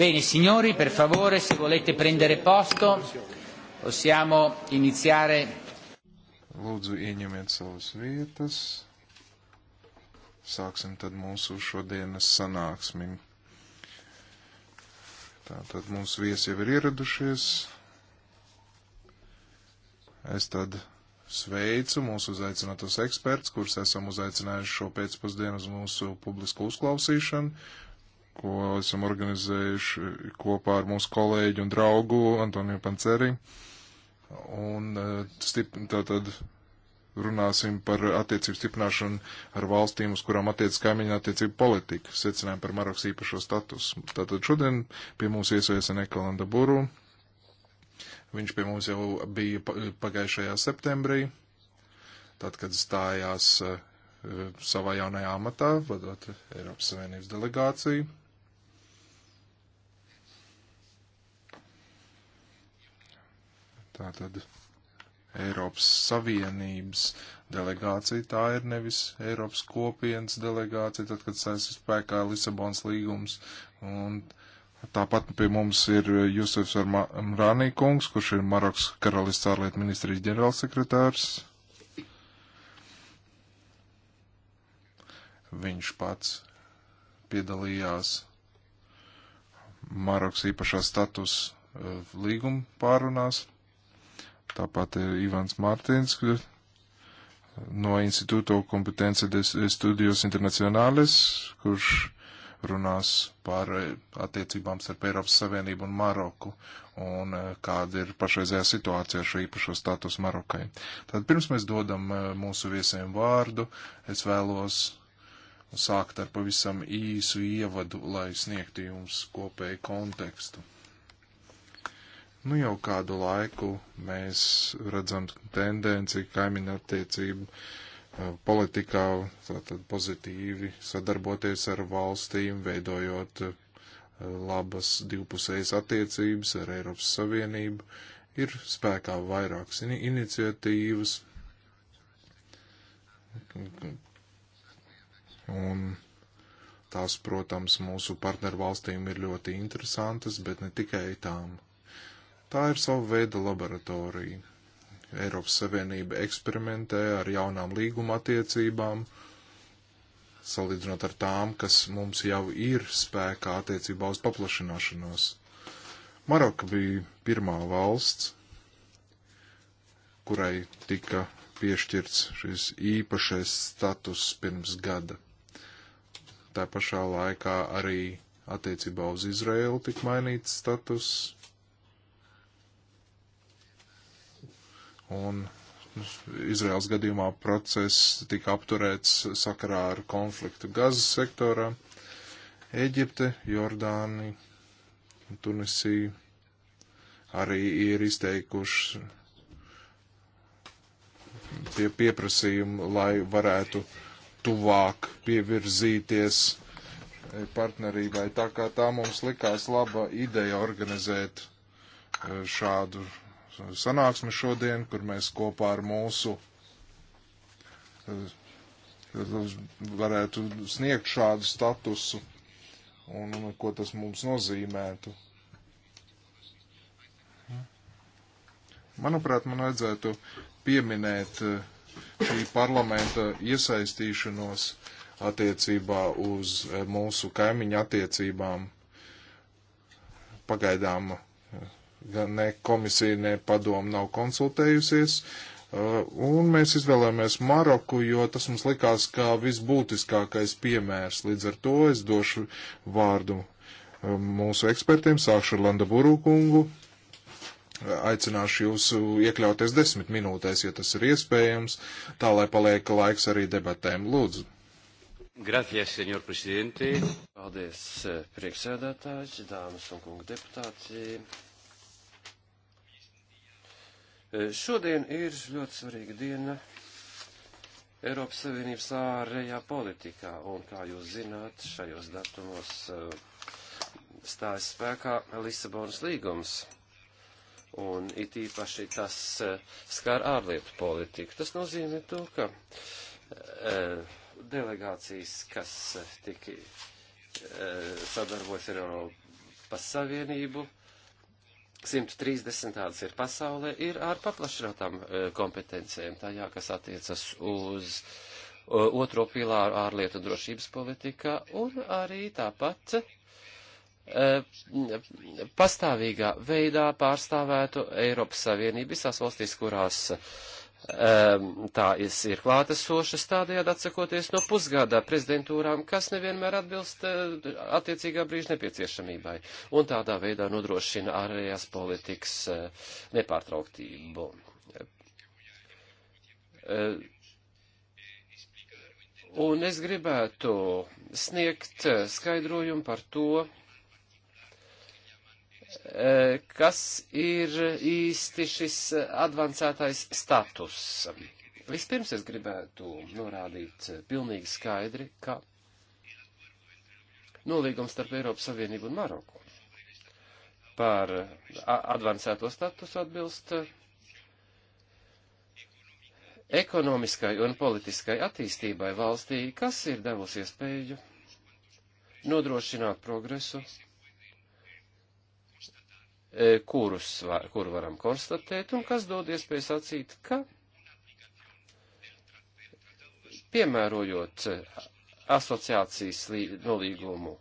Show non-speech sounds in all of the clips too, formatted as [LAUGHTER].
Bene, signori, per favore, se volete prendere posto, possiamo iniziare. Lūdzu, ieņemiet savas vietas. Sāksim tad mūsu šodienas sanāksmi. Tātad mūsu viesi jau ir ieradušies. Es tad sveicu mūsu uzaicinātos eksperts, kurus esam uzaicinājuši šo pēcpusdienu uz mūsu publisku uzklausīšanu ko esam organizējuši kopā ar mūsu kolēģi un draugu Antoniju Panceri. Un e, stipri, tātad runāsim par attiecību stiprināšanu ar valstīm, uz kurām attiec kaimiņa attiecību politika, secinājumu par Maroks īpašo statusu. Tātad šodien pie mums iesojas Nekalanda Buru. Viņš pie mums jau bija pagājušajā septembrī, tad, kad stājās e, savā jaunajā amatā, vadot Eiropas Savienības delegāciju. Tātad Eiropas Savienības delegācija, tā ir nevis Eiropas kopienas delegācija, tad, kad sēs spēkā Lisabons līgums. Un tāpat pie mums ir Jusufs Armrānī kungs, kurš ir Maroks karalists ārlietu ministrijas ģenerālsekretārs. Viņš pats piedalījās Maroks īpašā status eh, līguma pārunās. Tāpat ir eh, Ivans Mārtiņš no Institūto kompetence de studijos internacionālis, kurš runās par eh, attiecībām starp Eiropas Savienību un Maroku un eh, kāda ir pašreizējā situācija ar šo īpašo statusu Marokai. Tad pirms mēs dodam mūsu viesiem vārdu, es vēlos sākt ar pavisam īsu ievadu, lai sniegtu jums kopēju kontekstu. Nu jau kādu laiku mēs redzam tendenci kaimiņattiecību eh, politikā tātad pozitīvi sadarboties ar valstīm, veidojot eh, labas divpusējas attiecības ar Eiropas Savienību. Ir spēkā vairākas iniciatīvas, Un tās, protams, mūsu partnervalstīm ir ļoti interesantas, bet ne tikai tām. Tā ir sava veida laboratorija. Eiropas Savienība eksperimentē ar jaunām līguma attiecībām, salīdzinot ar tām, kas mums jau ir spēkā attiecībā uz paplašināšanos. Maroka bija pirmā valsts, kurai tika piešķirts šis īpašais status pirms gada. Tā pašā laikā arī attiecībā uz Izraēlu tika mainīts status, Un Izraels gadījumā process tika apturēts sakarā ar konfliktu Gazas sektorā. Eģipte, Jordāni, Tunisija arī ir izteikuši tie pieprasījumi, lai varētu tuvāk pievirzīties partnerībai. Tā kā tā mums likās laba ideja organizēt e, šādu sanāksmi šodien, kur mēs kopā ar mūsu eh, varētu sniegt šādu statusu un, un ko tas mums nozīmētu. Manuprāt, man vajadzētu pieminēt eh, šī parlamenta iesaistīšanos attiecībā uz eh, mūsu kaimiņu attiecībām pagaidām gan ne komisija, ne padoma nav konsultējusies. Uh, un mēs izvēlējāmies Maroku, jo tas mums likās kā visbūtiskākais piemērs. Līdz ar to es došu vārdu uh, mūsu ekspertiem, sākšu ar Landa Burūkungu. Aicināšu jūs iekļauties desmit minūtēs, ja tas ir iespējams, tā lai paliek laiks arī debatēm. Lūdzu. Gracias, senor presidente. Paldies, eh, priekšsēdētājs, dāmas un kungi deputāti. Eh, šodien ir ļoti svarīga diena Eiropas Savienības ārējā politikā, un kā jūs zināt, šajos datumos eh, stājas spēkā Lisabonas līgums, un it īpaši tas eh, skar ārlietu politiku. Tas nozīmē to, ka delegācijas, kas tika sadarbojas ar Eiropas Savienību, 130 tādas ir pasaulē, ir ar paplašinātām e, kompetencēm, tajā, kas attiecas uz e, otro pilāru ārlietu un drošības politikā, un arī tāpat e, pastāvīgā veidā pārstāvētu Eiropas Savienību visās valstīs, kurās Ehm, tā ir klātesošas tādējādi atsakoties no pusgadā prezidentūrām, kas nevienmēr atbilst eh, attiecīgā brīža nepieciešamībai, un tādā veidā nodrošina ārējās politikas eh, nepārtrauktību. Ehm, un es gribētu sniegt eh, skaidrojumu par to, Eh, kas ir īsti šis advancētais status. Vispirms es gribētu norādīt pilnīgi skaidri, ka nolīgums starp Eiropas Savienību un Maroku par advancēto statusu atbilst ekonomiskai un politiskai attīstībai valstī, kas ir devusi iespēju nodrošināt progresu E, kurus, var, kuru varam konstatēt un kas dod iespēju sacīt, ka piemērojot asociācijas nolīgumu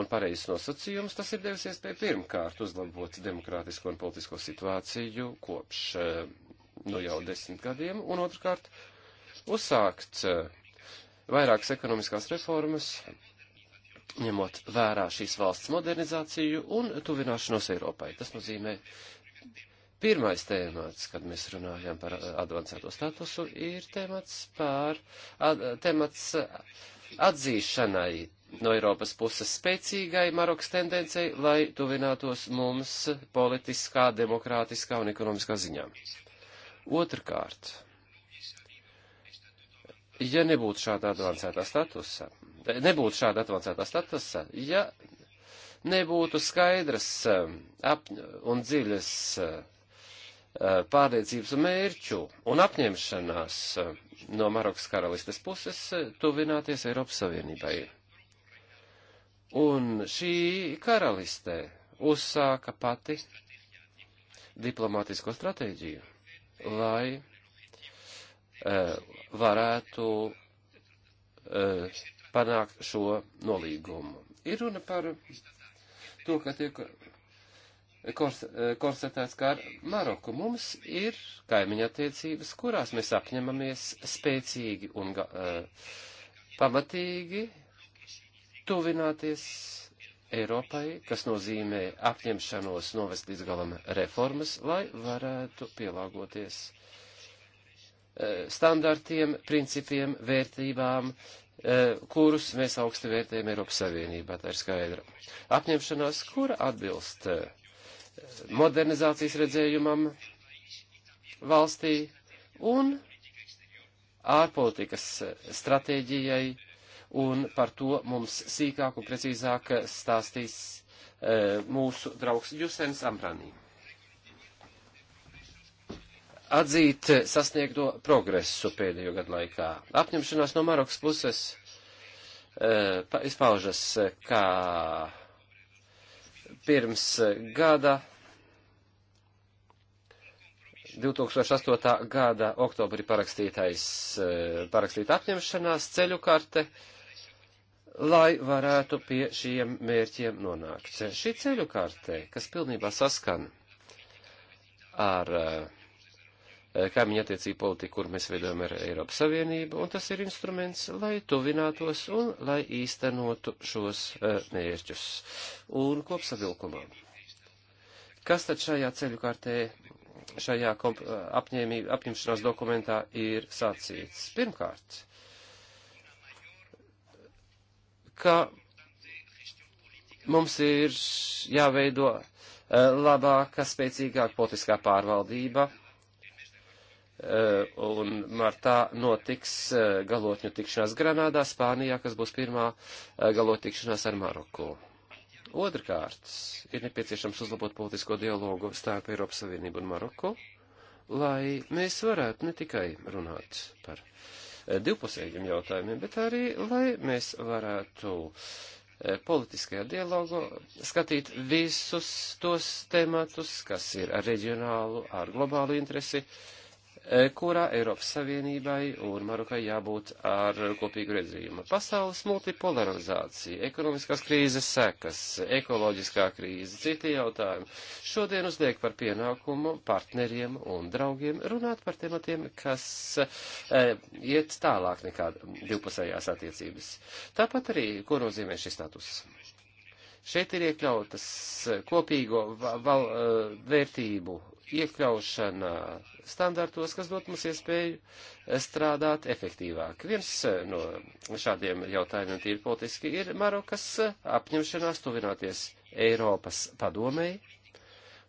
un pareizes nosacījumus, tas ir devis iespēju pirmkārt uzlabot demokrātisko un politisko situāciju kopš e, nu jau desmit gadiem, un otrkārt uzsākt e, vairākas ekonomiskās reformas, ņemot vērā šīs valsts modernizāciju un tuvināšanos Eiropai. Tas nozīmē, pirmais tēmats, kad mēs runājam par advancēto statusu, ir tēmats par ad, tēmats atzīšanai no Eiropas puses spēcīgai Marokas tendencei, lai tuvinātos mums politiskā, demokrātiskā un ekonomiskā ziņā. Otrkārt, ja nebūtu šāda advancētā statusa, nebūtu šāda atvancētā statusa, ja nebūtu skaidras um, ap, un dziļas uh, uh, pārliecības un mērķu un apņemšanās uh, no Marokas karalistes puses tuvināties Eiropas Savienībai. Un šī karalistē uzsāka pati diplomātisko stratēģiju, lai uh, varētu uh, panākt šo nolīgumu. Ir runa par to, ka tiek kors, konstatēts, ka ar Maroku mums ir kaimiņa attiecības, kurās mēs apņemamies spēcīgi un uh, pamatīgi tuvināties Eiropai, kas nozīmē apņemšanos novest līdz galam reformas, lai varētu pielāgoties eh, standartiem, principiem, vērtībām, Eh, kurus mēs augsti vērtējam Eiropas Savienībā, tā ir skaidra. Apņemšanās, kura atbilst eh, modernizācijas redzējumam valstī un ārpolitikas eh, stratēģijai, un par to mums sīkāk un precīzāk stāstīs mūsu draugs Jusens Ambranīm atzīt sasniegto progresu pēdējo gadu laikā. Apņemšanās no Marokas puses uh, izpaužas eh, kā pirms gada, 2008. gada oktobrī parakstītais, uh, parakstīta apņemšanās ceļu karte, lai varētu pie šiem mērķiem nonākt. Šī ceļu karte, kas pilnībā saskan ar uh, Eh, kaimiņa attiecību politiku, kur mēs veidojam ar Eiropas Savienību, un tas ir instruments, lai tuvinātos un lai īstenotu šos eh, mērķus. Un kopsavilkumā. Kas tad šajā ceļu kārtē, šajā eh, apņemšanās dokumentā ir sacīts? Pirmkārt, ka mums ir jāveido labāka, spēcīgāka politiskā pārvaldība Eh, un martā notiks eh, galotņu tikšanās Granādā, Spānijā, kas būs pirmā eh, galotņu tikšanās ar Maroku. Otrkārt, ir nepieciešams uzlabot politisko dialogu starp Eiropas Savienību un Maroku, lai mēs varētu ne tikai runāt par divpusējiem jautājumiem, bet arī, lai mēs varētu politiskajā dialogu skatīt visus tos tematus, kas ir ar reģionālu, ar globālu interesi, uh, E, kurā Eiropas Savienībai un Marokai jābūt ar kopīgu redzījumu. Pasaules multipolarizācija, ekonomiskās krīzes sekas, ekoloģiskā krīze, citi jautājumi. Šodien uzliek par pienākumu partneriem un draugiem runāt par tematiem, kas e, iet tālāk nekā divpusējās attiecības. Tāpat arī, ko nozīmē šis status? Šeit ir iekļautas eh, kopīgo val, eh, vērtību iekļaušana standartos, kas dot mums iespēju eh, strādāt efektīvāk. Viens no šādiem jautājumiem tīri politiski ir Marokas apņemšanās tuvināties Eiropas padomēji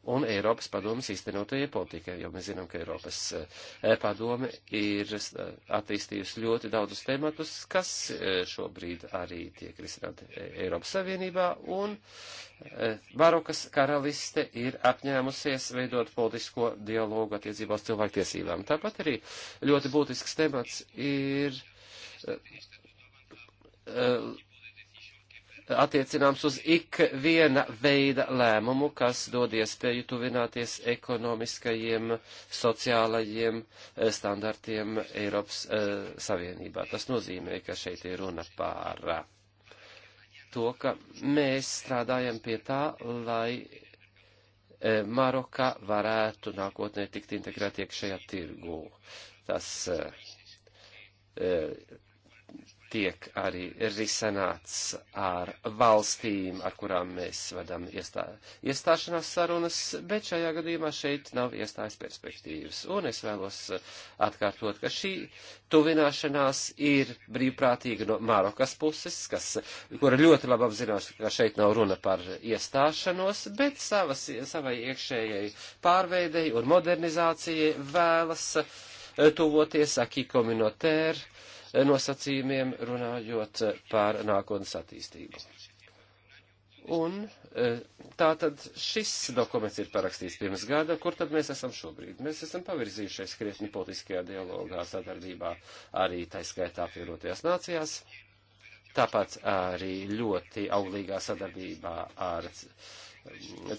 un Eiropas padomas īstenotajai politikai, jo mēs zinām, ka Eiropas eh, padome ir eh, attīstījusi ļoti daudzus tematus, kas eh, šobrīd arī tiek risināti e, Eiropas Savienībā, un Barokas karaliste ir apņēmusies veidot politisko dialogu attiecībā uz cilvēktiesībām. Tāpat arī ļoti būtisks temats ir attiecināms uz ikviena veida lēmumu, kas dod iespēju tuvināties ekonomiskajiem, sociālajiem eh, standartiem Eiropas uh, Savienībā. Tas nozīmē, ka šeit ir runa par eh, to, ka mēs strādājam pie tā, lai uh, Maroka varētu nākotnē tikt integrēt iekšējā tirgū. Tas uh, tiek arī risināts ar valstīm, ar kurām mēs vadām iestā, iestāšanās sarunas, bet šajā gadījumā šeit nav iestājas perspektīvas. Un es vēlos uh, atkārtot, ka šī tuvināšanās ir brīvprātīga no Marokas puses, kas, kura ļoti labi apzinās, ka šeit nav runa par iestāšanos, bet savas, savai iekšējai pārveidei un modernizācijai vēlas uh, tuvoties akī kominotēru nosacījumiem, runājot eh, par nākotnes attīstību. Un eh, tā tad šis dokuments ir parakstīts pirms gada, kur tad mēs esam šobrīd. Mēs esam pavirzījušies krietni politiskajā dialogā, sadarbībā arī taiskaitā apvienotajās nācijās, tāpat arī ļoti auglīgā sadarbībā ar uh,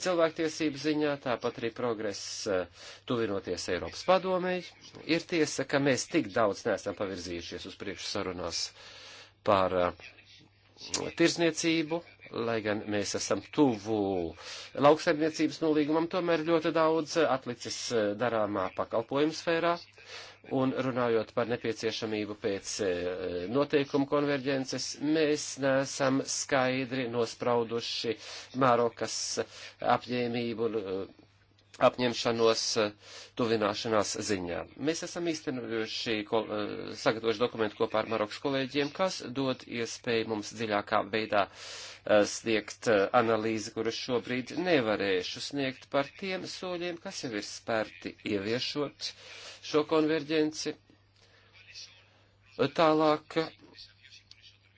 cilvēktiesību ziņā, tāpat arī progress eh, tuvinoties Eiropas padomēji. Ir tiesa, ka mēs tik daudz neesam pavirzījušies uz priekšu sarunās par eh, tirzniecību, lai gan mēs esam tuvu lauksaimniecības nolīgumam, tomēr ļoti daudz atlicis eh, darāmā pakalpojumu sfērā. Un runājot par nepieciešamību pēc e, noteikumu konverģences, mēs neesam skaidri nosprauduši Marokas apņēmību nu, apņemšanos eh, tuvināšanās ziņā. Mēs esam īstenojuši eh, sagatavojuši dokumentu kopā ar Marokas kolēģiem, kas dod iespēju mums dziļākā veidā eh, sniegt analīzi, kuru šobrīd nevarēšu sniegt par tiem soļiem, kas jau ir spērti ieviešot šo konverģenci. Tālāk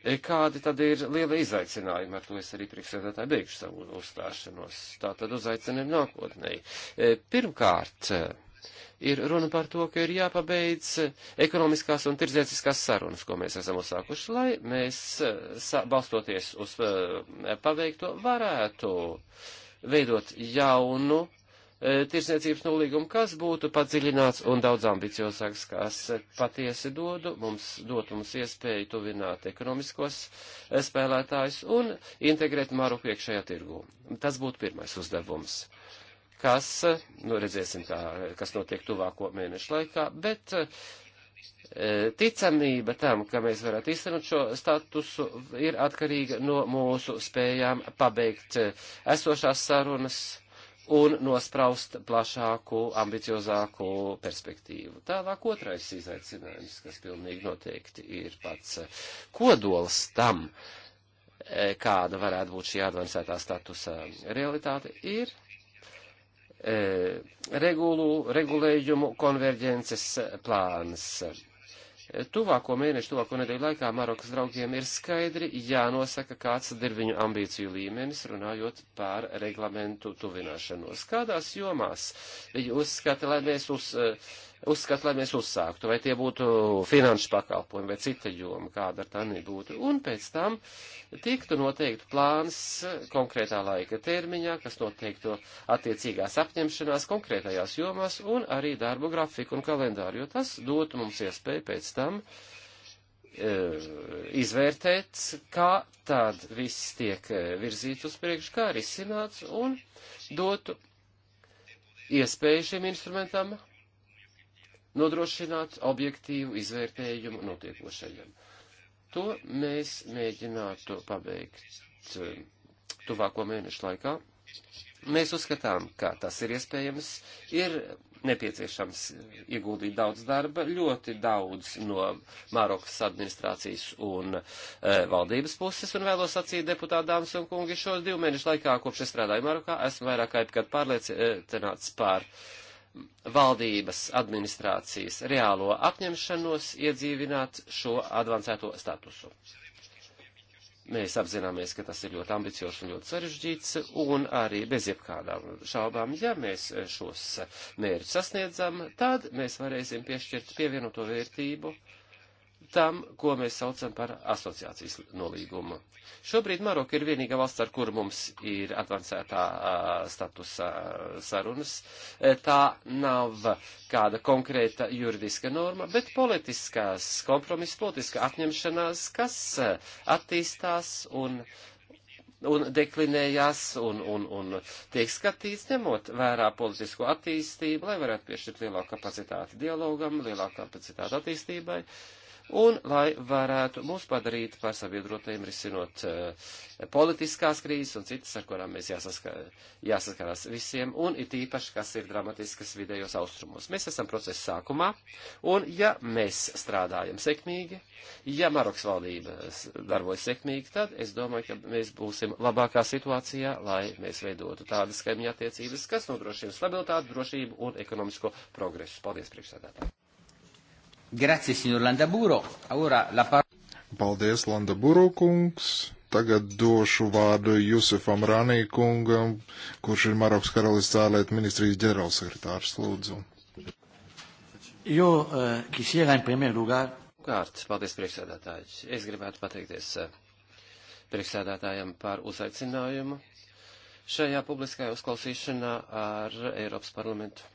E, kādi tad ir lieli izaicinājumi? Ar to es arī priekšsēdētāji beigšu savu uzstāšanos. Tā tad uzaicinājumi nākotnē. E, pirmkārt, e, ir runa par to, ka ir jāpabeidz ekonomiskās un tirdzniecīskās sarunas, ko mēs esam uzsākuši, lai mēs, balstoties uz paveikto, varētu veidot jaunu E, tirsniecības nolīgumu, kas būtu padziļināts un daudz ambiciozāks, kas patiesi dodu, mums, dot mums iespēju tuvināt ekonomiskos e, spēlētājus un integrēt Maroku iekšējā tirgū. Tas būtu pirmais uzdevums kas, nu redzēsim, kā, kas notiek tuvāko mēnešu laikā, bet e, ticamība tam, ka mēs varētu iztenot šo statusu, ir atkarīga no mūsu spējām pabeigt esošās sarunas un nospraust plašāku, ambiciozāku perspektīvu. Tālāk otrais izaicinājums, kas pilnīgi noteikti ir pats eh, kodols tam, eh, kāda varētu būt šī advancētā statusa realitāte, ir eh, regulu, regulējumu konverģences plāns Tuvāko mēnešu, tuvāko nedēļu laikā Marokas draugiem ir skaidri jānosaka, kāds ir viņu ambīciju līmenis, runājot par reglamentu tuvināšanos. Kādās jomās viņi uzskata, lai mēs uz, uh, uzskata, lai mēs uzsāktu, vai tie būtu finanšu pakalpojumi vai cita joma, kāda ar tā nebūtu. Un pēc tam tiktu noteikti plāns konkrētā laika termiņā, kas noteiktu attiecīgās apņemšanās konkrētajās jomās un arī darbu grafiku un kalendāru, jo tas dotu mums iespēju pēc tam e, izvērtēt, kā tad viss tiek e, virzīts uz priekšu, kā risināts un dotu iespēju šim instrumentam nodrošināt objektīvu izvērtējumu notiekošajam. To mēs mēģinātu pabeigt eh, tuvāko mēnešu laikā. Mēs uzskatām, ka tas ir iespējams, ir nepieciešams eh, ieguldīt daudz darba, ļoti daudz no Marokas administrācijas un e, valdības puses, un vēlos sacīt deputātādāms un kungi, šo divu mēnešu laikā, kopš es strādāju Marokā, esmu vairāk kā jebkad pārliecināts pār. E, valdības administrācijas reālo apņemšanos iedzīvināt šo advancēto statusu. Mēs apzināmies, ka tas ir ļoti ambiciozs un ļoti sarežģīts, un arī bez jebkādām šaubām, ja mēs šos mērķus sasniedzam, tad mēs varēsim piešķirt pievienoto vērtību uh, tam, ko mēs saucam par asociācijas nolīgumu. Šobrīd Maroka ir vienīgā valsts, ar kuru mums ir advancētā statusa sarunas. Tā nav kāda konkrēta juridiska norma, bet politiskās kompromiss, politiska apņemšanās, kas attīstās un, un deklinējās un, un, un tiek skatīts, ņemot vērā politisko attīstību, lai varētu piešķirt lielāku kapacitāti dialogam, lielāku kapacitāti attīstībai. Uh, un lai varētu mūs padarīt par sabiedrotajiem risinot uh, politiskās krīzes un citas, ar kurām mēs jāsaska, jāsaskarās visiem, un it īpaši, kas ir dramatiskas vidējos austrumos. Mēs esam procesa sākumā, un ja mēs strādājam sekmīgi, ja Maroks valdība darbojas sekmīgi, tad es domāju, ka mēs būsim labākā situācijā, lai mēs veidotu tādas kaimiņa attiecības, kas nodrošina stabilitāti, drošību un ekonomisko progresu. Paldies, priekšsēdētāji! Grazie, signor Landaburo. Ora la par... Paldies, Landaburo kungs. Tagad došu vārdu Jusufam Ranī kungam, kurš ir Marokas karalists ārlietu ministrijas ģenerālsekretārs. Lūdzu. Jo, uh, eh, quisiera en primer lugar. Kārt, paldies priekšsēdētāji. Es gribētu pateikties eh, priekšsēdētājiem par uzaicinājumu šajā publiskajā uzklausīšanā ar Eiropas parlamentu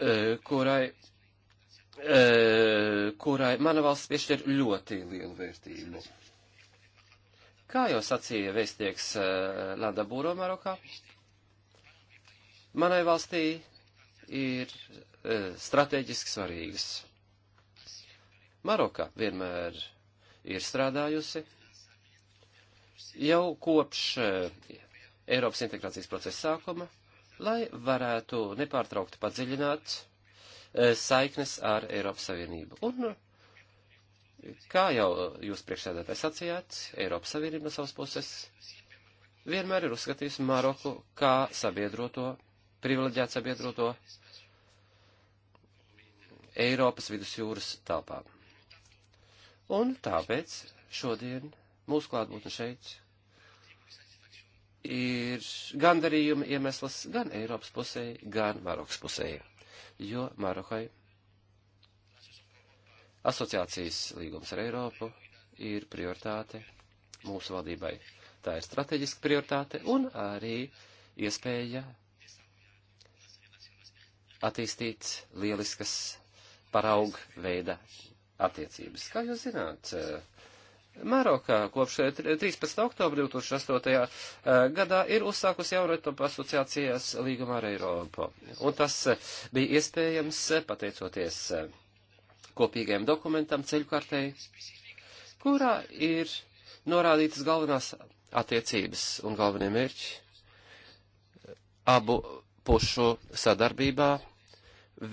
E, kurai, e, kurai mana valsts piešķir ļoti lielu vērtību. Kā jau sacīja vēstnieks e, Landa Būro Marokā, manai valstī ir strateģiski svarīgas. Marokā vienmēr ir strādājusi jau kopš Eiropas integrācijas procesa sākuma lai varētu nepārtraukti padziļināt e, saiknes ar Eiropas Savienību. Un, kā jau jūs priekšsēdētāji sacījāt, Eiropas Savienība no savas puses vienmēr ir uzskatījusi Maroku kā sabiedroto, privileģētu sabiedroto Eiropas vidusjūras telpā. Un tāpēc šodien mūsu klātbūtne šeit ir gandarījuma iemesls gan Eiropas pusē, gan Marokas pusē, jo Marokai asociācijas līgums ar Eiropu ir prioritāte mūsu valdībai. Tā ir strateģiska prioritāte un arī iespēja attīstīt lieliskas parauga veida attiecības. Kā jūs zināt, uh, Marokā kopš 13. Eh, oktobra 2008. Eh, gadā ir uzsākusi Euratopa asociācijas līguma ar Eiropu. Un tas eh, bija iespējams pateicoties kopīgajam dokumentam ceļkārtei, kurā ir norādītas galvenās attiecības un galvenie mērķi abu pušu sadarbībā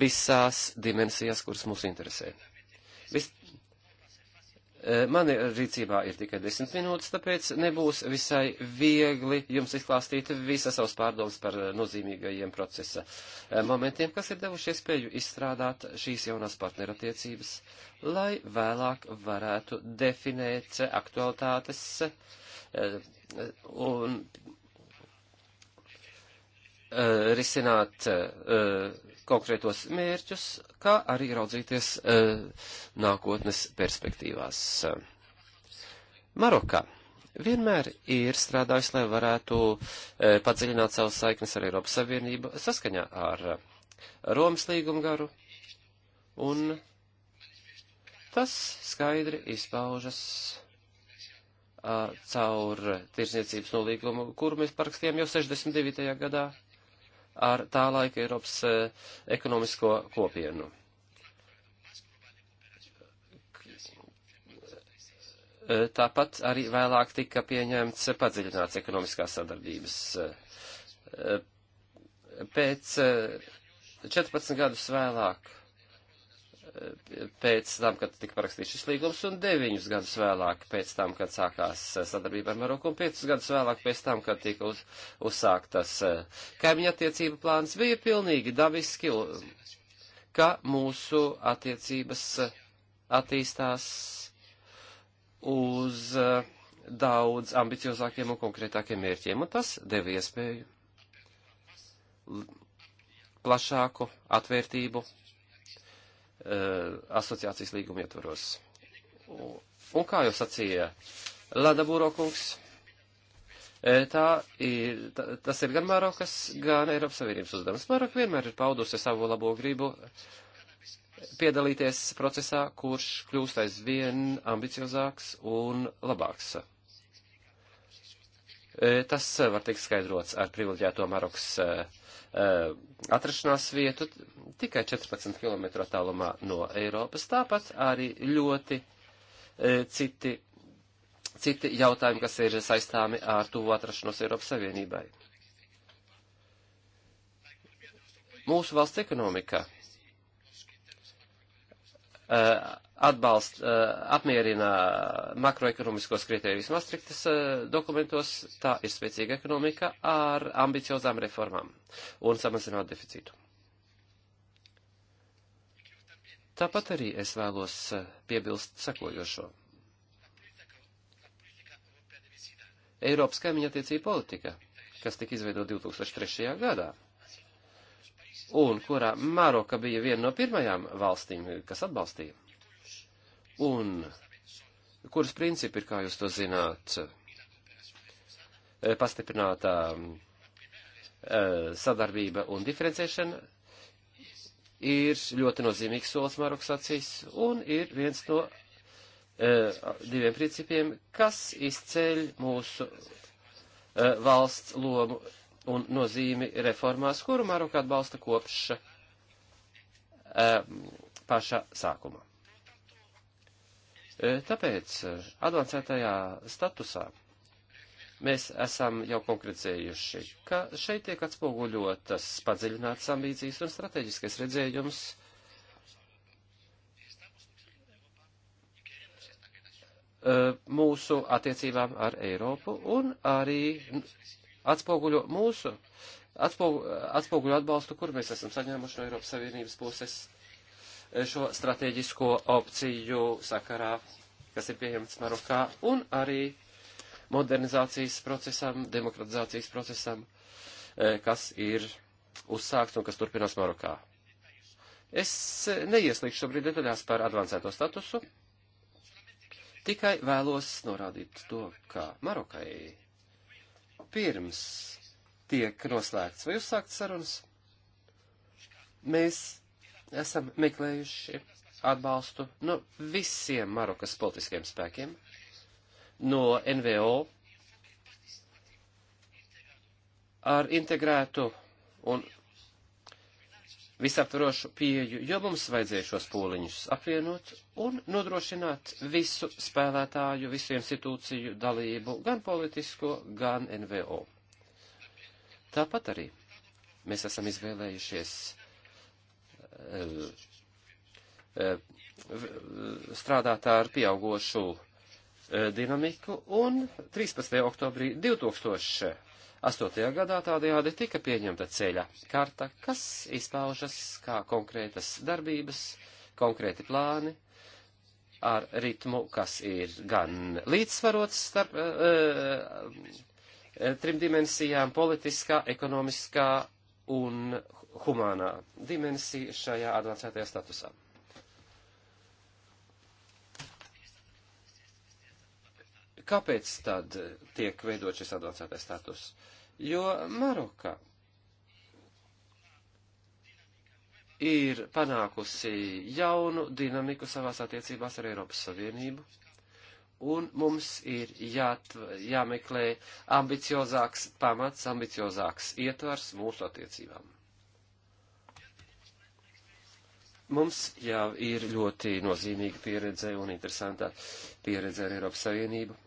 visās dimensijās, kuras mūs interesē. Vis, E, Man rīcībā ir tikai desmit minūtes, tāpēc nebūs visai viegli jums izklāstīt visas savas pārdomas par nozīmīgajiem procesa e, momentiem, kas ir devuši iespēju izstrādāt šīs jaunās partnerattiecības, lai vēlāk varētu definēt aktualitātes e, un risināt konkrētos mērķus, kā arī raudzīties e, nākotnes perspektīvās. Marokā vienmēr ir strādājusi, lai varētu e, padziļināt savas saiknes ar Eiropas Savienību saskaņā ar e, Romas līgumu garu, un tas skaidri izpaužas a, e, caur tirsniecības nolīgumu, kuru mēs parakstījām jau 69. gadā ar tā laika Eiropas e, ekonomisko kopienu. E, tāpat arī vēlāk tika pieņemts padziļināts ekonomiskās sadarbības. E, pēc 14 gadus vēlāk pēc tam, kad tika parakstīts šis līgums, un deviņus gadus vēlāk pēc tam, kad sākās eh, sadarbība ar Maroku, un piecus gadus vēlāk pēc tam, kad tika uz, uzsāktas eh, kaimiņa attiecību plāns, bija pilnīgi dabiski, ka mūsu attiecības eh, attīstās uz daudz ambiciozākiem un konkrētākiem mērķiem, un tas deva iespēju plašāku atvērtību Eh, asociācijas līguma ietvaros. Un, un kā jau sacīja Lada Būrokungs, eh, Tā ir, tā, tas ir gan Marokas, gan Eiropas Savienības uzdevums. Maroka vienmēr ir paudusi savu labo gribu piedalīties procesā, kurš kļūst aizvien ambiciozāks un labāks. E, tas e, var tikt skaidrots ar privileģēto Marokas e, atrašanās vietu tikai 14 km attālumā no Eiropas. Tāpat arī ļoti citi, citi jautājumi, kas ir saistāmi ar tuvu atrašanos Eiropas Savienībai. Mūsu valsts ekonomika atbalst, eh, apmierina makroekonomiskos kritērijus Maastrichtas eh, dokumentos, tā ir spēcīga ekonomika ar ambiciozām reformām un samazinot deficītu. Tāpat arī es vēlos eh, piebilst sekojošo. Eiropas kaimiņa attiecība politika, kas tika izveidota 2003. gadā, un kurā Maroka bija viena no pirmajām valstīm, kas atbalstīja un kuras principi ir, kā jūs to zināt, pastiprinātā eh, sadarbība un diferencēšana ir ļoti nozīmīgs solis Marokas acīs un ir viens no eh, diviem principiem, kas izceļ mūsu eh, valsts lomu un nozīmi reformās, kuru Maroka atbalsta kopš paša sākuma. E, tāpēc e, advancētajā statusā mēs esam jau konkretizējuši, ka šeit tiek atspoguļotas padziļinātas ambīcijas un strateģiskais redzējums. E, mūsu attiecībām ar Eiropu un arī atspoguļo mūsu, atspoguļo, atspoguļo atbalstu, kur mēs esam saņēmuši no Eiropas Savienības puses šo strateģisko opciju sakarā, kas ir pieejams Marokā, un arī modernizācijas procesam, demokratizācijas procesam, e, kas ir uzsākts un kas turpinās Marokā. Es e, neieslīgšu šobrīd detaļās par advancēto statusu, tikai vēlos norādīt to, ka Marokai pirms tiek noslēgts vai uzsākts sarunas, mēs esam meklējuši atbalstu no visiem Marokas politiskiem spēkiem, no NVO ar integrētu un visaptvarošu pieju, jo mums vajadzēja šos pūliņus apvienot un nodrošināt visu spēlētāju, visu institūciju dalību, gan politisko, gan NVO. Tāpat arī mēs esam izvēlējušies strādāt ar pieaugošu e, dinamiku, un 13. oktobrī 2008. gadā tādējādi tika pieņemta ceļa karta, kas izpaužas kā konkrētas darbības, konkrēti plāni, ar ritmu, kas ir gan līdzsvarots starp uh, trim dimensijām - politiskā, ekonomiskā un humānā dimensija šajā advancētajā statusā. Kāpēc tad tiek veidot šis advancētais status? Jo Maroka ir panākusi jaunu dinamiku savās attiecībās ar Eiropas Savienību, un mums ir jātv, jāmeklē ambiciozāks pamats, ambiciozāks ietvars mūsu attiecībām. Mums jau ir ļoti nozīmīga pieredze un interesantā pieredze ar Eiropas Savienību.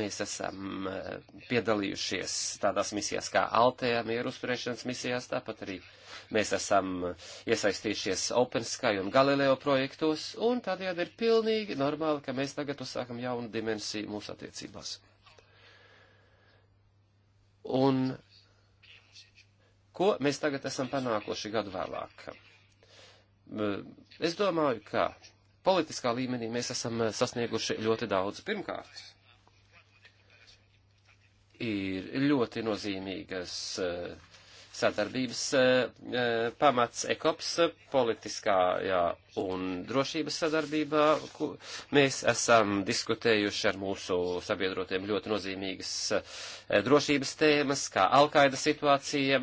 Mēs esam eh, piedalījušies tādās misijās kā Altēja mieru uzturēšanas misijās, tāpat arī mēs esam eh, iesaistījušies OpenSky un Galileo projektos, un tādējādi ir pilnīgi normāli, ka mēs tagad uzsākam jaunu dimensiju mūsu attiecībās. Un ko mēs tagad esam panākuši gadu vēlāk? Eh, es domāju, ka politiskā līmenī mēs esam eh, sasnieguši ļoti daudz. Pirmkārt, ir ļoti nozīmīgas uh, sadarbības e, e, pamats ekops e, politiskajā un drošības sadarbībā. Mēs esam diskutējuši ar mūsu sabiedrotiem ļoti nozīmīgas drošības tēmas, kā Alkaida situācija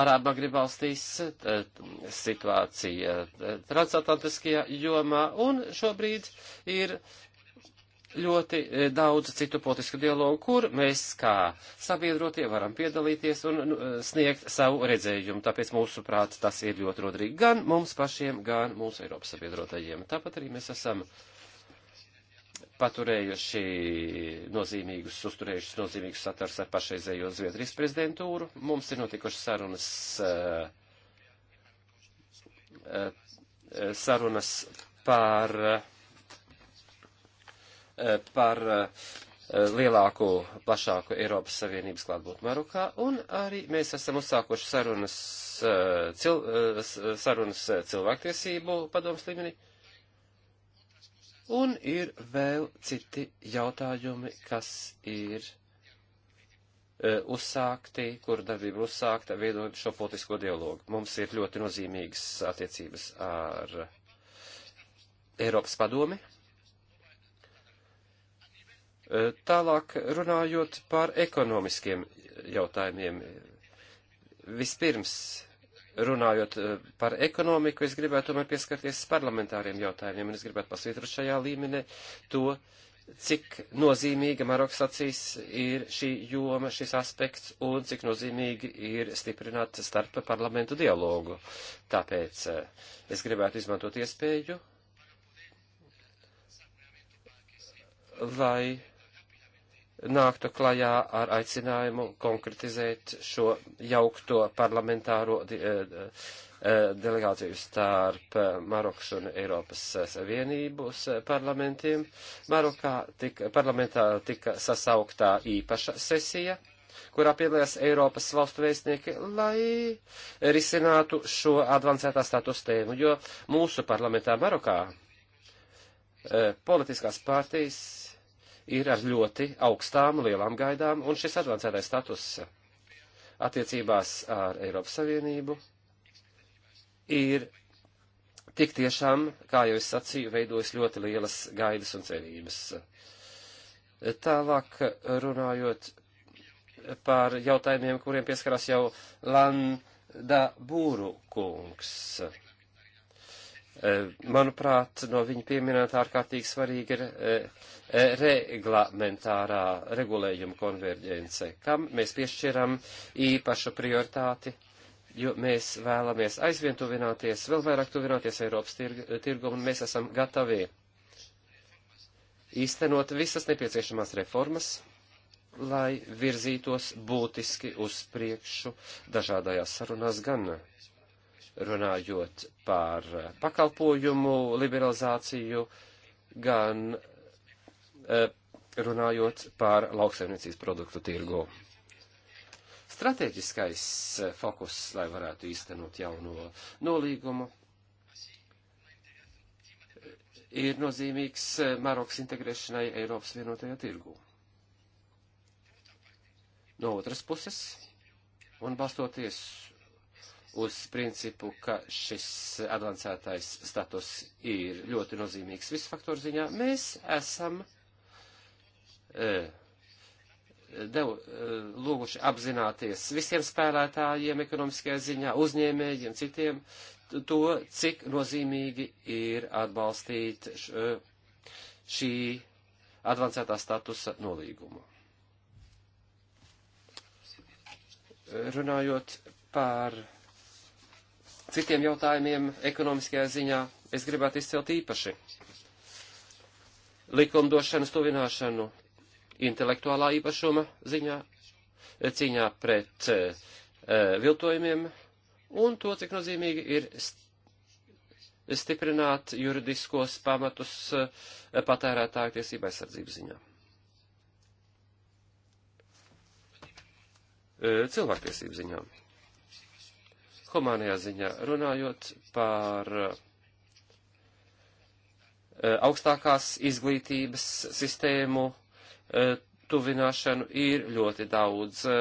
Ārābu Magrib valstīs, situācija transatlantiskajā jomā, un šobrīd ir ļoti e, daudz citu politisku dialogu, kur mēs kā sabiedrotie varam piedalīties un nu, e, sniegt savu redzējumu. Tāpēc mūsu prāt tas ir ļoti rodrīgi gan mums pašiem, gan mūsu Eiropas sabiedrotajiem. Tāpat arī mēs esam paturējuši nozīmīgus, uzturējušus nozīmīgus satars ar pašreizējo Zviedrijas prezidentūru. Mums ir notikušas sarunas, e, sarunas par Eh, par eh, lielāku, plašāku Eiropas Savienības klātbūtni Marokā, un arī mēs esam uzsākuši sarunas, eh, cil, sarunas cilvēktiesību padomus līmenī. Un ir vēl citi jautājumi, kas ir uzsākti, kur darbība uzsākta, veidojot šo politisko dialogu. Mums ir ļoti nozīmīgas attiecības ar Eiropas padomi, Tālāk runājot par ekonomiskiem jautājumiem. Vispirms runājot eh, par ekonomiku, es gribētu tomēr pieskarties parlamentāriem jautājumiem, un es gribētu pasvītrot šajā līmenī to, cik nozīmīga Maroks acīs ir šī joma, šis aspekts, un cik nozīmīgi ir stiprināt starp parlamentu dialogu. Tāpēc eh, es gribētu izmantot iespēju, lai nāktu klajā ar aicinājumu konkretizēt šo jaukto parlamentāro eh, eh, delegāciju starp eh, Marokas un Eiropas Savienības parlamentiem. Marokā tika, parlamentā tika sasauktā īpaša sesija, kurā piedalījās Eiropas valstu vēstnieki, lai risinātu šo advancētā status tēmu, jo mūsu parlamentā Marokā politiskās partijas ir ar ļoti augstām, lielām gaidām, un šis advancētais status attiecībās ar Eiropas Savienību ir tik tiešām, kā jau es sacīju, veidojas ļoti lielas gaidas un cerības. Tālāk runājot par jautājumiem, kuriem pieskarās jau Landa Būru kungs. Eh, manuprāt, no viņa pieminēta ārkārtīgi svarīga ir eh, eh, reglamentārā regulējuma konverģence, kam mēs piešķiram īpašu prioritāti, jo mēs vēlamies aizvien tuvināties, vēl vairāk tuvināties Eiropas tirgumu, un mēs esam gatavi īstenot visas nepieciešamās reformas, lai virzītos būtiski uz priekšu dažādajās sarunās gan runājot par pakalpojumu liberalizāciju, gan e, runājot par lauksaimniecības produktu tirgu. Strateģiskais e, fokus, lai varētu īstenot jauno nolīgumu, ir nozīmīgs e, Marokas integrēšanai Eiropas vienotajā tirgū. No otras puses, un balstoties uz principu, ka šis advancētais status ir ļoti nozīmīgs visu faktoru ziņā, mēs esam e, dev, e, lūguši apzināties visiem spēlētājiem ekonomiskajā ziņā, uzņēmējiem, citiem, to, cik nozīmīgi ir atbalstīt š, e, šī advancētā statusa nolīgumu. Runājot par citiem jautājumiem ekonomiskajā ziņā es gribētu izcelt īpaši. Likumdošanas tuvināšanu intelektuālā īpašuma ziņā, cīņā pret e, viltojumiem un to, cik nozīmīgi ir stiprināt juridiskos pamatus e, patērētāju tiesībai sardzības ziņā. E, cilvēktiesību ziņām humānajā ziņā runājot par e, augstākās izglītības sistēmu e, tuvināšanu ir ļoti daudz e,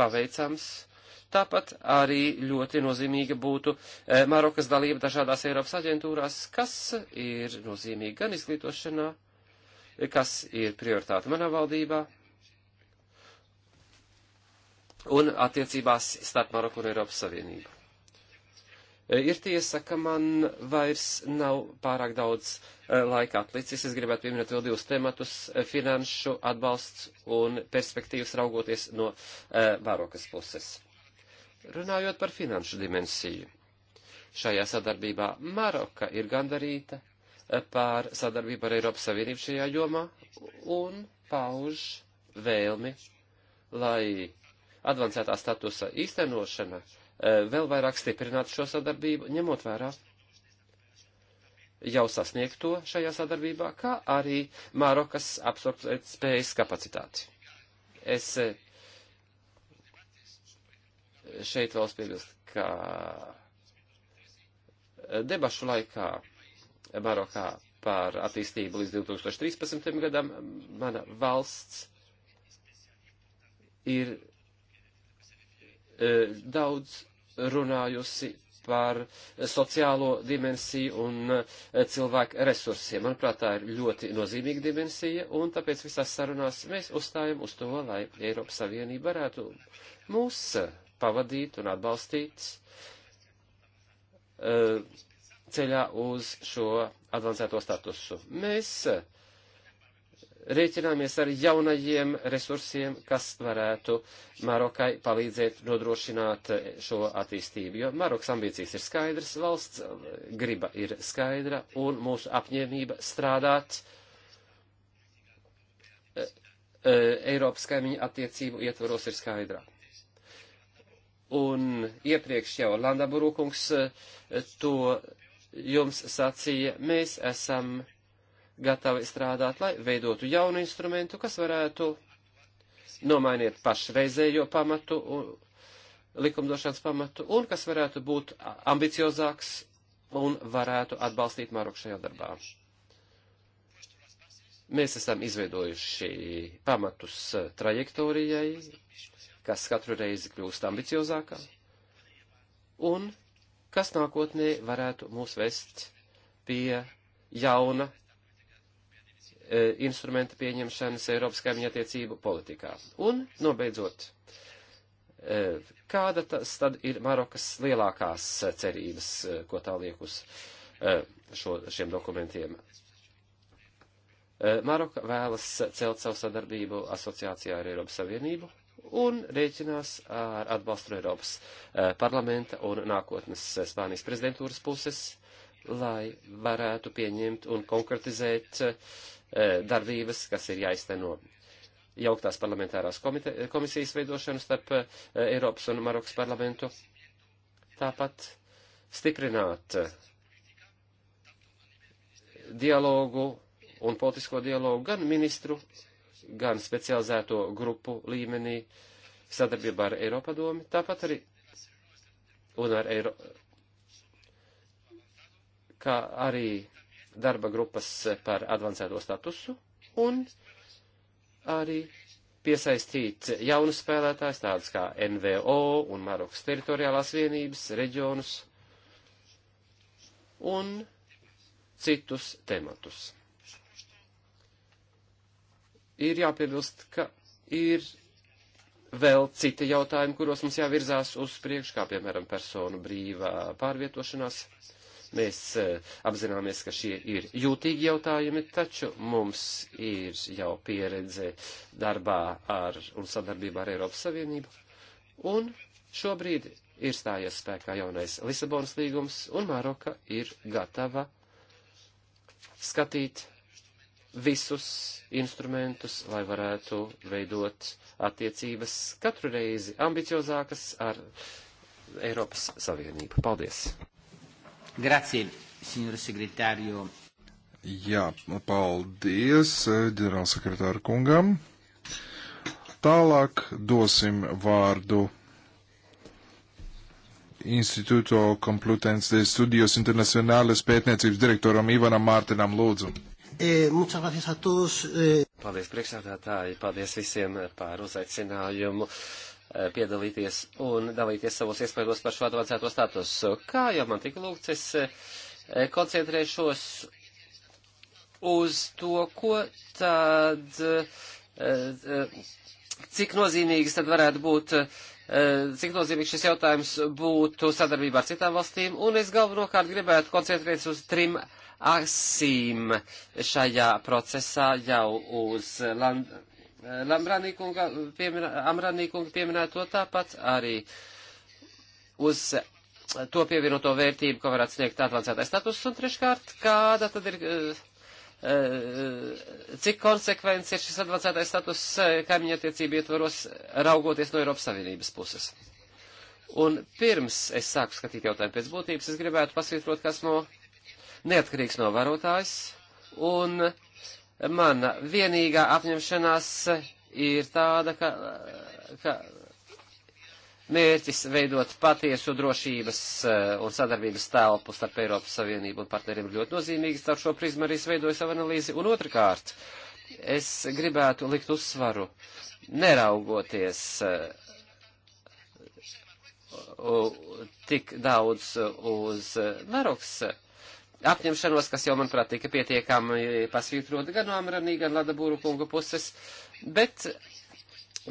paveicams. Tāpat arī ļoti nozīmīga būtu Marokas dalība dažādās Eiropas aģentūrās, kas ir nozīmīga gan izglītošanā, kas ir prioritāte manā valdībā, un attiecībās starp Maroku un Eiropas Savienību. Eh, ir tiesa, ka man vairs nav pārāk daudz eh, laika atlicis. Es gribētu pieminēt vēl divus tematus - eh, finanšu atbalsts un perspektīvas raugoties no Barokas puses. Runājot par finanšu dimensiju. Šajā sadarbībā Maroka ir gandarīta pār sadarbību ar Eiropas Savienību šajā jomā un pauž vēlmi, lai advancētā statusa īstenošana uh, E, vēl vairāk stiprināt šo sadarbību, ņemot vērā jau sasniegto šajā sadarbībā, kā arī Mārokas absorpcijas kapacitāti. Es e, šeit vēl spiebilst, ka debašu laikā Marokā par attīstību līdz 2013. gadam mana valsts ir e, daudz runājusi par sociālo dimensiju un e, cilvēku resursiem. Manuprāt, tā ir ļoti nozīmīga dimensija, un tāpēc visās sarunās mēs uzstājam uz to, lai Eiropas Savienība varētu mūs pavadīt un atbalstīt e, ceļā uz šo advancēto statusu. Mēs rēķināmies ar jaunajiem resursiem, kas varētu Marokai palīdzēt nodrošināt šo attīstību, jo Marokas ambīcijas ir skaidras, valsts griba ir skaidra un mūsu apņēmība strādāt e, e, Eiropas kaimiņu attiecību ietvaros ir skaidrā. Un iepriekš jau Landa Burūkungs eh, to jums sacīja, mēs esam gatavi strādāt, lai veidotu jaunu instrumentu, kas varētu nomainīt pašreizējo pamatu, likumdošanas pamatu, un kas varētu būt ambiciozāks un varētu atbalstīt Maroku šajā darbā. Mēs esam izveidojuši pamatus trajektorijai, kas katru reizi kļūst ambiciozākā, un kas nākotnē varētu mūs vest pie jauna E, instrumenta pieņemšanas Eiropas kaimiņa attiecību politikā. Un, nobeidzot, e, kāda tas tad ir Marokas lielākās cerības, e, ko tā liek uz šo, šiem dokumentiem? Maroka vēlas celt savu sadarbību asociācijā ar Eiropas Savienību un rēķinās ar atbalstu Eiropas parlamenta un nākotnes Spānijas prezidentūras puses, lai varētu pieņemt un konkretizēt E, darbības, kas ir jāizteno jauktās parlamentārās komite, komisijas veidošanu starp e, Eiropas un Marokas parlamentu. Tāpat stiprināt e, dialogu un politisko dialogu gan ministru, gan specializēto grupu līmenī sadarbībā ar Eiropadomi, tāpat arī un ar Eiro, kā arī darba grupas par advancēto statusu un arī piesaistīt jaunus spēlētājus, tādus kā NVO un Marokas teritoriālās vienības, reģionus un citus tematus. Ir jāpiebilst, ka ir vēl citi jautājumi, kuros mums jāvirzās uz priekšu, kā piemēram personu brīvā pārvietošanās Mēs eh, apzināmies, ka šie ir jūtīgi jautājumi, taču mums ir jau pieredze darbā ar un sadarbībā ar Eiropas Savienību. Un šobrīd ir stājies spēkā jaunais Lisabonas līgums, un Maroka ir gatava skatīt visus instrumentus, lai varētu veidot attiecības katru reizi ambiciozākas ar Eiropas Savienību. Paldies! Grazie, signor segretario. Jā, paldies ģenerālsekretāra kungam. Tālāk dosim vārdu Institūto Komplutens de Studios Internacionāles pētniecības direktoram Ivanam Mārtenam Lūdzu. E, gracias a todos, e... Paldies priekšsēdētāji, paldies visiem par uzaicinājumu. Uh, Eh, piedalīties un dalīties savos iespējos par šo advancēto statusu. Kā jau man tika lūgts, es eh, koncentrēšos uz to, ko tad, eh, cik nozīmīgs tad varētu būt, cik nozīmīgs šis jautājums būtu sadarbībā ar citām valstīm, un es galvenokārt gribētu koncentrēties uz trim asīm šajā procesā jau uz Landu Lambranīkunga pieminēto pieminē tāpat arī uz to pievienoto vērtību, ko varētu sniegt atlancētais status, un treškārt, kāda tad ir, cik konsekvents ir šis atlancētais status kaimiņa attiecību ietvaros, raugoties no Eiropas Savienības puses. Un pirms es sāku skatīt jautājumu pēc būtības, es gribētu pasvītrot, kas no neatkarīgs novērotājs un Mana vienīgā apņemšanās ir tāda, ka, ka mērķis veidot patiesu drošības eh, un sadarbības telpu starp Eiropas Savienību un partneriem ir ļoti nozīmīgs. Ar šo prizmu arī veidoju savu analīzi. Un otrkārt, es gribētu likt uzsvaru, neraugoties eh, tik daudz uz Maroks apņemšanos, kas jau, manuprāt, tika pietiekami pasvītrota gan Amranī, gan Ladabūru kunga puses, bet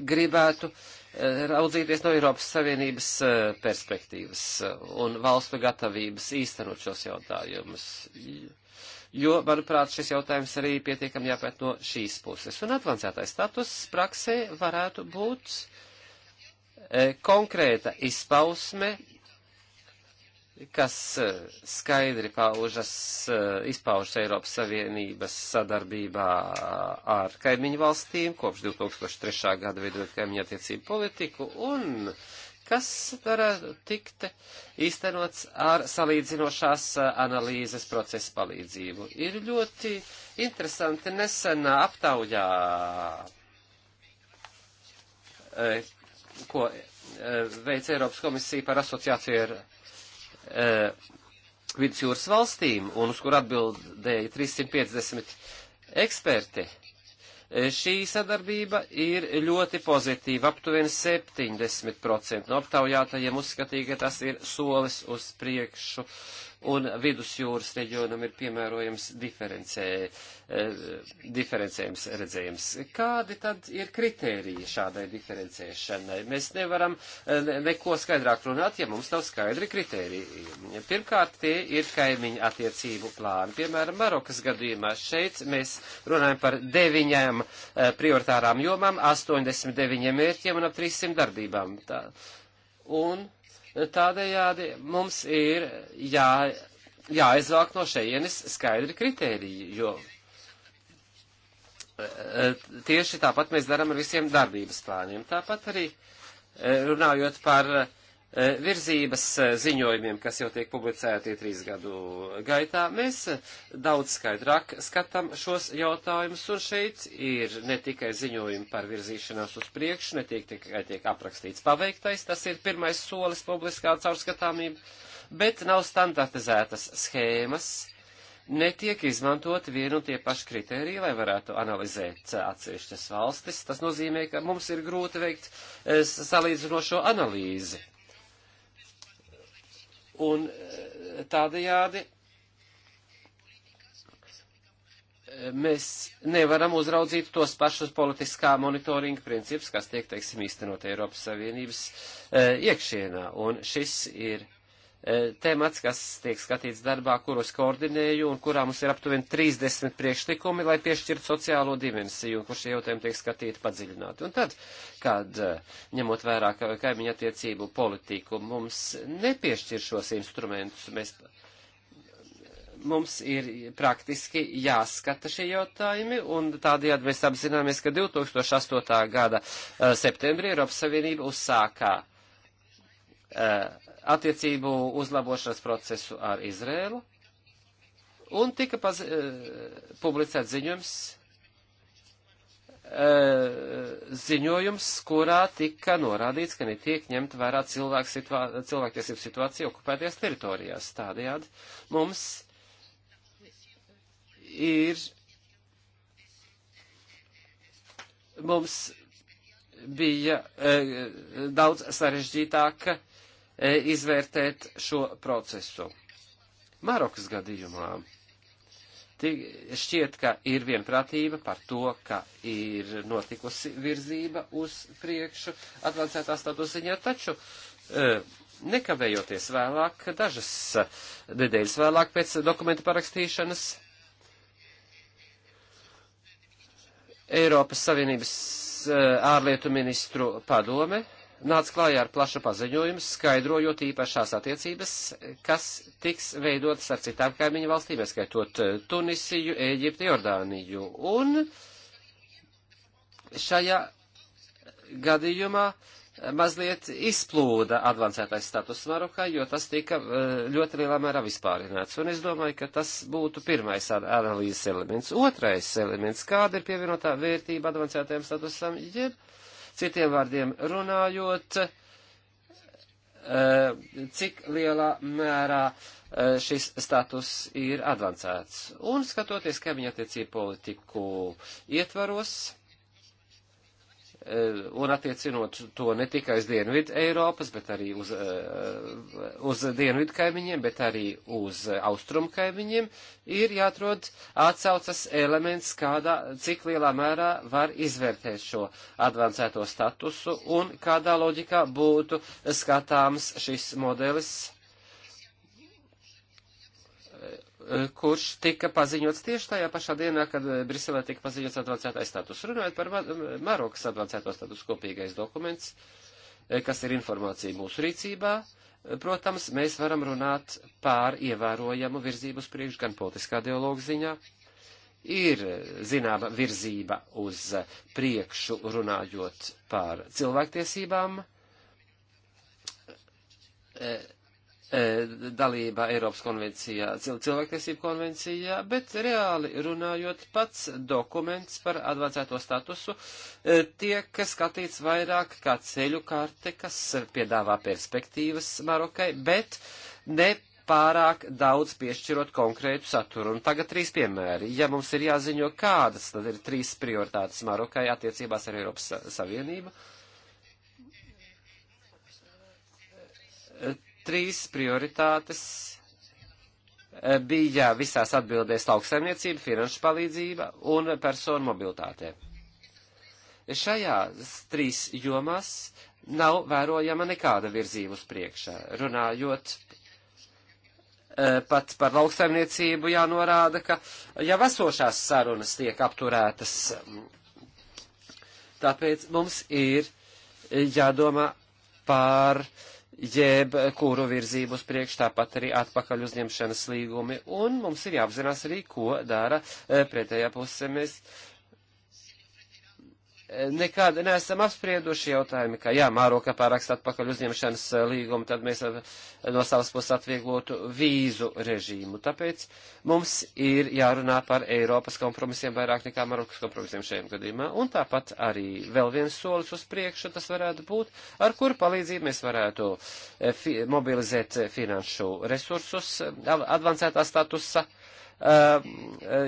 gribētu eh, raudzīties no Eiropas Savienības eh, perspektīvas eh, un valstu gatavības īstenot šos jautājumus. Jo, manuprāt, šis jautājums arī pietiekami jāpēt no šīs puses. Un advancētais status praksē varētu būt konkrēta izpausme kas eh, skaidri paužas, eh, izpaužas Eiropas Savienības sadarbībā eh, ar kaimiņu valstīm, kopš 2003. gada veidot kaimiņu attiecību politiku, un kas varētu tikt īstenots ar salīdzinošās analīzes procesu palīdzību. Ir ļoti interesanti nesenā aptaujā, ko veica Eiropas komisija par asociāciju ar Uh, vidusjūras valstīm, un uz kur atbildēja 350 eksperti. Uh, šī sadarbība ir ļoti pozitīva. Aptuveni 70% no aptaujātajiem uzskatīja, ka tas ir solis uz priekšu un vidusjūras reģionam ir piemērojams diferencē, e, diferencējums redzējums. Kādi tad ir kritēriji šādai diferencēšanai? Mēs nevaram e, neko skaidrāk runāt, ja mums nav skaidri kritēriji. Pirmkārt, tie ir kaimiņu attiecību plāni. Piemēram, Marokas gadījumā šeit mēs runājam par deviņām e, prioritārām jomām, 89 mērķiem un ap 300 darbībām. Tā. Un Tādējādi mums ir jā, jāizvāk no šejienes skaidri kritēriji, jo e, e, tieši tāpat mēs darām ar visiem darbības plāniem. Tāpat arī e, runājot par uh, Eh, virzības eh, ziņojumiem, kas jau tiek publicēti trīs gadu gaitā, mēs eh, daudz skaidrāk skatām šos jautājumus, un šeit ir ne tikai ziņojumi par virzīšanās uz priekšu, ne tiek, tikai tiek aprakstīts paveiktais, tas ir pirmais solis publiskā caurskatāmība, bet nav standartizētas schēmas, netiek izmantot vienu un tie paši kriteriji, lai varētu analizēt atsevišķas valstis. Tas nozīmē, ka mums ir grūti veikt salīdzinošo analīzi Un eh, tādajādi eh, mēs nevaram uzraudzīt tos pašus politiskā monitoringa principus, kas tiek, teiksim, īstenot Eiropas Savienības eh, iekšienā. Un šis ir E, temats, kas tiek skatīts darbā, kurus koordinēju un kurā mums ir aptuveni 30 priekšlikumi, lai piešķirtu sociālo dimensiju un kur šie jautājumi tiek skatīti padziļināti. Un tad, kad e, ņemot vērā kaimiņa attiecību politiku, mums nepiešķir šos instrumentus, mēs, mums ir praktiski jāskata šie jautājumi un tādējādi mēs apzināmies, ka 2008. gada e, septembrī Eiropas Savienība uzsākā uh, attiecību uzlabošanas procesu ar Izrēlu, un tika paz, eh, publicēts ziņojums, eh, ziņojums, kurā tika norādīts, ka netiek ņemt vērā cilvēku situā, cilvēktiesību situācija okupētajās teritorijās. Tādējādi mums ir. Mums bija e, daudz sarežģītāka e, E, izvērtēt šo procesu. Marokas gadījumā šķiet, ka ir vienprātība par to, ka ir notikusi virzība uz priekšu advancētā status ziņā, taču e, nekavējoties vēlāk, dažas nedēļas vēlāk pēc dokumenta parakstīšanas, Eiropas Savienības e, ārlietu ministru padome nāca klājā ar plašu paziņojumu, skaidrojot īpašās attiecības, kas tiks veidotas ar citām kaimiņu valstīm, ieskaitot eh, Tunisiju, Ēģipti, Jordāniju. Un šajā gadījumā eh, mazliet izplūda advancētais status Marokai, jo tas tika eh, ļoti lielā mērā vispārināts. Un es domāju, ka tas būtu pirmais analīzes elements. Otrais elements, kāda ir pievienotā vērtība advancētajam statusam, jeb. Ja Citiem vārdiem runājot, eh, cik lielā mērā eh, šis status ir advancēts. Un skatoties kaimiņattiecību politiku ietvaros, Eh, un attiecinot to ne tikai uz Dienvidu Eiropas, bet arī uz, eh, uz Dienvidu kaimiņiem, bet arī uz Austrumu kaimiņiem, ir jāatrod atsaucas elements, kādā, cik lielā mērā var izvērtēt šo advancēto statusu un kādā loģikā būtu skatāms šis modelis Eh, kurš tika paziņots tieši tajā pašā dienā, kad eh, Briselē tika paziņots advancētais status. Runājot par Marokas advancēto status kopīgais dokuments, eh, kas ir informācija mūsu rīcībā, protams, mēs varam runāt pār ievērojamu virzību uz priekšu gan politiskā dialoga ziņā, ir zināma virzība uz priekšu runājot par cilvēktiesībām E, dalībā Eiropas konvencijā, cil cilvēktiesību konvencijā, bet reāli runājot pats dokuments par advancēto statusu e, tiek skatīts vairāk kā ceļu karte, kas piedāvā perspektīvas Marokai, bet ne pārāk daudz piešķirot konkrētu saturu. Un tagad trīs piemēri. Ja mums ir jāziņo kādas, tad ir trīs prioritātes Marokai attiecībās ar Eiropas Savienību. Uh, Trīs prioritātes eh, bija visās atbildēs lauksaimniecība, finanšu palīdzība un personu mobilitātē. Šajās trīs jomās nav vērojama nekāda virzība uz priekšā. Runājot eh, pat par lauksaimniecību jānorāda, ka jau esošās sarunas tiek apturētas. Tāpēc mums ir eh, jādomā par jeb kuru virzību uz priekšu, tāpat arī atpakaļ uzņemšanas līgumi, un mums ir jāapzinās arī, ko dara eh, pretējā pusē. Mēs nekad neesam apsprieduši jautājumi, ka jā, mārokā pārakst atpakaļ uzņemšanas eh, līgumu, tad mēs eh, no savas puses atvieglotu vīzu režīmu. Tāpēc mums ir jārunā par Eiropas kompromisiem vairāk nekā Marokas kompromisiem šajam gadījumā. Un tāpat arī vēl viens solis uz priekšu tas varētu būt, ar kur palīdzību mēs varētu eh, fi mobilizēt finanšu resursus, advancētā statusa Um,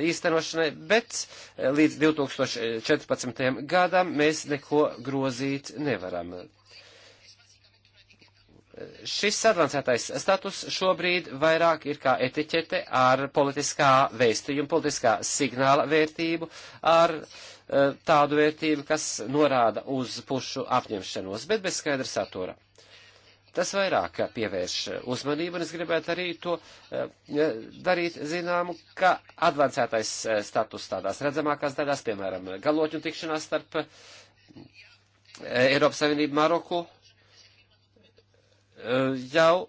īstenošanai, bet uh, līdz 2014. gadam mēs neko grozīt nevaram. Šis advancētais status šobrīd vairāk ir kā etiķete ar politiskā vēstījuma, politiskā signāla vērtību, ar uh, tādu vērtību, kas norāda uz pušu apņemšanos, bet bez skaidra satura. Tas vairāk uh, pievērš uh, uzmanību, un es gribētu arī to uh, darīt zināmu, ka advancētais status tādās redzamākās daļās, piemēram, galoķu tikšanās starp Eiropas Savienību Maroku, jau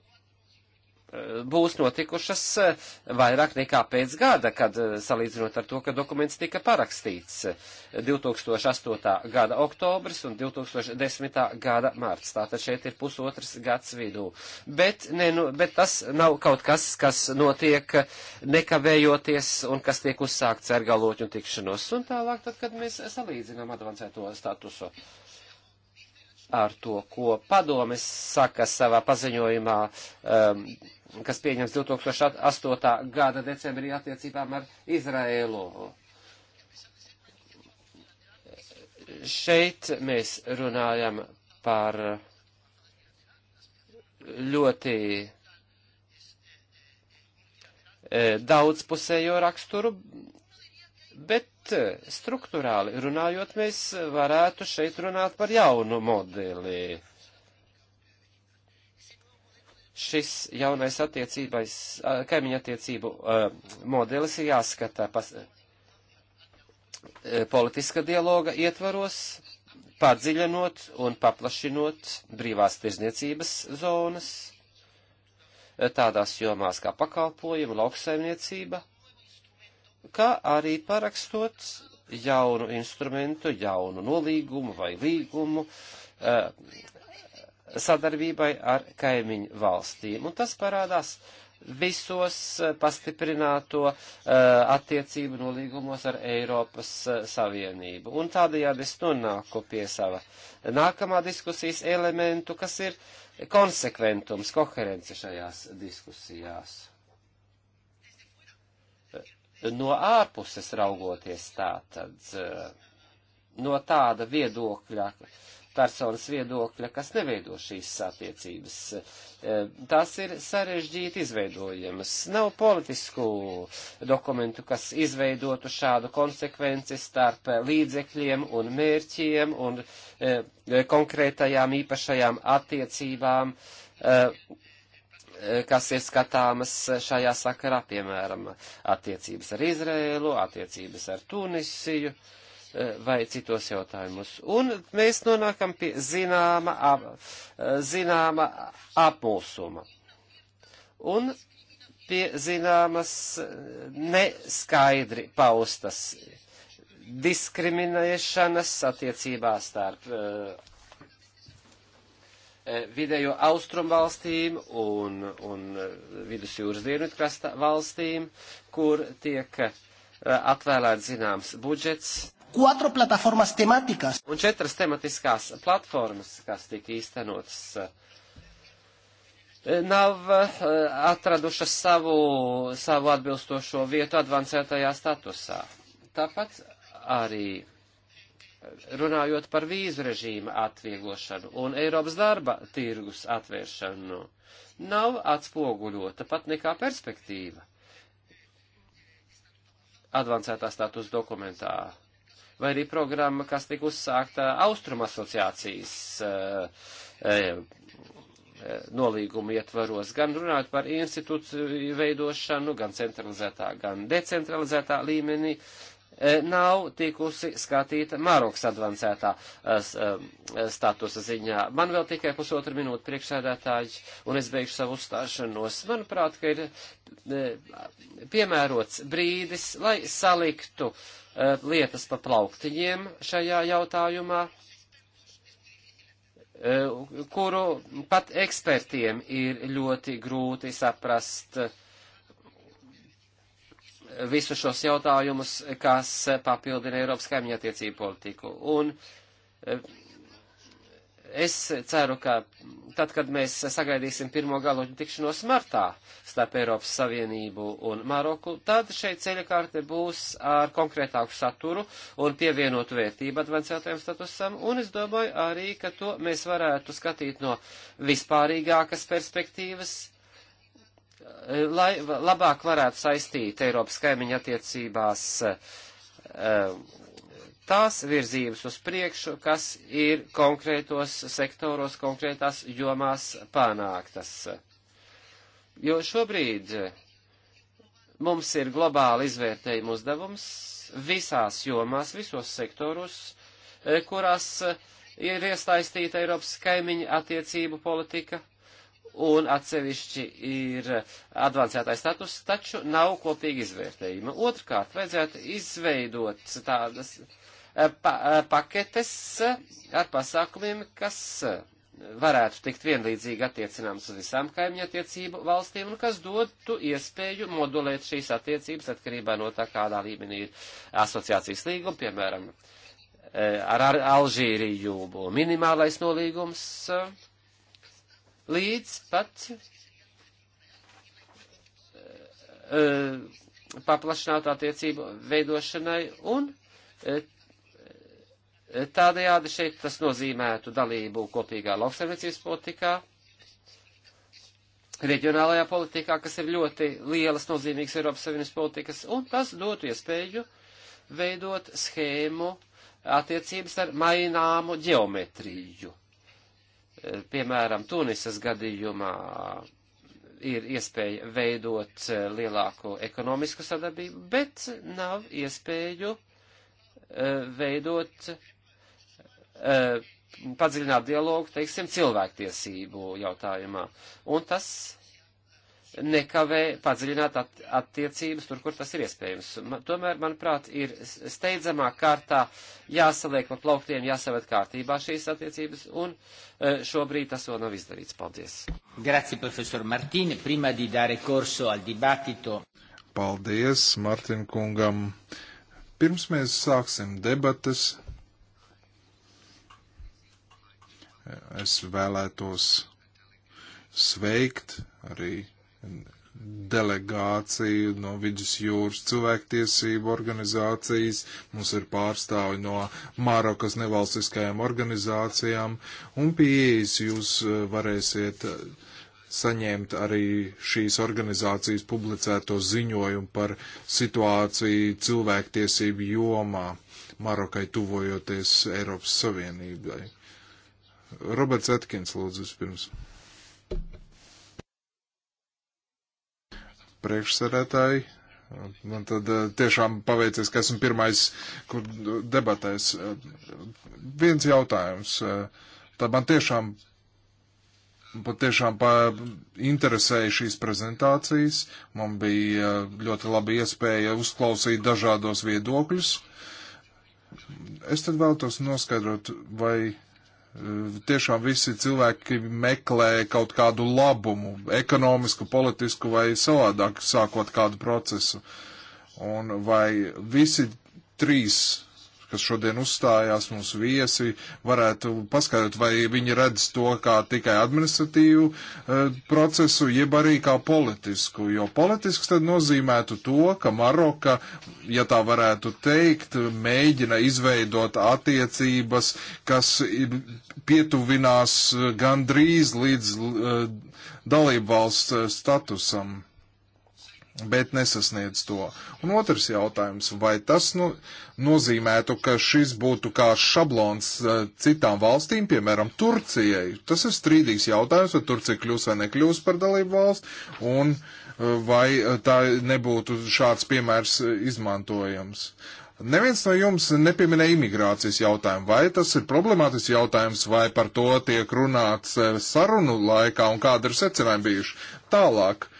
būs notikušas eh, vairāk nekā pēc gada, kad eh, salīdzinot ar to, ka dokuments tika parakstīts 2008. gada oktobris un 2010. gada mārts. Tātad šeit ir pusotrs gads vidū. Bet, ne, nu, bet tas nav kaut kas, kas notiek nekavējoties un kas tiek uzsākts ar galoķu tikšanos. Un tālāk, tad, kad mēs salīdzinām advancēto statusu. Uh, ar to, ko padomes saka savā paziņojumā, um, kas pieņems 2008. gada decembrī attiecībām ar Izraēlu. Šeit mēs runājam par ļoti eh, daudzpusējo raksturu, bet Bet eh, struktūrāli runājot, mēs varētu šeit runāt par jaunu modeli. Šis jaunais attiecībais, eh, kaimiņa attiecību eh, modelis ir jāskatā pas, politiska dialoga ietvaros, padziļinot un paplašinot brīvās tirzniecības zonas, tādās jomās kā pakalpojumu, lauksaimniecība kā arī parakstot jaunu instrumentu, jaunu nolīgumu vai līgumu eh, sadarbībai ar kaimiņu valstīm. Un tas parādās visos eh, pastiprināto uh, attiecību nolīgumos ar Eiropas uh, Savienību. Un tādējādi es nonāku pie sava nākamā diskusijas elementu, kas ir konsekventums, koherence šajās diskusijās no ārpuses raugoties tātad, eh, no tāda viedokļa, personas viedokļa, kas neveido šīs attiecības. Eh, tās ir sarežģīti izveidojamas. Nav politisku dokumentu, kas izveidotu šādu konsekvenci starp līdzekļiem un mērķiem un eh, konkrētajām īpašajām attiecībām kas ir skatāmas šajā sakarā, piemēram, attiecības ar Izrēlu, attiecības ar Tunisiju e, vai citos jautājumus. Un mēs nonākam pie zināma, ap, e, zināma apmulsuma un pie zināmas e, neskaidri paustas diskriminēšanas attiecībās starp uh, Eh, vidējo austrumu valstīm un, un eh, vidusjūras dienvidkrasta valstīm, kur tiek eh, atvēlēts zināms budžets. Un četras tematiskās platformas, kas tika īstenotas nav atradušas savu, savu atbilstošo vietu advancētajā statusā. Tāpat arī runājot par vīzu režīmu atvieglošanu un Eiropas darba tirgus atvēršanu, nav atspoguļota pat nekā perspektīva advancētā status dokumentā, vai arī programma, kas tika uzsākta Austrum asociācijas e, e, nolīguma ietvaros, gan runāt par institūciju veidošanu, gan centralizētā, gan decentralizētā līmenī, E, nav tikusi skatīta Marokas advancētā e, e, statusa ziņā. Man vēl tikai pusotru minūtu priekšsēdētāji, un es beigšu savu uzstāšanos. Manuprāt, ka ir piemērots brīdis, lai saliktu lietas pa plauktiņiem šajā jautājumā, kuru pat ekspertiem ir ļoti grūti saprast, uh, visus šos jautājumus, kas papildina Eiropas kaimiņattiecību politiku. Un eh, es ceru, ka tad, kad mēs sagaidīsim pirmo galotņu tikšanos martā starp Eiropas Savienību un Maroku, tad šeit ceļakārte būs ar konkrētāku saturu un pievienotu vērtību advancētajam statusam, un es domāju arī, ka to mēs varētu skatīt no vispārīgākas perspektīvas, lai labāk varētu saistīt Eiropas kaimiņa attiecībās e, tās virzības uz priekšu, kas ir konkrētos sektoros, konkrētās jomās panāktas. Jo šobrīd mums ir globāli izvērtējuma uzdevums visās jomās, visos sektoros, e, kurās ir iesaistīta Eiropas kaimiņa attiecību politika un atsevišķi ir advancētais status, taču nav kopīgi izvērtējuma. Otrkārt, vajadzētu izveidot tādas eh, pa, eh, paketes ar pasākumiem, kas eh, varētu tikt vienlīdzīgi attiecināms uz visām kaimiņu attiecību valstīm un kas dotu iespēju modulēt šīs attiecības atkarībā no tā, kādā līmenī ir asociācijas līguma, piemēram, ar Alžīriju minimālais nolīgums līdz pat uh, paplašinātu attiecību veidošanai un uh, Tādējādi šeit tas nozīmētu dalību kopīgā lauksaimniecības politikā, reģionālajā politikā, kas ir ļoti lielas nozīmīgas Eiropas Savienības politikas, un tas dotu iespēju veidot schēmu attiecības ar maināmu ģeometriju piemēram, Tunisas gadījumā ir iespēja veidot eh, lielāku ekonomisku sadarbību, bet nav iespēju eh, veidot, eh, padziļināt dialogu, teiksim, cilvēktiesību jautājumā. Un tas nekavē padziļināt at, attiecības tur, kur tas ir iespējams. Man, tomēr, manuprāt, ir steidzamā kārtā jāsaliek pa plauktiem, jāsaved kārtībā šīs attiecības, un e, šobrīd tas vēl nav izdarīts. Paldies. Grazie, profesor Martīni. Prima di dare corso al dibattito. Paldies, Martin kungam. Pirms mēs sāksim debatas, es vēlētos sveikt arī delegāciju no Vidus jūras cilvēktiesību organizācijas, mums ir pārstāvi no Mārokas nevalstiskajām organizācijām, un pieejas jūs eh, varēsiet eh, saņemt arī šīs organizācijas publicēto ziņojumu par situāciju cilvēktiesību jomā Marokai tuvojoties Eiropas Savienībai. Roberts Atkins, lūdzu, pirms. priekšsarētāji. Man tad eh, tiešām paveicies, ka esmu pirmais, kur debatēs. Viens jautājums. Eh, tad man tiešām, patiešām interesēja šīs prezentācijas. Man bija eh, ļoti laba iespēja uzklausīt dažādos viedokļus. Es tad vēlos noskaidrot, vai tiešām visi cilvēki meklē kaut kādu labumu, ekonomisku, politisku vai savādāk sākot kādu procesu. Un vai visi trīs kas šodien uzstājās mūsu viesi, varētu paskaidrot, vai viņi redz to kā tikai administratīvu e, procesu, jeb arī kā politisku. Jo politisks tad nozīmētu to, ka Maroka, ja tā varētu teikt, mēģina izveidot attiecības, kas pietuvinās gandrīz līdz e, dalību valsts eh, statusam bet nesasniedz to. Un otrs jautājums, vai tas nu, nozīmētu, ka šis būtu kā šablons eh, citām valstīm, piemēram, Turcijai? Tas ir strīdīgs jautājums, vai Turcija kļūs vai nekļūs par dalību valsts, un eh, vai eh, tā nebūtu šāds piemērs izmantojams. Neviens no jums nepieminēja imigrācijas jautājumu. Vai tas ir problemātisks jautājums, vai par to tiek runāts sarunu laikā un kāda ir secinājuma bijuši? Tālāk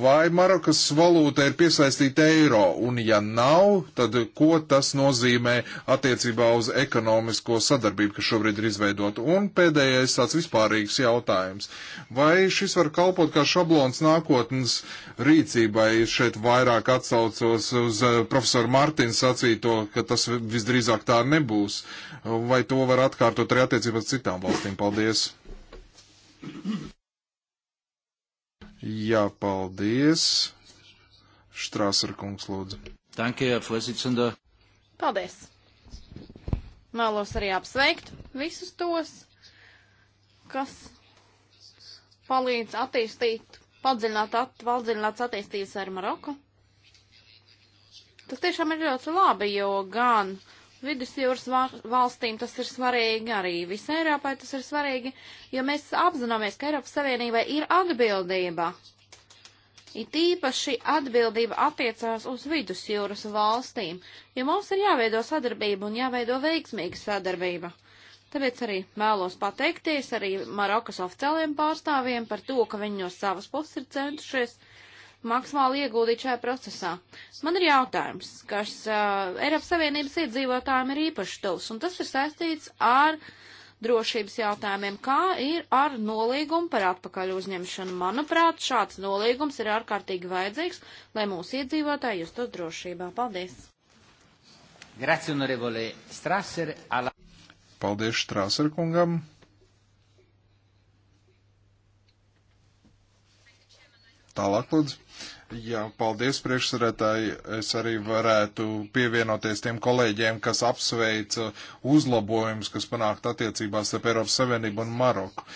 vai Marokas valūta ir piesaistīta eiro, un ja nav, tad ko tas nozīmē attiecībā uz ekonomisko sadarbību, kas šobrīd ir izveidota? Un pēdējais tāds vispārīgs jautājums. Vai šis var kalpot kā šablons nākotnes rīcībai? Šeit vairāk atsaucos uz eh, profesoru Martinu sacīto, ka tas visdrīzāk tā nebūs. Vai to var atkārtot arī attiecībā uz citām valstīm? Paldies! Jā, paldies. Štrāsar kungs, lūdzu. Danke, Herr Vorsitzender. Paldies. Vēlos arī apsveikt visus tos, kas palīdz attīstīt, padziļināt, at, padziļināt attīstības ar Maroku. Tas tiešām ir ļoti labi, jo gan uh, vidusjūras valstīm tas ir svarīgi, arī visai Eiropai tas ir svarīgi, jo mēs apzināmies, ka Eiropas Savienībai ir atbildība. It īpaši atbildība attiecās uz vidusjūras valstīm, jo mums ir jāveido sadarbība un jāveido veiksmīga sadarbība. Tāpēc arī vēlos pateikties arī Marokas oficiāliem pārstāvjiem par to, ka viņi no savas puses ir centušies maksimāli ieguldīt šajā procesā. Man ir jautājums, kas uh, Eiropas Savienības iedzīvotājiem ir īpaši tuvs, un tas ir saistīts ar drošības jautājumiem, kā ir ar nolīgumu par atpakaļ uzņemšanu. Manuprāt, šāds nolīgums ir ārkārtīgi vajadzīgs, lai mūsu iedzīvotāji justos drošībā. Paldies! Grazie, onorevole Strasser. Alla... Paldies Strasser kungam! Tālāk, lūdzu. Jā, paldies priekšsarētāji. Es arī varētu pievienoties tiem kolēģiem, kas apsveica uzlabojumus, kas panākt attiecībās ar Eiropas Savienību un Maroku.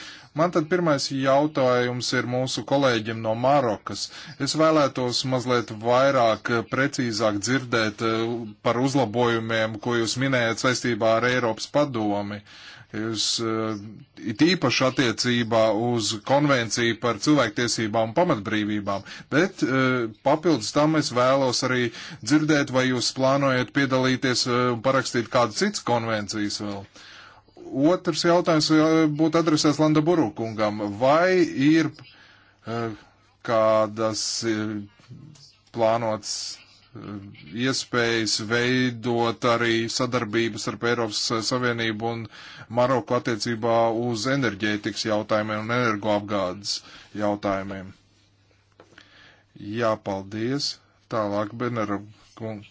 Man tad pirmais jautājums ir mūsu kolēģim no Marokas. Es vēlētos mazliet vairāk, precīzāk dzirdēt eh, par uzlabojumiem, ko jūs minējat saistībā ar Eiropas padomi Jūs eh, it īpaši attiecībā uz konvenciju par cilvēktiesībām un pamatbrīvībām, bet eh, papildus tam es vēlos arī dzirdēt, vai jūs plānojat piedalīties eh, un parakstīt kādu citu konvencijas vēl. Otrs jautājums būtu adresēts Landa Burukungam. Vai ir kādas plānotas iespējas veidot arī sadarbības ar Eiropas Savienību un Maroku attiecībā uz enerģētikas jautājumiem un energoapgādes jautājumiem. Jā, paldies. Tālāk, Benera kungs.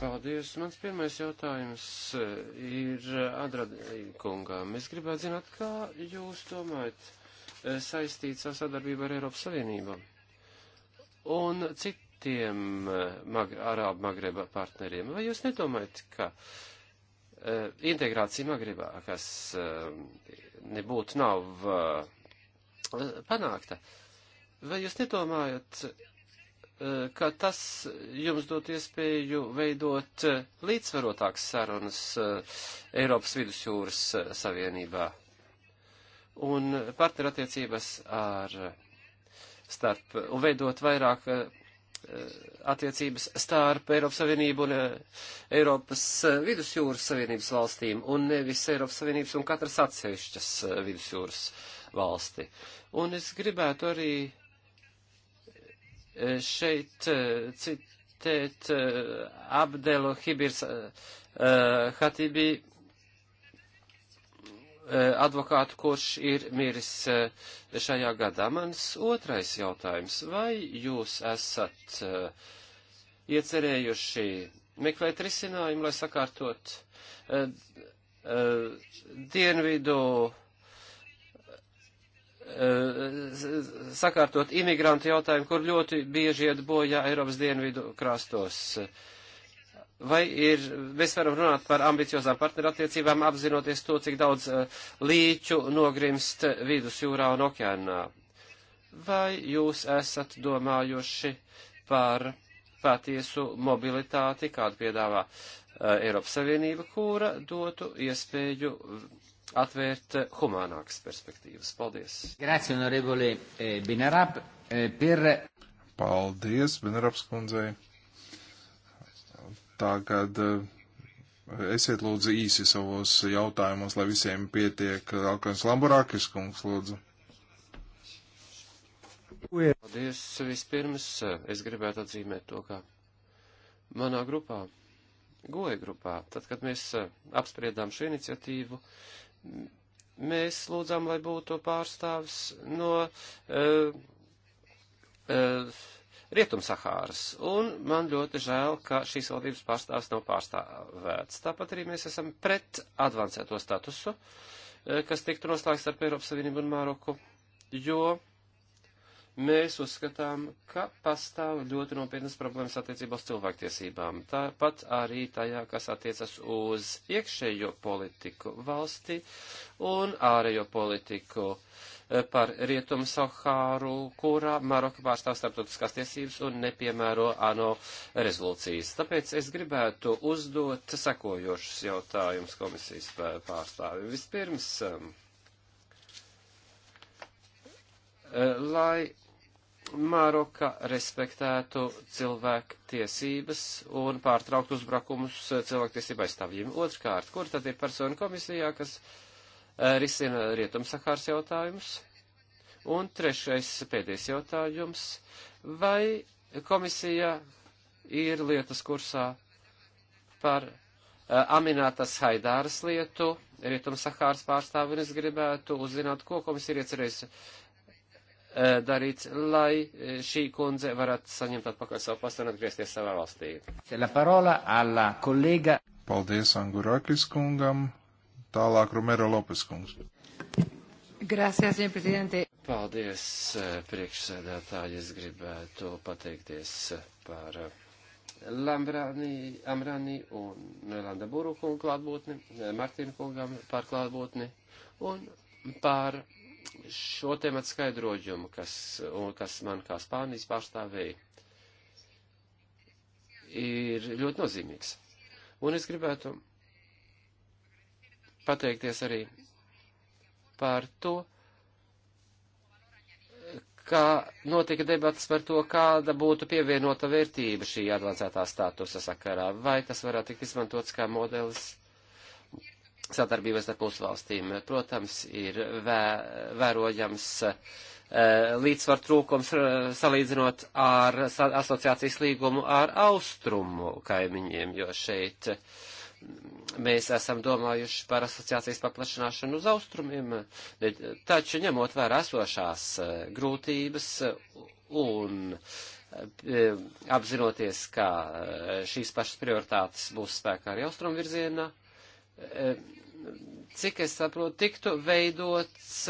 Paldies. Mans pirmais jautājums eh, ir eh, Adradī kungām. Es gribētu zināt, kā jūs domājat eh, saistīt savu sadarbību ar Eiropas Savienību? Un cik citiem eh, magre, Arābu Magreba partneriem. Vai jūs nedomājat, ka uh, integrācija Magrebā, kas uh, nebūtu nav uh, panākta, vai jūs nedomājat, ka tas jums dot iespēju veidot līdzsvarotākas sarunas Eiropas vidusjūras savienībā un partnerattiecības ar starp un veidot vairāk Eh, attiecības starp Eiropas Savienību un eh, Eiropas eh, Vidusjūras Savienības valstīm, un nevis Eiropas Savienības un katras atsevišķas Vidusjūras valsti. Un es gribētu arī šeit citēt Abdelo Hibirs Hatibi Eh, advokātu, kurš ir miris eh, šajā gadā. Mans otrais jautājums. Vai jūs esat eh, iecerējuši meklēt risinājumu, lai sakārtot dienvidu sakārtot imigrantu jautājumu, kur ļoti bieži iet bojā Eiropas dienvidu krastos. Uh, vai ir, mēs varam runāt par ambiciozām partnerattiecībām, apzinoties to, cik daudz eh, līču nogrimst vidusjūrā un okeānā? Vai jūs esat domājuši par patiesu mobilitāti, kādu piedāvā eh, Eiropas Savienība, kura dotu iespēju atvērt humānākas perspektīvas? Paldies! Grazie, honorevole eh, Binarab, per... Paldies, Binarabs kundzei! Tagad eh, esiet lūdzu īsi savos jautājumos, lai visiem pietiek. Alkans Lamburākis kungs, lūdzu. Paldies vispirms. Eh, es gribētu atzīmēt to, ka manā grupā, goja grupā, tad, kad mēs eh, apspriedām šo iniciatīvu, mēs lūdzām, lai būtu pārstāvis no. Uh, uh, Rietumsahāras, un man ļoti žēl, ka šīs valdības pārstāvs nav pārstāvēts. Tāpat arī mēs esam pret advancēto statusu, eh, kas tiktu noslēgts ar Eiropas Savienību un Māroku, jo mēs uzskatām, ka pastāv ļoti nopietnas problēmas attiecībā uz cilvēktiesībām. Tāpat arī tajā, kas attiecas uz iekšējo politiku valsti un ārējo politiku Eh, par Rietumu Sahāru, kurā Maroka pārstāv starptautiskās tiesības un nepiemēro ANO rezolūcijas. Tāpēc es gribētu uzdot sekojošus jautājumus komisijas pārstāvim. Vispirms, eh, lai Maroka respektētu cilvēku tiesības un pārtrauktu uzbrukumus cilvēku tiesību aizstāvjiem. Otrkārt, kur tad ir persona komisijā, kas uh, risina Rietumsahāras jautājumus. Un trešais, pēdējais jautājums, vai komisija ir lietas kursā par Aminātas Haidāras lietu, Rietumsahāras pārstāvi, un es gribētu uzzināt, ko komisija ir iecerējusi darīts, lai šī kundze varētu saņemt atpakaļ savu pastu un atgriezties savā valstī. Paldies Angurakis kungam. Tālāk Romero Lopes kungs. Gracias, señor presidente. Paldies, eh, priekšsēdētāji. Es gribētu pateikties eh, par eh, Lambrāni, Amrāni un Landa Buru kungu klātbūtni, Martīnu kungam par klātbūtni un par šo tematu skaidrojumu, kas, un, kas man kā Spānijas pārstāvēja, ir ļoti nozīmīgs. Un es gribētu pateikties arī par to, ka notika debatas par to, kāda būtu pievienota vērtība šī advancētā statusa sakarā, vai tas varētu tikt izmantots kā modelis sadarbības ar mūsu valstīm. Protams, ir vē, vērojams eh, līdzsvar trūkums eh, salīdzinot ar asociācijas līgumu ar austrumu kaimiņiem, jo šeit uh, mēs esam domājuši par asociācijas paplašināšanu uz austrumiem, taču ņemot vērā esošās e, grūtības un e, apzinoties, ka e, šīs pašas prioritātes būs spēkā arī austrumu virzienā, cik es saprotu, tiktu veidots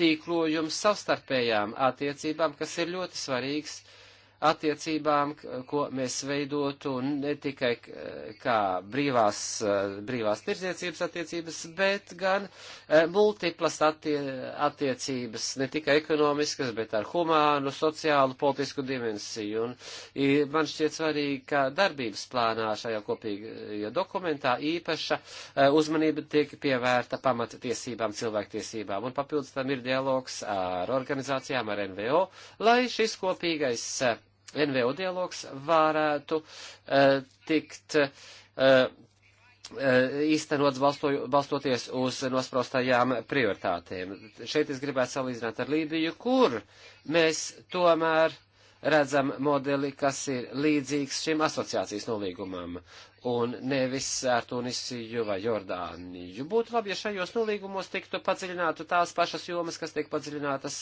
tīklojums savstarpējām attiecībām, kas ir ļoti svarīgs uh, attiecībām, ko mēs veidotu ne tikai kā brīvās, eh, brīvās tirdzniecības attiecības, bet gan eh, multiplas attie, attiecības, ne tikai ekonomiskas, bet ar humānu, sociālu, politisku dimensiju. Un man šķiet svarīgi, ka darbības plānā šajā kopīgajā dokumentā īpaša eh, uzmanība tiek pievērta pamattiesībām, cilvēktiesībām. Un papildus tam ir dialogs ar organizācijām, ar NVO, lai šis kopīgais NVO dialogs varētu uh, tikt uh, īstenots balstoju, balstoties uz nosprostajām prioritātēm. Šeit es gribētu salīdzināt ar Lībiju, kur mēs tomēr uh, redzam modeli, kas ir līdzīgs šim asociācijas nolīgumam, un nevis ar Tunisiju vai Jordāniju. Būtu labi, ja šajos nolīgumos tiktu padziļinātu tās pašas jomas, kas tiek padziļinātas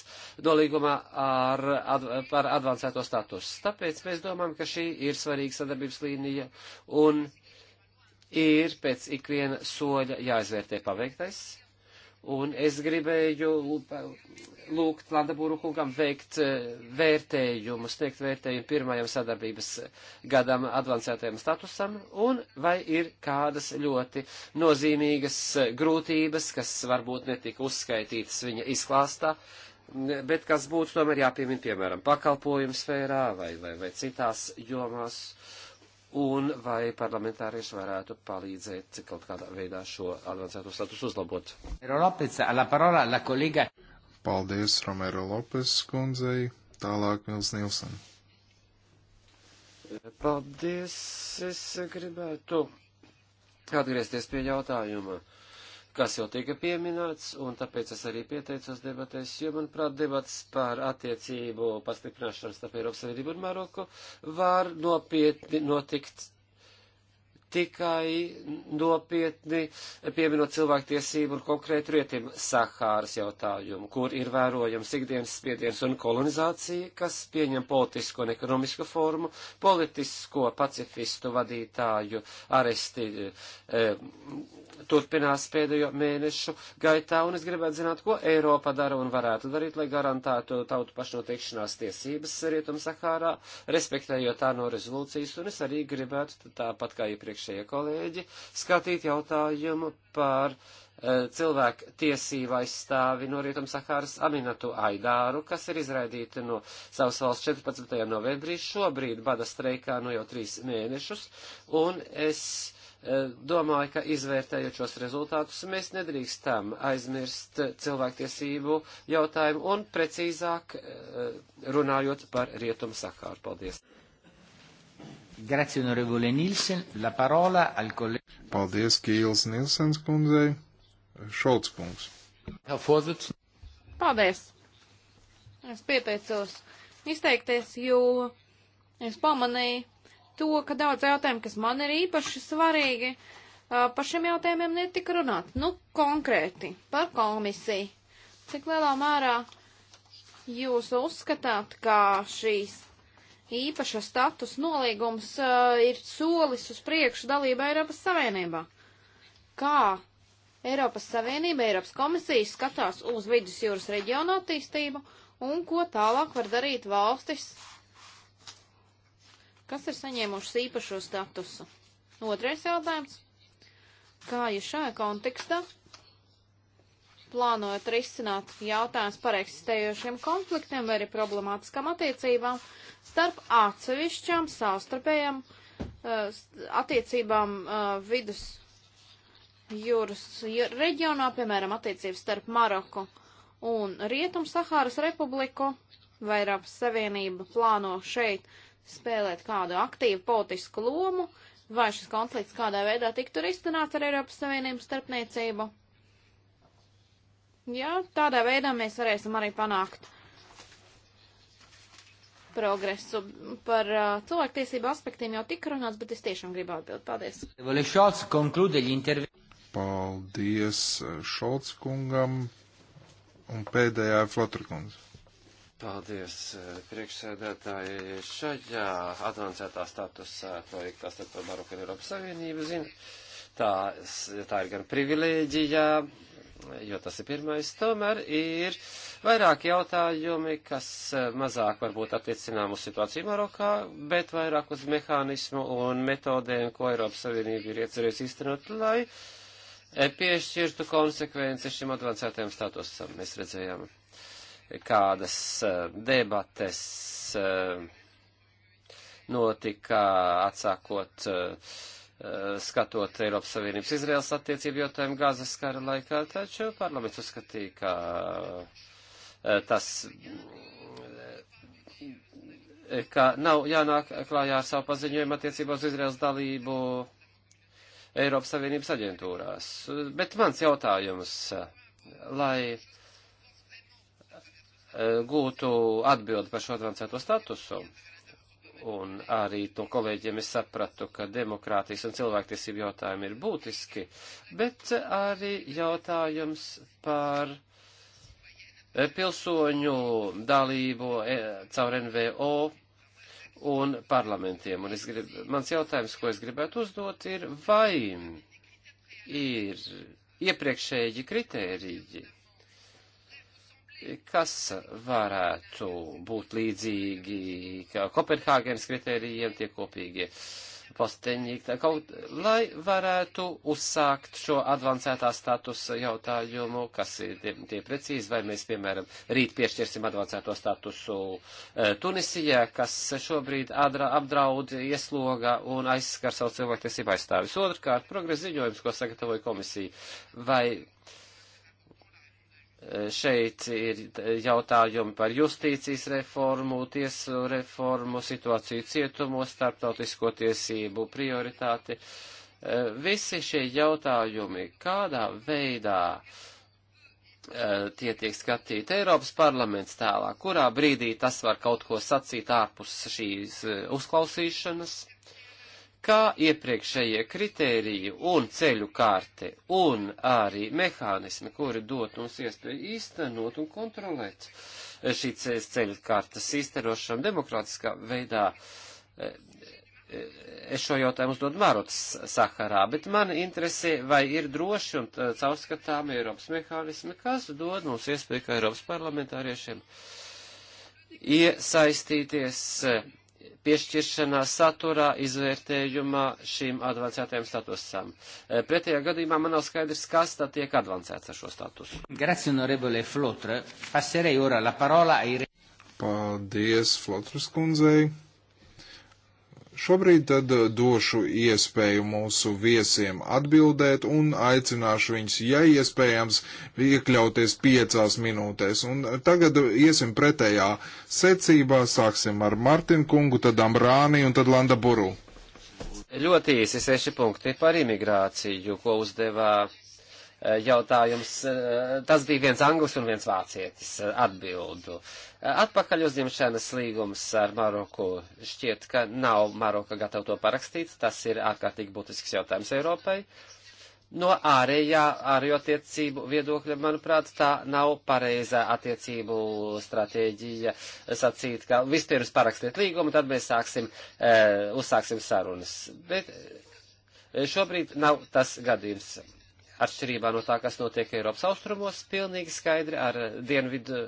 nolīgumā ar, ad, par advancēto status. Tāpēc mēs domājam, ka šī ir svarīga sadarbības līnija, un ir pēc ikviena soļa jāizvērtē paveiktais Un es gribēju lūgt Landabūru kungam veikt eh, vērtējumus, teikt vērtējumu pirmajam sadarbības gadam advancētajam statusam, un vai ir kādas ļoti nozīmīgas eh, grūtības, kas varbūt netika uzskaitītas viņa izklāstā, bet kas būtu tomēr jāpiemina, piemēram, pakalpojumu sfērā vai, vai, vai citās jomās. Uh, un vai parlamentārieši varētu palīdzēt kaut kādā veidā šo avansēto statusu uzlabot. Paldies, Romero Lopes kundzei. Tālāk Mils Nilsen. Paldies, es gribētu atgriezties pie jautājuma. Uh, kas jau tika pieminēts, un tāpēc es arī pieteicos debatēs, jo, manuprāt, debats par attiecību pastiprināšanu starp Eiropas Savienību un Maroku var nopietni notikt tikai nopietni pieminot cilvēktiesību un konkrētu rietim Sahāras jautājumu, kur ir vērojams ikdienas spiediens un kolonizācija, kas pieņem politisko un ekonomisko formu, politisko pacifistu vadītāju aresti, e, turpinās pēdējo mēnešu gaitā, un es gribētu zināt, ko Eiropa dara un varētu darīt, lai garantētu tautu pašnoteikšanās tiesības Rietum Sahārā, respektējot tā no rezolūcijas, un es arī gribētu, tāpat kā iepriekšējie kolēģi, skatīt jautājumu par e, cilvēku tiesību aizstāvi no Rietum Sahāras Aminatu Aidāru, kas ir izraidīta no savas valsts 14. novembrī, šobrīd bada streikā no nu jau trīs mēnešus, un es Eh, domāju, ka izvērtējot šos rezultātus, mēs nedrīkstam aizmirst cilvēktiesību jautājumu un precīzāk eh, runājot par rietumu sakāru. Paldies! Grazie, onorevole Nilsen. La parola al kolēģi. Paldies, Kīls Nilsens kundzei. Šolts kungs. Paldies! Es pieteicos izteikties, jo es pamanīju, to, ka daudz jautājumu, kas man ir īpaši svarīgi, par šiem jautājumiem netika runāt. Nu, konkrēti par komisiju. Cik lielā mērā jūs uzskatāt, ka šīs īpaša status nolīgums ir solis uz priekšu dalībā Eiropas Savienībā? Kā Eiropas Savienība, Eiropas komisija skatās uz vidusjūras reģionu attīstību un ko tālāk var darīt valstis kas ir saņēmušas īpašo statusu. Otrais jautājums. Kā jūs šajā kontekstā plānojat risināt jautājums par eksistējošiem konfliktiem vai arī problemātiskām attiecībām starp atsevišķām savstarpējām uh, attiecībām uh, vidus jūras reģionā, piemēram, attiecības starp Maroku un Rietum Sahāras republiku, vai Eiropas Savienība plāno šeit spēlēt kādu aktīvu politisku lomu, vai šis konflikts kādā veidā tiktu risināts ar Eiropas Savienības starpniecību. Jā, tādā veidā mēs varēsim arī panākt progresu. Par uh, cilvēktiesību aspektiem jau tika runāts, bet es tiešām gribu atbildēt. Paldies! Paldies uh, Šolts kungam un pēdējā Flotra kundze. Paldies, eh, priekšsēdētāji. Šajā advancētā statusā projektā starp Maroku un Eiropas Savienību zina. Tā, tā ir gan privilēģija, jo tas ir pirmais. Tomēr ir vairāk jautājumi, kas eh, mazāk varbūt attiecinām uz situāciju Marokā, bet vairāk uz mehānismu un metodēm, ko Eiropas Savienība ir iecerējusi iztenot, lai eh, piešķirtu konsekvenci šim advancētajam statusam. Mēs redzējām kādas eh, debates eh, notika atsākot eh, skatot Eiropas Savienības Izraels attiecību jautājumu gāzes kara laikā, taču parlaments uzskatīja, ka tas ka nav jānāk klājā ar savu paziņojumu attiecībā uz Izraels dalību Eiropas Savienības aģentūrās. Bet mans jautājums, lai gūtu atbildi par šo transēto statusu. Un arī no kolēģiem es sapratu, ka demokrātijas un cilvēktiesību jautājumi ir būtiski, bet arī jautājums par eh, pilsoņu dalību eh, caur NVO un parlamentiem. Un grib, mans jautājums, ko es gribētu uzdot, ir, vai ir iepriekšēji kritēriji kas varētu būt līdzīgi Kopenhāgenes kritērijiem, tie kopīgie posteņi, kaut lai varētu uzsākt šo advancētā statusa jautājumu, kas ir tie, tie precīzi, vai mēs, piemēram, rīt piešķirsim advancēto statusu e, Tunisijā, kas šobrīd adra, apdraud iesloga un aizskar savu cilvēktiesību aizstāvis. Otrkārt, progresa ziņojums, ko sagatavoja komisija, vai Šeit ir jautājumi par justīcijas reformu, tiesu reformu, situāciju cietumos, starptautisko tiesību prioritāti. E, visi šie jautājumi, kādā veidā e, tie tiek skatīti Eiropas parlaments tālāk, kurā brīdī tas var kaut ko sacīt ārpus šīs e, uzklausīšanas kā iepriekšējie kritēriji un ceļu kārte un arī mehānismi, kuri dot mums iespēju īstenot un kontrolēt eh, šī ceļu kārtas īstenošanu demokrātiskā veidā. Eh, eh, es šo jautājumu uzdod Marotas sakarā, bet mani interesē, vai ir droši un caurskatām Eiropas mehānismi, kas dod mums iespēju kā Eiropas parlamentāriešiem iesaistīties piešķiršanā saturā, izvērtējumā šīm advancētajām statusām. E, pretējā gadījumā man nav skaidrs, kas tad tiek advancēts ar šo statusu. Grazie, onorevole Flotre. Passerei ora la parola ai... Paldies, Flotras kundzei. Šobrīd tad eh, došu iespēju mūsu viesiem atbildēt un aicināšu viņus, ja iespējams, iekļauties piecās minūtēs. Un tagad iesim pretējā secībā, sāksim ar Martinu kungu, tad Amrāni un tad Landa Buru. Ļoti īsi seši punkti par imigrāciju, ko uzdevā Eh, jautājums. Eh, tas bija viens anglis un viens vācietis eh, atbildu. Atpakaļ uzņemšanas līgums ar Maroku šķiet, ka nav Maroka gatava to parakstīt. Tas ir ārkārtīgi būtisks jautājums Eiropai. No ārējā, ārējo attiecību viedokļa, manuprāt, tā nav pareizā attiecību stratēģija sacīt, ka vispirms parakstiet līgumu, tad mēs sāksim, uzsāksim sarunas. Bet šobrīd nav tas gadījums atšķirībā no tā, kas notiek Eiropas austrumos, pilnīgi skaidri ar dienvidu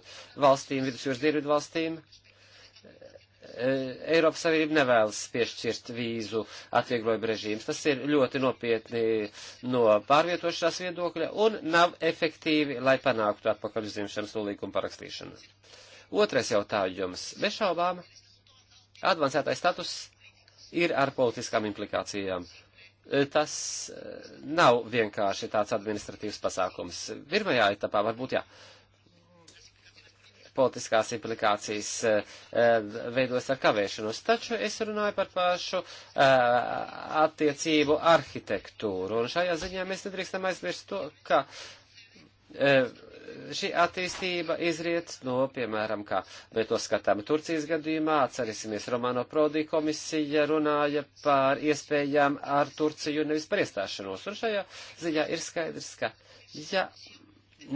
valstīm, vidusjūras dienvidu valstīm. E, Eiropas Savienība nevēlas piešķirt vīzu atvieglojumu režīmus. Tas ir ļoti nopietni no pārvietošanās viedokļa un nav efektīvi, lai panāktu atpakaļ uzņemšanas nolīguma parakstīšanu. Otrais jautājums. Nešaubām, advancētais status ir ar politiskām implikācijām tas eh, nav vienkārši tāds administratīvs pasākums. Pirmajā etapā varbūt jā. Politiskās implikācijas eh, veidos ar kavēšanos, taču es runāju par pašu eh, attiecību arhitektūru, un šajā ziņā mēs nedrīkstam aizmirst to, ka šī attīstība izriet no, piemēram, kā mēs to skatām Turcijas gadījumā, atcerēsimies Romano Prodi komisija runāja par iespējām ar Turciju nevis par iestāšanos. Un šajā ziņā ir skaidrs, ka, ja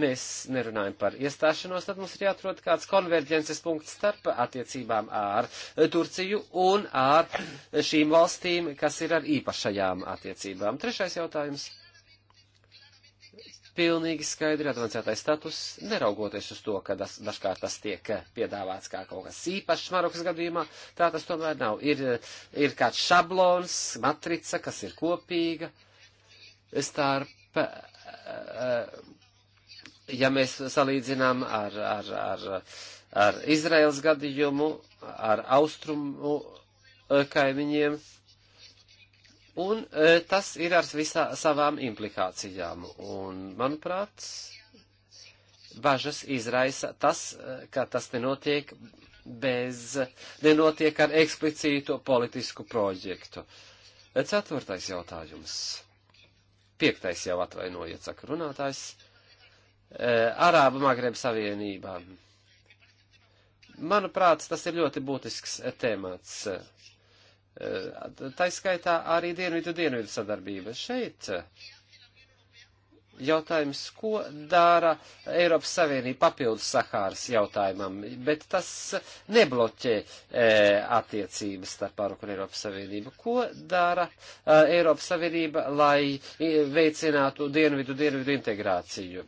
mēs nerunājam par iestāšanos, tad mums ir jāatrod kāds konverģences punkts starp attiecībām ar Turciju un ar šīm valstīm, kas ir ar īpašajām attiecībām. Trešais jautājums pilnīgi skaidri advancētais status, neraugoties uz to, ka das, dažkārt tas tiek eh, piedāvāts kā kaut kas īpašs Marokas gadījumā, tā tas tomēr nav. Ir, ir kāds šablons, matrica, kas ir kopīga starp, eh, ja mēs salīdzinām ar, ar, ar, ar Izraels gadījumu, ar austrumu eh, kaimiņiem. Ja Un e, tas ir ar visā, savām implikācijām. Un, manuprāt, bažas izraisa tas, e, ka tas nenotiek bez, nenotiek ar eksplicītu politisku projektu. E, ceturtais jautājums. Piektais jau atvainojiet, saka runātājs. E, Arābu Magreb Savienībām. Manuprāt, tas ir ļoti būtisks temats Eh, tā skaitā arī dienvidu dienvidu sadarbība. Šeit eh, jautājums, ko dara Eiropas Savienība papildus Sahāras jautājumam, bet tas nebloķē e, attiecības starp Maroku un Eiropas Savienību. Ko dara e, Eiropas Savienība, lai veicinātu dienvidu dienvidu integrāciju?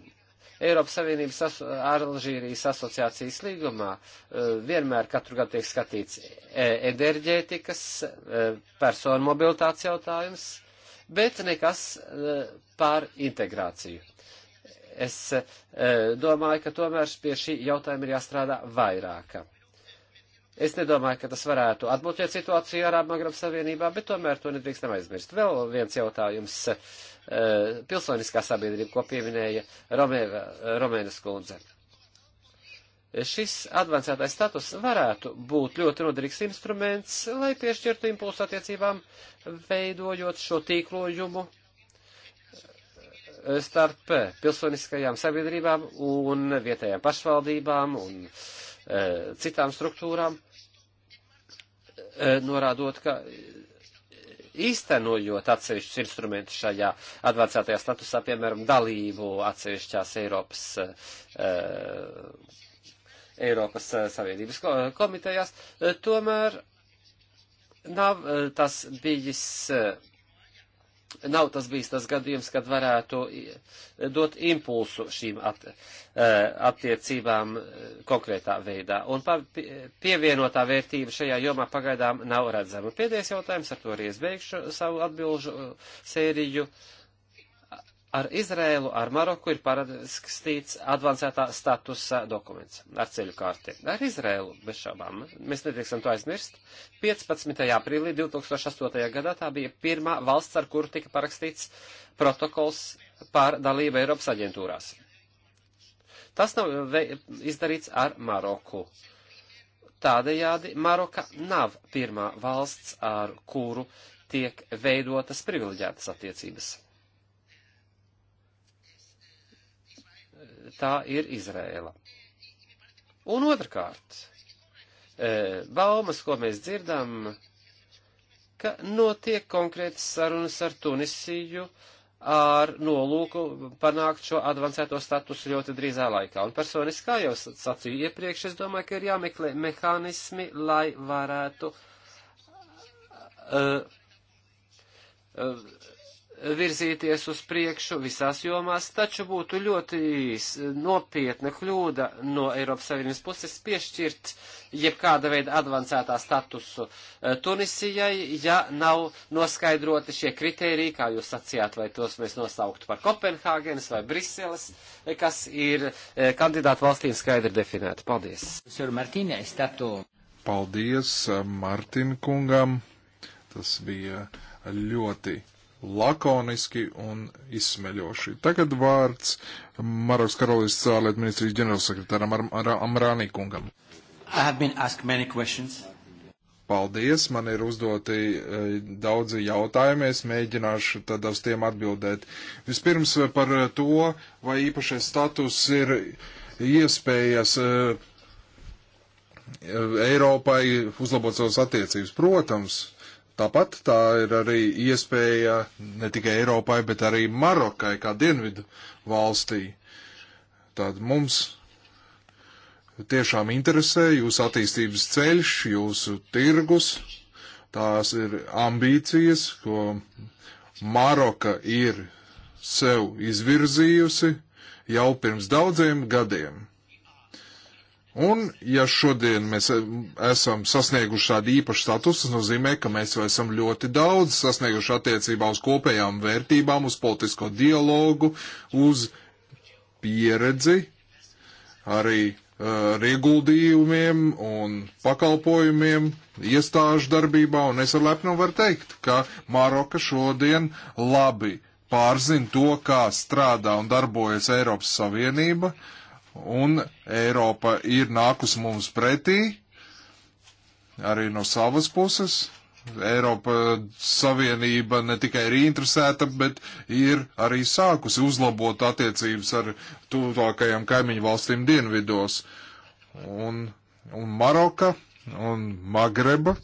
Eiropas Savienības aso Alžīrijas asociācijas līgumā e, vienmēr katru gadu tiek skatīts e, enerģētikas, e, personu mobilitātes jautājums, bet nekas par integrāciju. Es domāju, ka tomēr pie šī jautājuma ir jāstrādā vairāk. Es nedomāju, ka tas varētu atbloķēt situāciju Arābu Magrab Savienībā, bet tomēr to nedrīkstam aizmirst. Vēl viens jautājums Eh, pilsoniskā sabiedrība, ko pieminēja Romēva, Romēnas kundze. Šis advancētais status varētu būt ļoti noderīgs instruments, lai piešķirtu impulsu attiecībām, veidojot šo tīklojumu eh, starp pilsoniskajām sabiedrībām un vietējām pašvaldībām un e, citām struktūrām, e, norādot, ka īstenojot atsevišķus instrumentus šajā advancētajā statusā, piemēram, dalību atsevišķās Eiropas, eh, Eiropas eh, Savienības komitejās, eh, tomēr nav tas bijis nav tas bijis tas gadījums, kad varētu dot impulsu šīm at, e, attiecībām e, konkrētā veidā. Un pievienotā vērtība šajā jomā pagaidām nav redzama. Pēdējais jautājums, ar to arī es beigšu savu atbilžu e, sēriju. Uh, ar Izrēlu, ar Maroku ir parakstīts advancētā statusa dokuments ar ceļu kārti. Ar Izrēlu, bez šaubām, mēs nedrīkstam to aizmirst. 15. aprīlī 2008. gadā tā bija pirmā valsts, ar kuru tika parakstīts protokols par dalību Eiropas aģentūrās. Tas nav izdarīts ar Maroku. Tādējādi Maroka nav pirmā valsts, ar kuru tiek veidotas privileģētas attiecības. tā ir Izrēla. Un otrkārt, e, baumas, ko mēs dzirdam, ka notiek konkrētas sarunas ar Tunisiju ar nolūku panākt šo advancēto statusu ļoti drīzā laikā. Un personiski, kā jau sacīju iepriekš, es domāju, ka ir jāmeklē mehānismi, lai varētu uh, uh, virzīties uz priekšu visās jomās, taču būtu ļoti nopietna kļūda no Eiropas Savienības puses piešķirt jebkāda veida advancētā statusu e, Tunisijai, ja nav noskaidroti šie kriteriji, kā jūs sacījāt, vai tos mēs nosauktu par Kopenhāgenes vai Briseles, e, kas ir e, kandidātu valstīm skaidri definēta. Paldies! Paldies Martin kungam! Tas bija ļoti lakoniski un izsmeļoši. Tagad vārds Maras Karolīs cārlietu ministrijas ģenerālsekretāram Am Am Amrānī kungam. Paldies, man ir uzdoti eh, daudzi jautājumi, es mēģināšu tad uz tiem atbildēt. Vispirms eh, par eh, to, vai īpašais status ir iespējas Eiropai uzlabot savas attiecības. Protams, Tāpat tā ir arī iespēja ne tikai Eiropai, bet arī Marokai kā dienvidu valstī. Tad mums tiešām interesē jūsu attīstības ceļš, jūsu tirgus, tās ir ambīcijas, ko Maroka ir sev izvirzījusi jau pirms daudziem gadiem. Un, ja šodien mēs e, esam sasnieguši tādu īpašu statusu, tas nozīmē, ka mēs jau esam ļoti daudz sasnieguši attiecībā uz kopējām vērtībām, uz politisko dialogu, uz pieredzi, arī ar e, ieguldījumiem un pakalpojumiem iestāžu darbībā, un es ar lepnu varu teikt, ka Maroka šodien labi pārzina to, kā strādā un darbojas Eiropas Savienība, uh, un Eiropa ir nākus mums pretī, arī no savas puses. Eiropa Savienība ne tikai ir interesēta, bet ir arī sākusi uzlabot attiecības ar tuvākajām kaimiņu valstīm dienvidos. Un, un Maroka un Magreba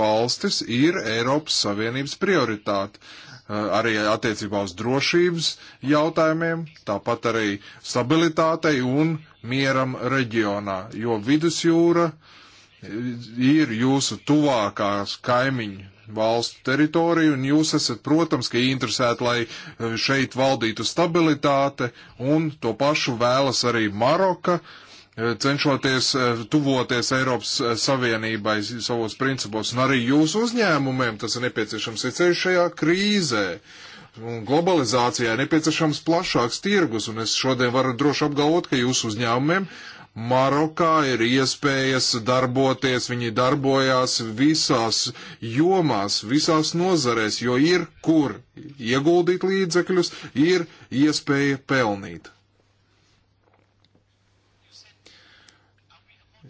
valstis ir Eiropas Savienības prioritāte. Eh, arī attiecībā uz drošības jautājumiem, tāpat arī stabilitātei un mieram reģionā, jo vidusjūra eh, ir jūsu tuvākās kaimiņu valstu teritoriju, un jūs esat, protams, ka interesēti, lai eh, šeit valdītu stabilitāte, un to pašu vēlas arī Maroka, uh, Eh, cenšoties eh, tuvoties Eiropas eh, Savienībai savos principos, un arī jūsu uzņēmumiem tas ir nepieciešams ceļš šajā krīzē. Un globalizācijā ir nepieciešams plašāks tirgus, un es šodien varu droši apgalvot, ka jūsu uzņēmumiem Marokā ir iespējas darboties, viņi darbojās visās jomās, visās nozarēs, jo ir kur ieguldīt līdzekļus, ir iespēja pelnīt.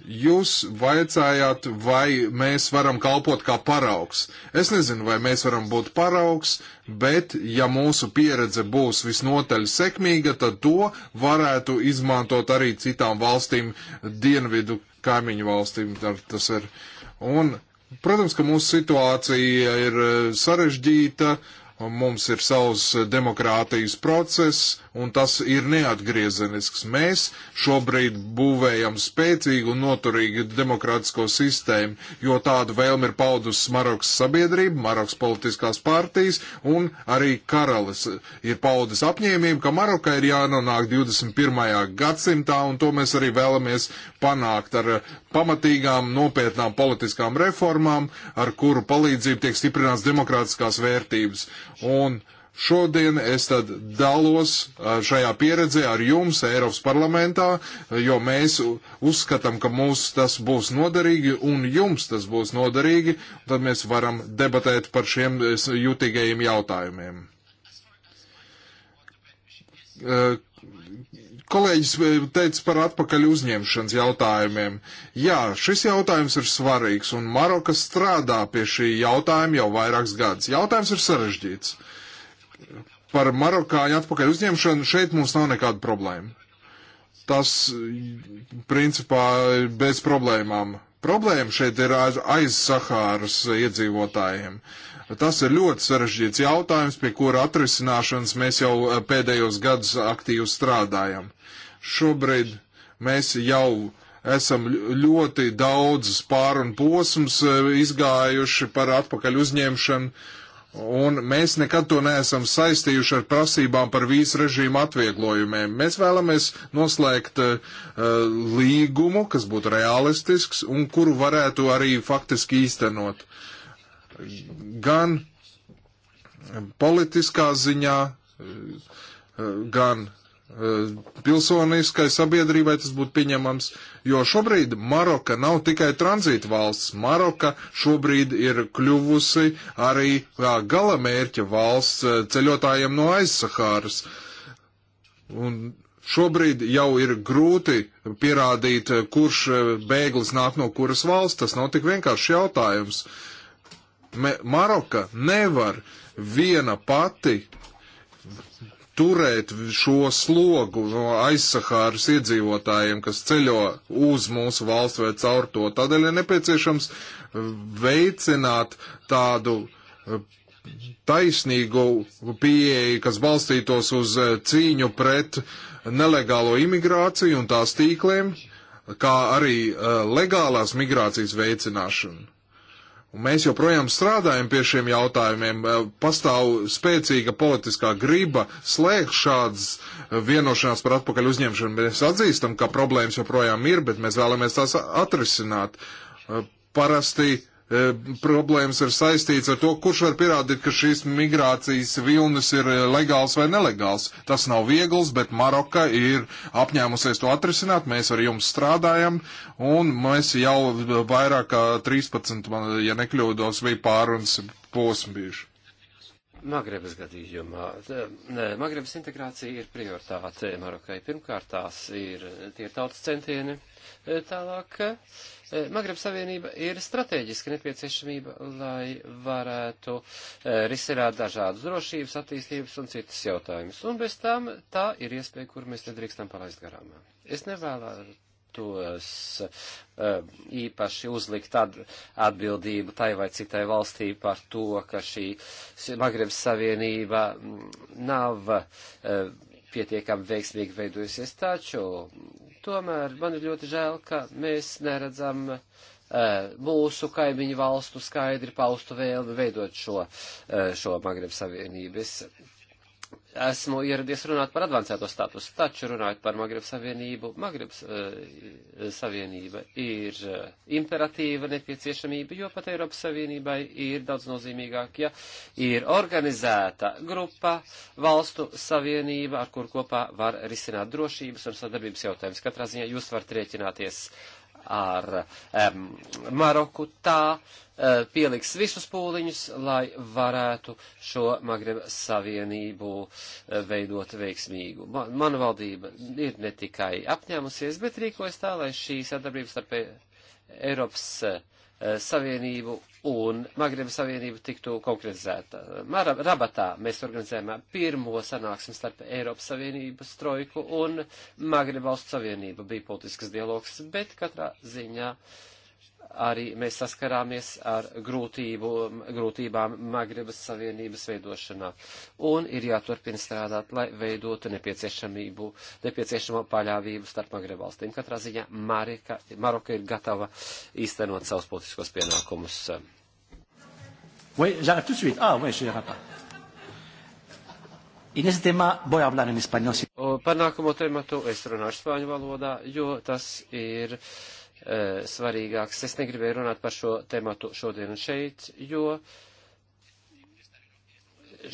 Jūs vaicājāt, vai mēs varam kalpot kā paraugs. Es nezinu, vai mēs varam būt paraugs, bet ja mūsu pieredze būs visnotaļ sekmīga, tad to varētu izmantot arī citām valstīm, dienvidu kaimiņu valstīm. Tas ir. Un, protams, ka mūsu situācija ir eh, sarežģīta, mums ir savs demokrātijas process, un tas ir neatgriezenisks. Mēs šobrīd būvējam spēcīgu un noturīgu demokrātisko sistēmu, jo tādu vēlmi ir paudusi Marokas sabiedrība, Marokas politiskās partijas un arī karalis ir paudis apņēmību, ka Maroka ir jānonāk 21. gadsimtā, un to mēs arī vēlamies panākt ar pamatīgām, nopietnām politiskām reformām, ar kuru palīdzību tiek stiprināts demokrātiskās vērtības. Un Šodien es tad dalos šajā pieredzē ar jums Eiropas parlamentā, jo mēs uzskatām, ka mums tas būs noderīgi un jums tas būs noderīgi, tad mēs varam debatēt par šiem jūtīgajiem jautājumiem. Kolēģis teica par atpakaļ uzņemšanas jautājumiem. Jā, šis jautājums ir svarīgs, un Maroka strādā pie šī jautājuma jau vairākas gadus. Jautājums ir sarežģīts. Uh, Par Marokāņu atpakaļ uzņemšanu šeit mums nav nekāda problēma. Tas, principā, bez problēmām. Problēma šeit ir aiz, aiz Sahāras iedzīvotājiem. Tas ir ļoti sarežģīts jautājums, pie kura atrisināšanas mēs jau eh, pēdējos gadus aktīvi strādājam. Šobrīd mēs jau esam ļoti daudz pārunu posms eh, izgājuši par atpakaļ uzņemšanu Un mēs nekad to neesam saistījuši ar prasībām par vīzu režīmu atvieglojumiem. Mēs vēlamies noslēgt uh, līgumu, kas būtu realistisks un kuru varētu arī faktiski īstenot. Gan eh, politiskā ziņā, gan Eh, pilsoniskai sabiedrībai tas būtu pieņemams, jo šobrīd Maroka nav tikai tranzīta valsts. Maroka šobrīd ir kļuvusi arī galamērķa valsts eh, ceļotājiem no aizsahāras. Un šobrīd jau ir grūti pierādīt, eh, kurš bēglis nāk no kuras valsts. Tas nav tik vienkāršs jautājums. Me, Maroka nevar viena pati turēt šo slogu no aizsahāras iedzīvotājiem, kas ceļo uz mūsu valsts vai caur to. Tādēļ ir nepieciešams eh, veicināt tādu eh, taisnīgu pieeju, kas balstītos uz eh, cīņu pret nelegālo imigrāciju un tās tīkliem, kā arī legālās migrācijas veicināšanu. Un mēs joprojām strādājam pie šiem jautājumiem. Pastāv spēcīga politiskā griba slēgt šādas vienošanās par atpakaļ uzņemšanu. Mēs atzīstam, ka problēmas joprojām ir, bet mēs vēlamies tās atrisināt. Parasti uh, E, problēmas ir saistīts ar to, kurš var pierādīt, ka šīs migrācijas vilnis ir e, legāls vai nelegāls. Tas nav viegls, bet Maroka ir apņēmusies to atrisināt, mēs ar jums strādājam, un mēs jau vairāk kā 13, man, ja nekļūdos, bija pārunas posmi bijuši. Magrebas gadījumā. E, nē, Magrebas integrācija ir prioritāte Marokai. Pirmkārt, tās ir tie tautas centieni. Tālāk Eh, Magreb Savienība ir strateģiski nepieciešamība, lai varētu eh, risināt dažādas drošības, attīstības un citas jautājumus. Un bez tām tā ir iespēja, kur mēs nedrīkstam palaist garām. Es nevēlētu tos eh, īpaši uzlikt atbildību tai vai citai valstī par to, ka šī Magrebs Savienība mm, nav pietiekami veiksmīgi veidojusies, taču Tomēr man ir ļoti žēl, ka mēs neredzam uh, mūsu kaimiņu valstu skaidri paustu vēlmi veidot šo, eh, šo Magreb savienību. Es esmu ieradies runāt par advancēto statusu, taču runājot par Magreb Savienību, Magreb uh, Savienība ir uh, imperatīva nepieciešamība, jo pat Eiropas Savienībai ir daudz nozīmīgāk, ja ir organizēta grupa, valstu savienība, ar kur kopā var risināt drošības un sadarbības jautājumus. Katrā ziņā jūs varat rēķināties ar um, Maroku, tā uh, pieliks visus pūliņus, lai varētu šo Magreba savienību uh, veidot veiksmīgu. Man, mana valdība ir ne tikai apņēmusies, bet rīkojas tā, lai šī sadarbības starp e, Eiropas uh, Savienību un Magreba Savienība tiktu konkretizēta. Marab, rabatā mēs organizējām pirmo sanāksmi starp Eiropas Savienības trojku un Magreba valstu savienību. Bija politisks dialogs, bet katrā ziņā uh, arī mēs saskarāmies ar grūtību, grūtībām Magrebas Savienības veidošanā. Un ir jāturpina strādāt, lai veidotu nepieciešamību, nepieciešamo paļāvību starp Magreba valstīm. Katrā ziņā Marika, Maroka ir gatava īstenot savus politiskos pienākumus. Oui, j'arrive tout de suite. Ah, oui, je n'irai pas. En ese tema voy a hablar en español. Par nākamo tematu es runāšu spāņu valodā, jo tas ir uh, Eh, svarīgāks. Es negribēju runāt par šo tematu šodien un šeit, jo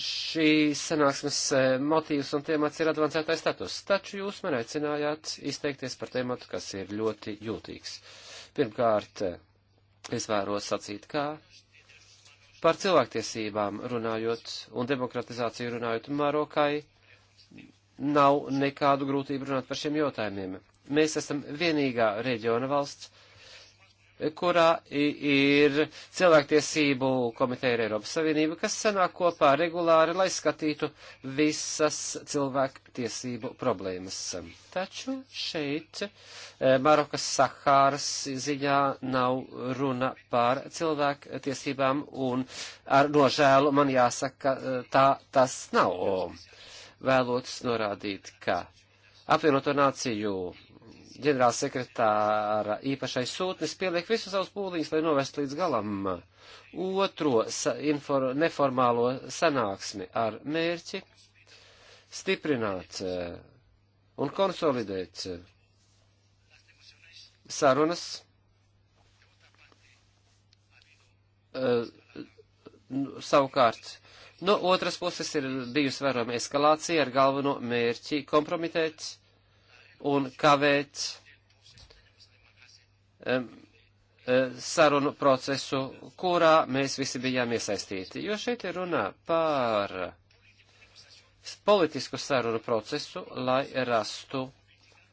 šī sanāksmes eh, motīvs un temats ir advancētais status. Taču jūs man aicinājāt izteikties par tematu, kas ir ļoti jūtīgs. Pirmkārt, eh, es vēros sacīt, kā par cilvēktiesībām runājot un demokratizāciju runājot Marokai, nav nekādu grūtību runāt par šiem jautājumiem. Mēs esam vienīgā reģiona valsts, kurā ir cilvēktiesību komiteja ir Eiropas Savienība, kas sanāk kopā regulāri, lai skatītu visas cilvēktiesību problēmas. Taču šeit eh, Marokas Sahāras ziņā nav runa par cilvēktiesībām, un ar nožēlu man jāsaka, eh, tā tas nav. Vēloties norādīt, ka apvienoto nāciju ģenerāla sekretāra īpašais sūtnis pieliek visu savus pūliņus, lai novest līdz galam otro sa, infor, neformālo sanāksmi ar mērķi stiprināt eh, un konsolidēt eh, sarunas eh, nu, savukārt. No otras puses ir bijusi vērojama eskalācija ar galveno mērķi kompromitēt un kavēt um, sarunu procesu, kurā mēs visi bijām iesaistīti. Jo šeit ir runā par politisku sarunu procesu, lai rastu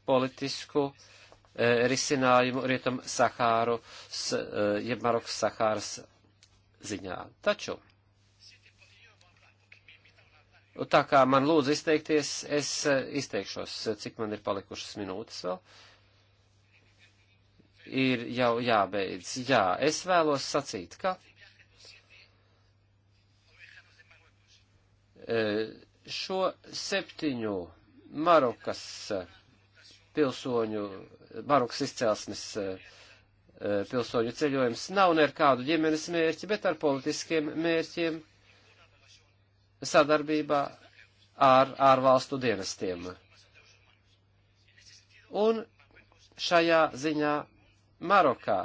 politisku eh, risinājumu Rietum Sahāru, eh, jeb Marokas Sahāras ziņā. Taču Nu, tā kā man lūdzu izteikties, es eh, izteikšos, cik man ir palikušas minūtes vēl. Ir jau jābeidz. Jā, es vēlos sacīt, ka eh, šo septiņu Marokas eh, pilsoņu, Marokas izcelsmes pilsoņu ceļojums nav ne ar kādu ģimenes mērķi, bet ar politiskiem mērķiem sadarbībā ar ārvalstu dienestiem. Un šajā ziņā Marokā.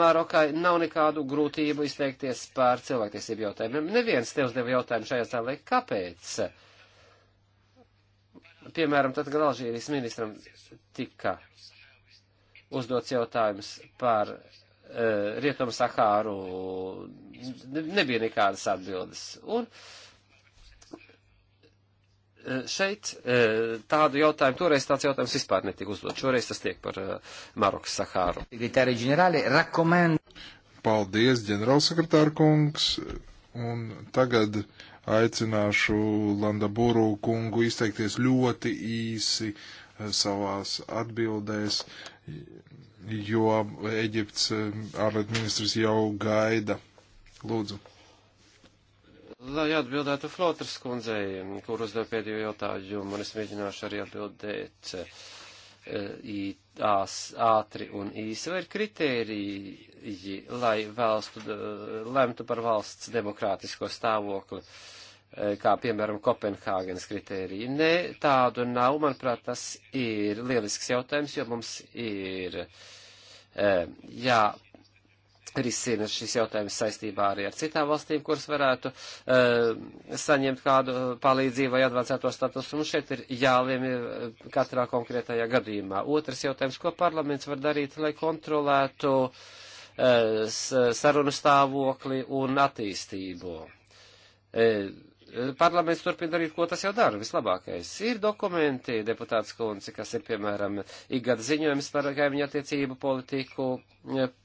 Marokai nav nekādu grūtību izteikties par cilvēktiesību jautājumiem. Neviens te uzdeva jautājumu šajā zālē, kāpēc? Piemēram, tad Galžīrijas ministram tika uzdots jautājums par Eh, Rietumu Sahāru nebija nekādas atbildes. Un eh, šeit eh, tādu jautājumu, toreiz tāds jautājums vispār netika uzdot. Šoreiz tas tiek par Marokas Sahāru. Paldies, ģenerālsekretāra kungs. Un tagad aicināšu Landaburu kungu izteikties ļoti īsi savās atbildēs jo Eģipts eh, ārlietu ministrs jau gaida. Lūdzu. Lai atbildētu Flotras kundzei, kur uzdev pēdējo jautājumu, un es mēģināšu arī atbildēt eh, ātri un īsi, vai ir kritēriji, lai valstu, eh, lemtu par valsts demokrātisko stāvokli. Uh, Eh, kā piemēram Kopenhāgenes kritērija. Nē, tādu nav. Manuprāt, tas ir lielisks jautājums, jo mums ir eh, jā. Risina šis jautājums saistībā arī ar citām valstīm, kuras varētu uh, saņemt kādu palīdzību vai advancēto statusu. Mums šeit ir jāliemj katrā konkrētajā gadījumā. Otrs jautājums, ko parlaments var darīt, lai kontrolētu uh, sarunu stāvokli un attīstību. Uh, parlaments turpina darīt, ko tas jau dara, vislabākais. Ir dokumenti, deputāts Kunci, kas ir, piemēram, ikgada ziņojums par kaimiņu attiecību politiku,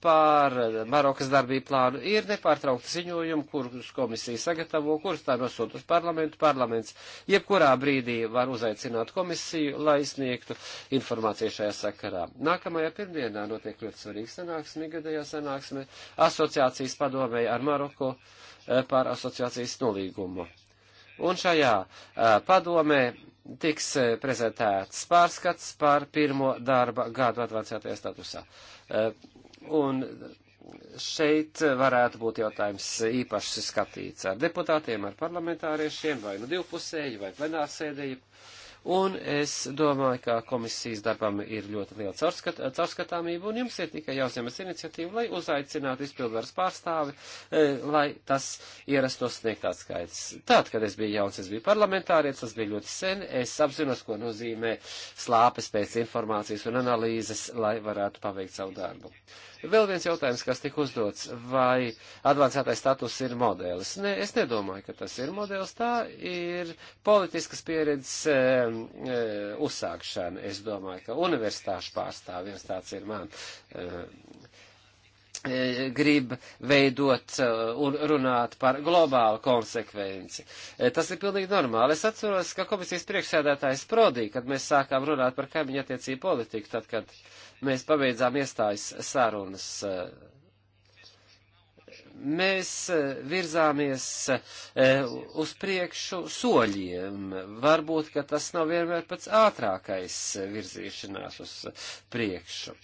pār Marokas darbību plānu. Ir nepārtraukti ziņojumi, kurus komisija sagatavo, kurus tā nosūta uz parlamentu. Parlaments jebkurā brīdī var uzaicināt komisiju, lai sniegtu informāciju šajā sakarā. Nākamajā pirmdienā notiek ļoti svarīga sanāksme, gadējā sanāksme, asociācijas padomēja ar Maroku eh, par asociācijas nolīgumu Un šajā padomē tiks prezentēts pārskats par pirmo darba gadu advancētajā statusā. Un šeit varētu būt jautājums īpaši skatīts ar deputātiem, ar parlamentāriešiem, vai nu divpusēji, vai plenārsēdēji Un es domāju, ka komisijas darbam ir ļoti liela caurskatā, caurskatāmība, un jums ir tikai jāuzņemas iniciatīva, lai uzaicinātu izpildvaras pārstāvi, e, lai tas ierastos sniegt atskaits. Tad, kad es biju jauns, es biju parlamentārietis, tas bija ļoti sen, es apzinos, ko nozīmē slāpes pēc informācijas un analīzes, lai varētu paveikt savu darbu. Vēl viens jautājums, kas tika uzdots, vai advancētais status ir modelis. Ne, es nedomāju, ka tas ir modelis, tā ir politiskas pieredzes e, e, uzsākšana. Es domāju, ka universitāšu pārstāv, viens tāds ir man, e, e, grib veidot e, un runāt par globālu konsekvenci. E, tas ir pilnīgi normāli. Es atceros, ka komisijas priekšsēdētājs Prodī, kad mēs sākām runāt par kaimiņu attiecību politiku, tad, kad mēs pabeidzām iestājas sarunas. Mēs eh, virzāmies eh, uz priekšu soļiem. Varbūt, ka tas nav vienmēr pats ātrākais virzīšanās uz priekšu.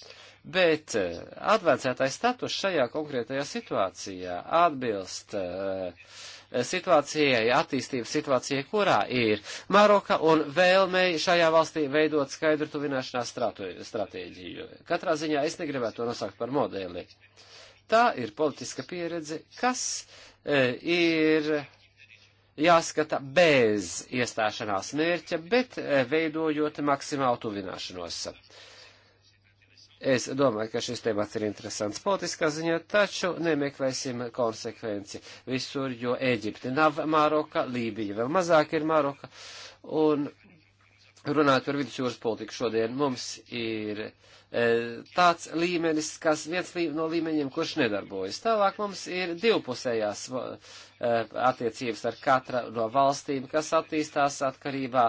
Bet eh, advancētais status šajā konkrētajā situācijā atbilst uh, situācijai, attīstības situācijai, kurā ir Maroka un vēlmei šajā valstī veidot skaidru tuvināšanās stratēģiju. Katrā ziņā es negribētu to nosaukt par modeli. Tā ir politiska pieredze, kas e, ir jāskata bez iestāšanās mērķa, bet e, veidojot maksimālu tuvināšanos. E, Es domāju, ka šis temats ir interesants politiskā ziņā, taču nemeklēsim konsekvenci visur, jo Ēģipte nav Māroka, Lībija vēl mazāk ir Māroka, un runāt par vidusjūras politiku šodien mums ir e, tāds līmenis, kas viens lī, no līmeņiem, kurš nedarbojas. Tālāk mums ir divpusējās Eh, attiecības ar katra no valstīm, kas attīstās atkarībā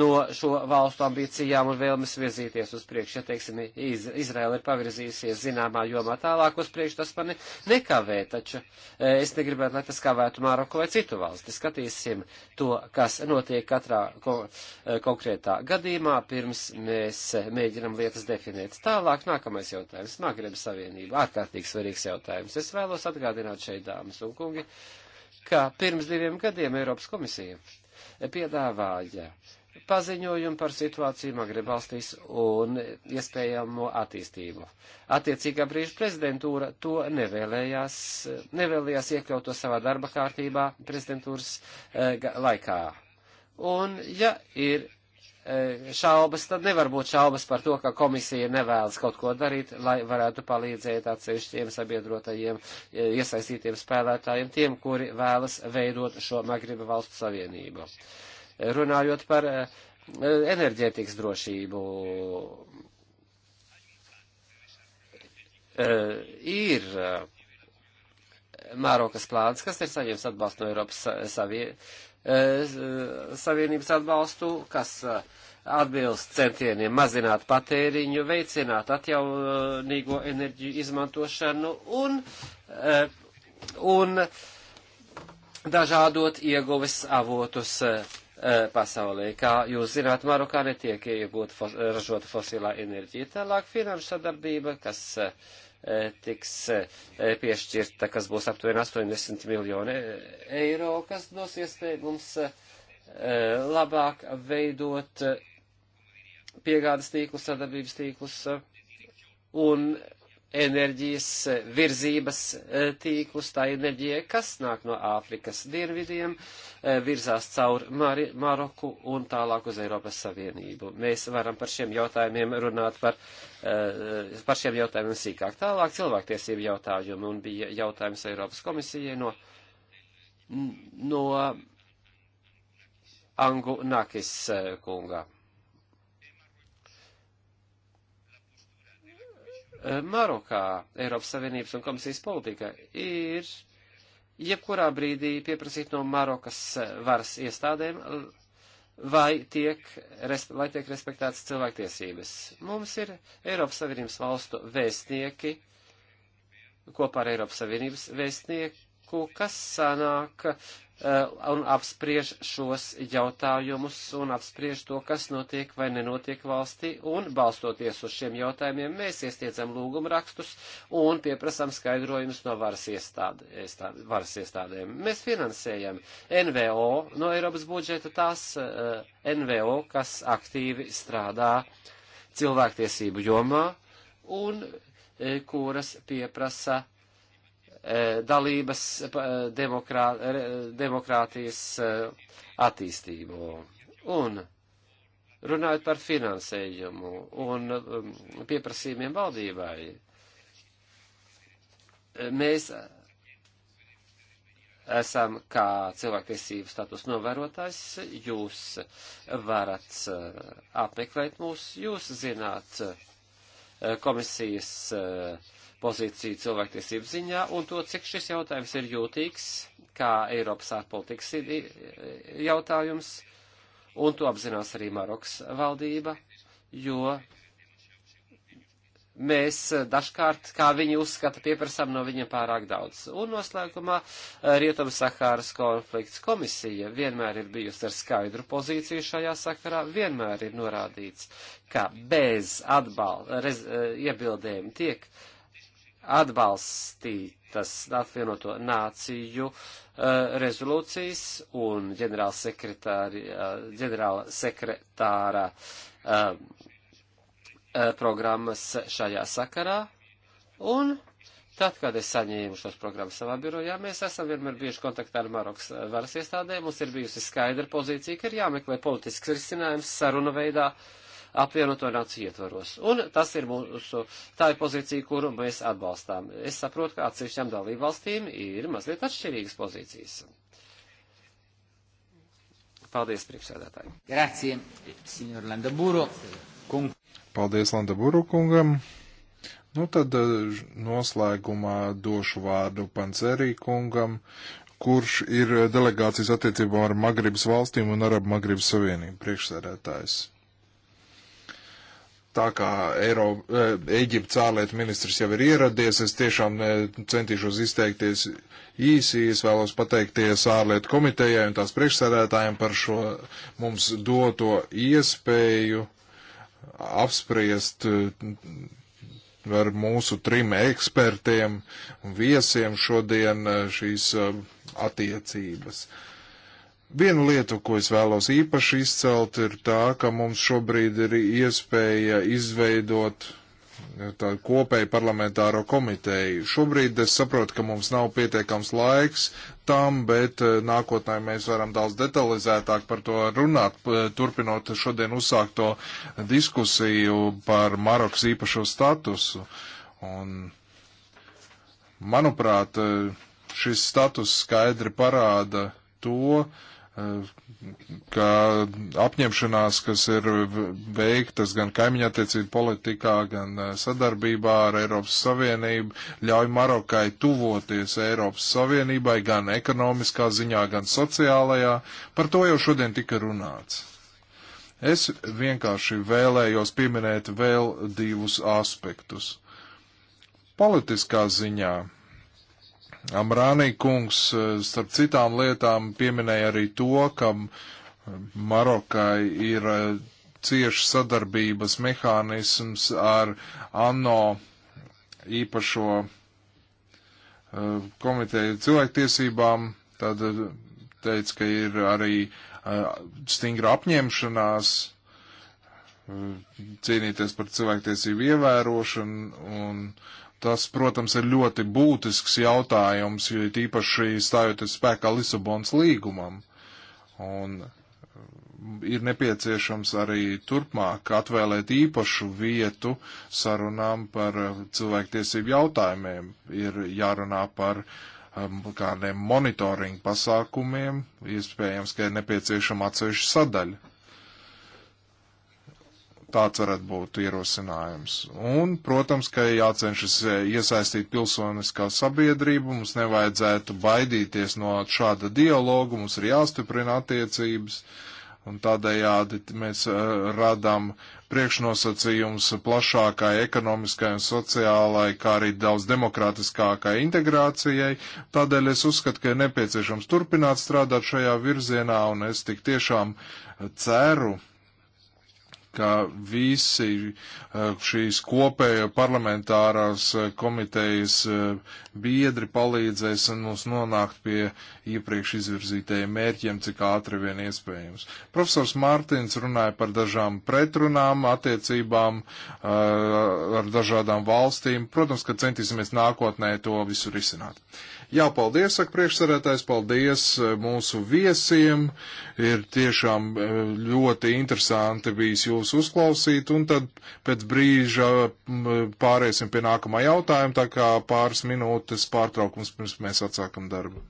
no šo valstu ambīcijām un vēlmes virzīties uz priekšu. Ja, teiksim, iz, Izraela ir pavirzījusies zināmā jomā tālāk uz priekšu, tas man ne, nekavē, taču eh, es negribētu, lai tas kavētu Māroku vai citu valsti. Skatīsim to, kas notiek katrā ko, eh, konkrētā gadījumā, pirms mēs mēģinam lietas definēt. Tālāk nākamais jautājums. Magreba Savienība. Ārkārtīgi svarīgs jautājums. Es vēlos atgādināt šeit, dāmas un kungi, uh, ka pirms diviem gadiem Eiropas komisija piedāvāja paziņojumu par situāciju Magreb valstīs un iespējamo attīstību. Attiecīgā brīža prezidentūra to nevēlējās, nevēlējās iekļaut to savā darba kārtībā prezidentūras e, laikā. Un, ja ir Eh, šaubas, tad nevar būt šaubas par to, ka komisija nevēlas kaut ko darīt, lai varētu palīdzēt atsevišķiem sabiedrotajiem eh, iesaistītiem spēlētājiem, tiem, kuri vēlas veidot šo Magriba valstu savienību. Eh, runājot par enerģētikas drošību, ir Mārokas plāns, kas ir saņēmis atbalstu no Eiropas savie, Eh, Savienības atbalstu, kas eh, atbilst centieniem mazināt patēriņu, veicināt atjaunīgo enerģiju izmantošanu un, eh, un dažādot ieguves avotus pasaulē. Kā jūs zināt, Marokā netiek iegūta ražota fosilā enerģija. Tālāk finanšu sadarbība, kas uh, tiks eh, piešķirta, kas būs aptuveni 80 miljoni eiro, kas dos iespēju mums eh, labāk veidot eh, piegādes tīklus, sadarbības tīklus un enerģijas virzības e, tīklus, tā enerģija, kas nāk no Āfrikas dienvidiem, e, virzās caur Mari, Maroku un tālāk uz Eiropas Savienību. Mēs varam par šiem jautājumiem runāt par, e, par šiem jautājumiem sīkāk. Tālāk cilvēktiesību jautājumi un bija jautājums Eiropas komisijai no, no Angu Nakis kungā. Eh, Marokā Eiropas Savienības un komisijas politika ir jebkurā brīdī pieprasīt no Marokas eh, varas iestādēm, vai tiek, lai tiek respektētas cilvēktiesības. Mums ir Eiropas Savienības valstu vēstnieki, kopā ar Eiropas Savienības vēstnieku, kas sanāk Eh, un apspriež šos jautājumus un apspriež to, kas notiek vai nenotiek valstī, un balstoties uz šiem jautājumiem mēs iestiedzam lūgumu rakstus un pieprasam skaidrojumus no varas, iestāde, iestāde, varas iestādēm. Mēs finansējam NVO no Eiropas budžeta tās uh, eh, NVO, kas aktīvi strādā cilvēktiesību jomā un uh, kuras pieprasa uh, Eh, dalības eh, demokrā, demokrātijas eh, attīstību. Un runājot par finansējumu un um, pieprasījumiem valdībai, mēs esam kā cilvēktiesību status novērotājs, jūs varat apmeklēt mūs, jūs zināt komisijas uh, pozīciju cilvēktiesību ziņā un to, cik šis jautājums ir jūtīgs, kā Eiropas ārpolitikas jautājums, un to apzinās arī Marokas valdība, jo mēs dažkārt, kā viņi uzskata, pieprasām no viņiem pārāk daudz. Un noslēgumā eh, Rietuma Sahāras konflikts komisija vienmēr ir bijusi ar skaidru pozīciju šajā sakarā, vienmēr ir norādīts, ka bez atbal, rez, eh, iebildēm tiek uh, atbalstītas apvienoto nāciju uh, rezolūcijas un ģenerāla uh, sekretāra uh, programmas šajā sakarā. Un tad, kad es saņēmu šos programmas savā birojā, mēs esam vienmēr bieži kontaktā ar Marokas varas iestādēm. Mums ir bijusi skaidra pozīcija, ka ir jāmeklē politisks risinājums saruna veidā. Uh, apvienoto nāciju ietvaros. Un tas ir mūsu, tā ir pozīcija, kuru mēs atbalstām. Es saprotu, ka atsevišķām dalību valstīm ir mazliet atšķirīgas pozīcijas. Paldies, priekšsēdētāji. Grazie, signor Landaburu. Kung. Paldies Landaburu kungam. Nu tad eh, noslēgumā došu vārdu Pancerī kungam, kurš ir delegācijas attiecībā ar Magribas valstīm un Arabu Magribas Savienību priekšsēdētājs tā kā Eiro, e, Eģipts ārlietu ministrs jau ir ieradies, es tiešām e, centīšos izteikties īsi. Es vēlos pateikties ārlietu komitejai un tās priekšsēdētājiem par šo mums doto iespēju apspriest e, ar mūsu trim ekspertiem un viesiem šodien šīs attiecības. Uh, Viena lieta, ko es vēlos īpaši izcelt, ir tā, ka mums šobrīd ir iespēja izveidot tādu kopēju parlamentāro komiteju. Šobrīd es saprotu, ka mums nav pietiekams laiks tam, bet eh, nākotnē mēs varam daudz detalizētāk par to runāt, turpinot šodien uzsākto diskusiju par Marokas īpašo statusu. Un, manuprāt, eh, šis status skaidri parāda to, uh, ka apņemšanās, kas ir veiktas gan kaimiņa attiecību politikā, gan eh, sadarbībā ar Eiropas Savienību, ļauj Marokai tuvoties Eiropas Savienībai gan ekonomiskā ziņā, gan sociālajā. Par to jau šodien tika runāts. Es vienkārši vēlējos pieminēt vēl divus aspektus. Politiskā ziņā Amrānī kungs, eh, starp citām lietām, pieminēja arī to, ka Marokai ir eh, cieši sadarbības mehānisms ar ANO īpašo eh, komiteju cilvēktiesībām. Tad teica, ka ir arī stingra apņemšanās cīnīties par cilvēktiesību ievērošanu un, un Tas, protams, ir ļoti būtisks jautājums, jo tīpaši stājoties spēkā Lisabonas līgumam. Un mm, ir nepieciešams arī turpmāk atvēlēt īpašu vietu sarunām par eh, cilvēktiesību jautājumiem. Ir jārunā par um, kādiem monitoringu pasākumiem, iespējams, ka ir nepieciešama atsevišķa sadaļa. Tāds varētu būt ierosinājums. Un, protams, ka jācenšas e, iesaistīt pilsoniskā sabiedrība, mums nevajadzētu baidīties no šāda dialoga, mums ir jāstiprina attiecības. Un tādējādi mēs e, radām priekšnosacījums plašākai ekonomiskai un sociālai, kā arī daudz demokrātiskākai integrācijai. Tādēļ es uzskatu, ka ir nepieciešams turpināt strādāt šajā virzienā, un es tik tiešām e, ceru, ka visi eh, šīs kopēja parlamentārās eh, komitejas eh, biedri palīdzēs mums nonākt pie iepriekš izvirzītajiem mērķiem, cik ātri vien iespējams. Profesors Mārtiņš runāja par dažām pretrunām, attiecībām ar dažādām valstīm. Protams, ka centīsimies nākotnē to visu risināt. Jā, paldies, saka priekšsarētājs, paldies eh, mūsu viesiem. Ir tiešām eh, ļoti interesanti bijis jūs uzklausīt, un tad pēc brīža mm, pāriesim pie nākamā jautājuma, tā kā pāris minūtes pārtraukums pirms mēs atsākam darbu.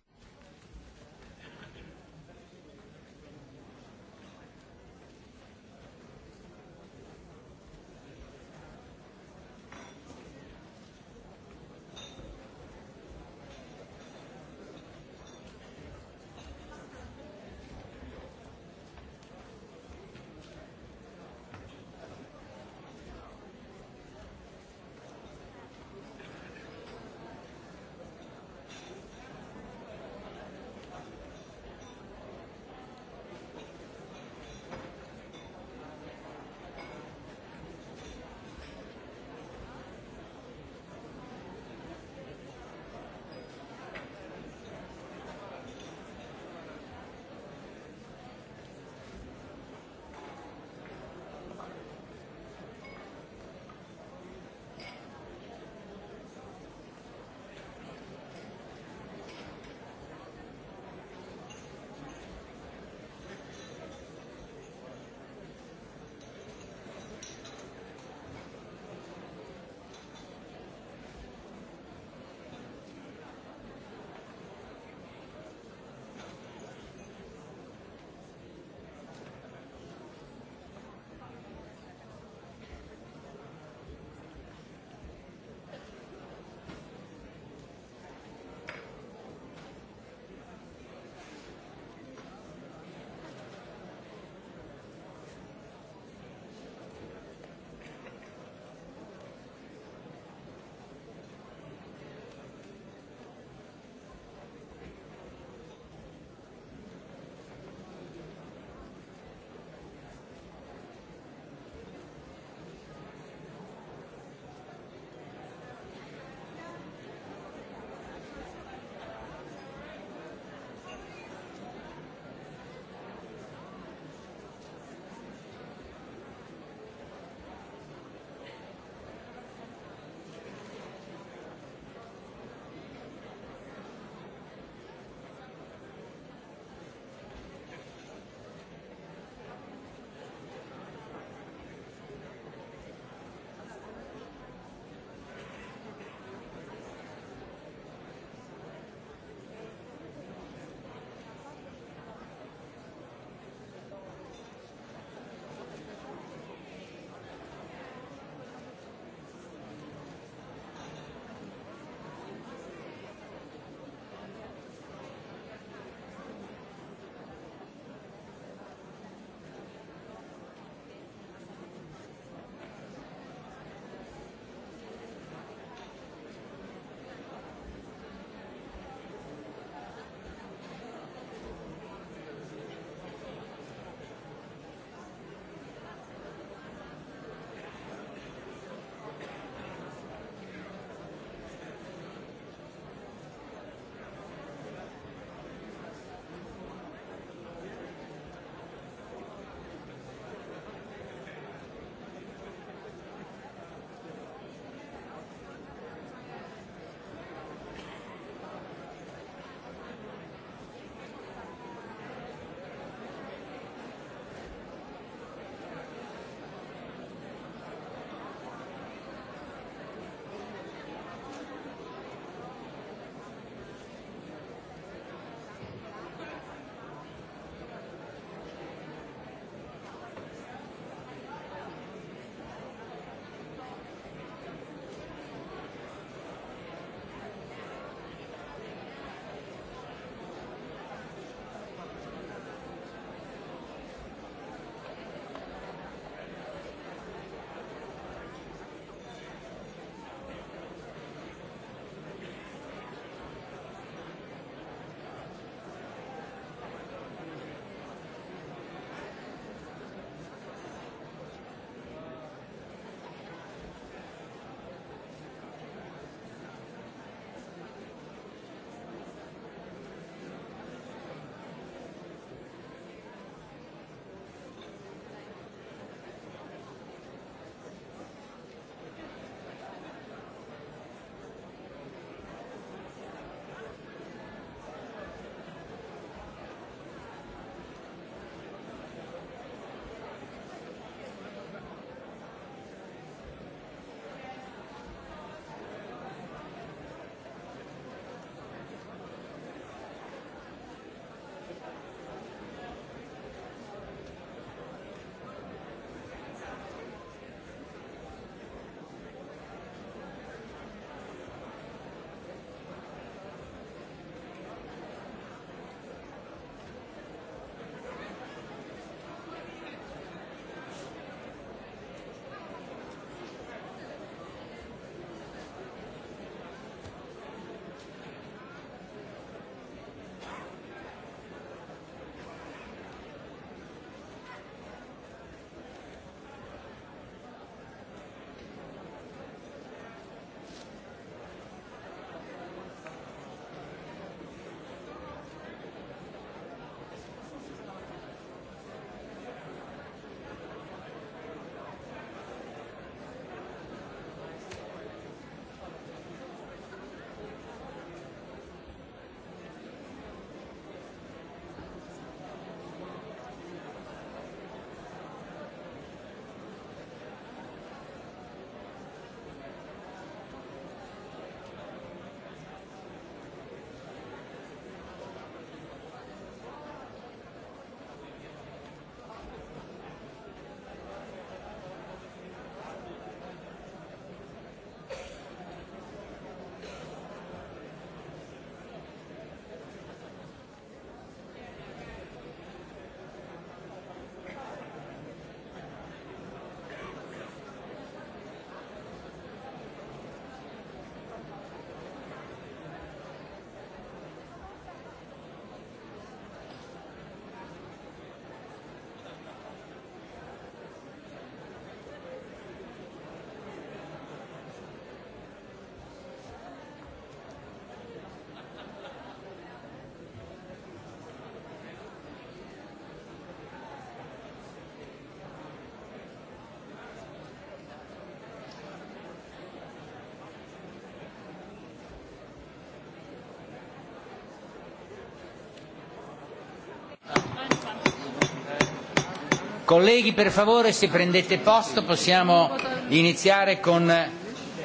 Colleghi, per favore, se prendete posto, possiamo iniziare con eh,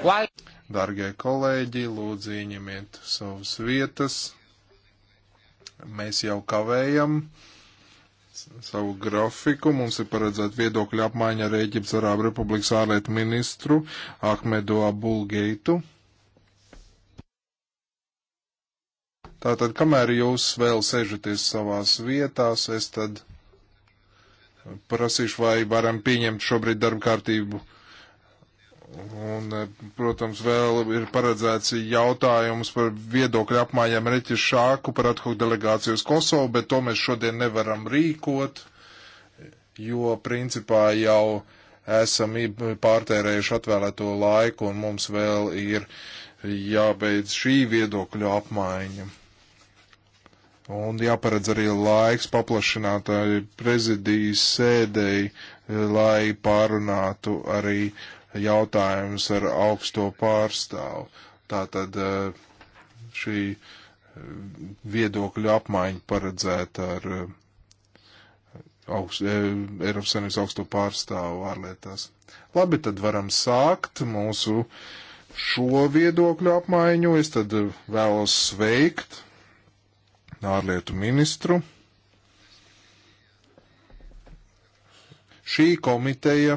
qualche. Dargie kolēģi, lūdzu, ieņemiet savas vietas. Mēs jau kavējam savu grafiku. Mums ir paredzēta viedokļa apmaiņa ar Ēģiptes Arābu Republikas ārlietu ministru Ahmedu Abulgeitu. Tātad, kamēr jūs vēl sežaties savās vietās, es tad prasīšu, vai varam pieņemt šobrīd darba kārtību. Un, eh, protams, vēl ir paredzēts jautājums par viedokļu apmaiņām Reķi Šāku par atkopu delegāciju uz Kosovu, bet to mēs šodien nevaram rīkot, jo principā jau esam pārtērējuši atvēlēto laiku un mums vēl ir jābeidz šī viedokļu apmaiņa. Un jāparedz arī laiks paplašinātāji prezidijas sēdēji, lai pārunātu arī jautājumus ar augsto pārstāvu. Tātad eh, šī eh, viedokļu apmaiņa paredzēta ar eh, augst, Eiropas Savienības augsto pārstāvu ārlietās. Labi, tad varam sākt mūsu šo viedokļu apmaiņu. Es tad vēlos sveikt ārlietu ministru. Šī komiteja,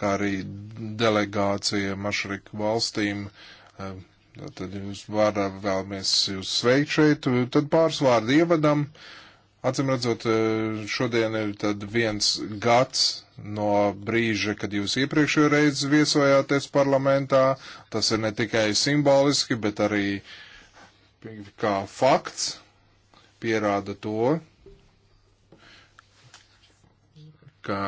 kā arī delegācija mašriku valstīm, eh, tad jūs vārā vēlamies jūs sveikt šeit, tad pāris vārdu ievadam. Acim redzot, eh, šodien ir tad viens gads no brīža, kad jūs iepriekšējo reizi viesojāties parlamentā. Tas ir ne tikai simboliski, bet arī uh, kā fakts pierāda to, ka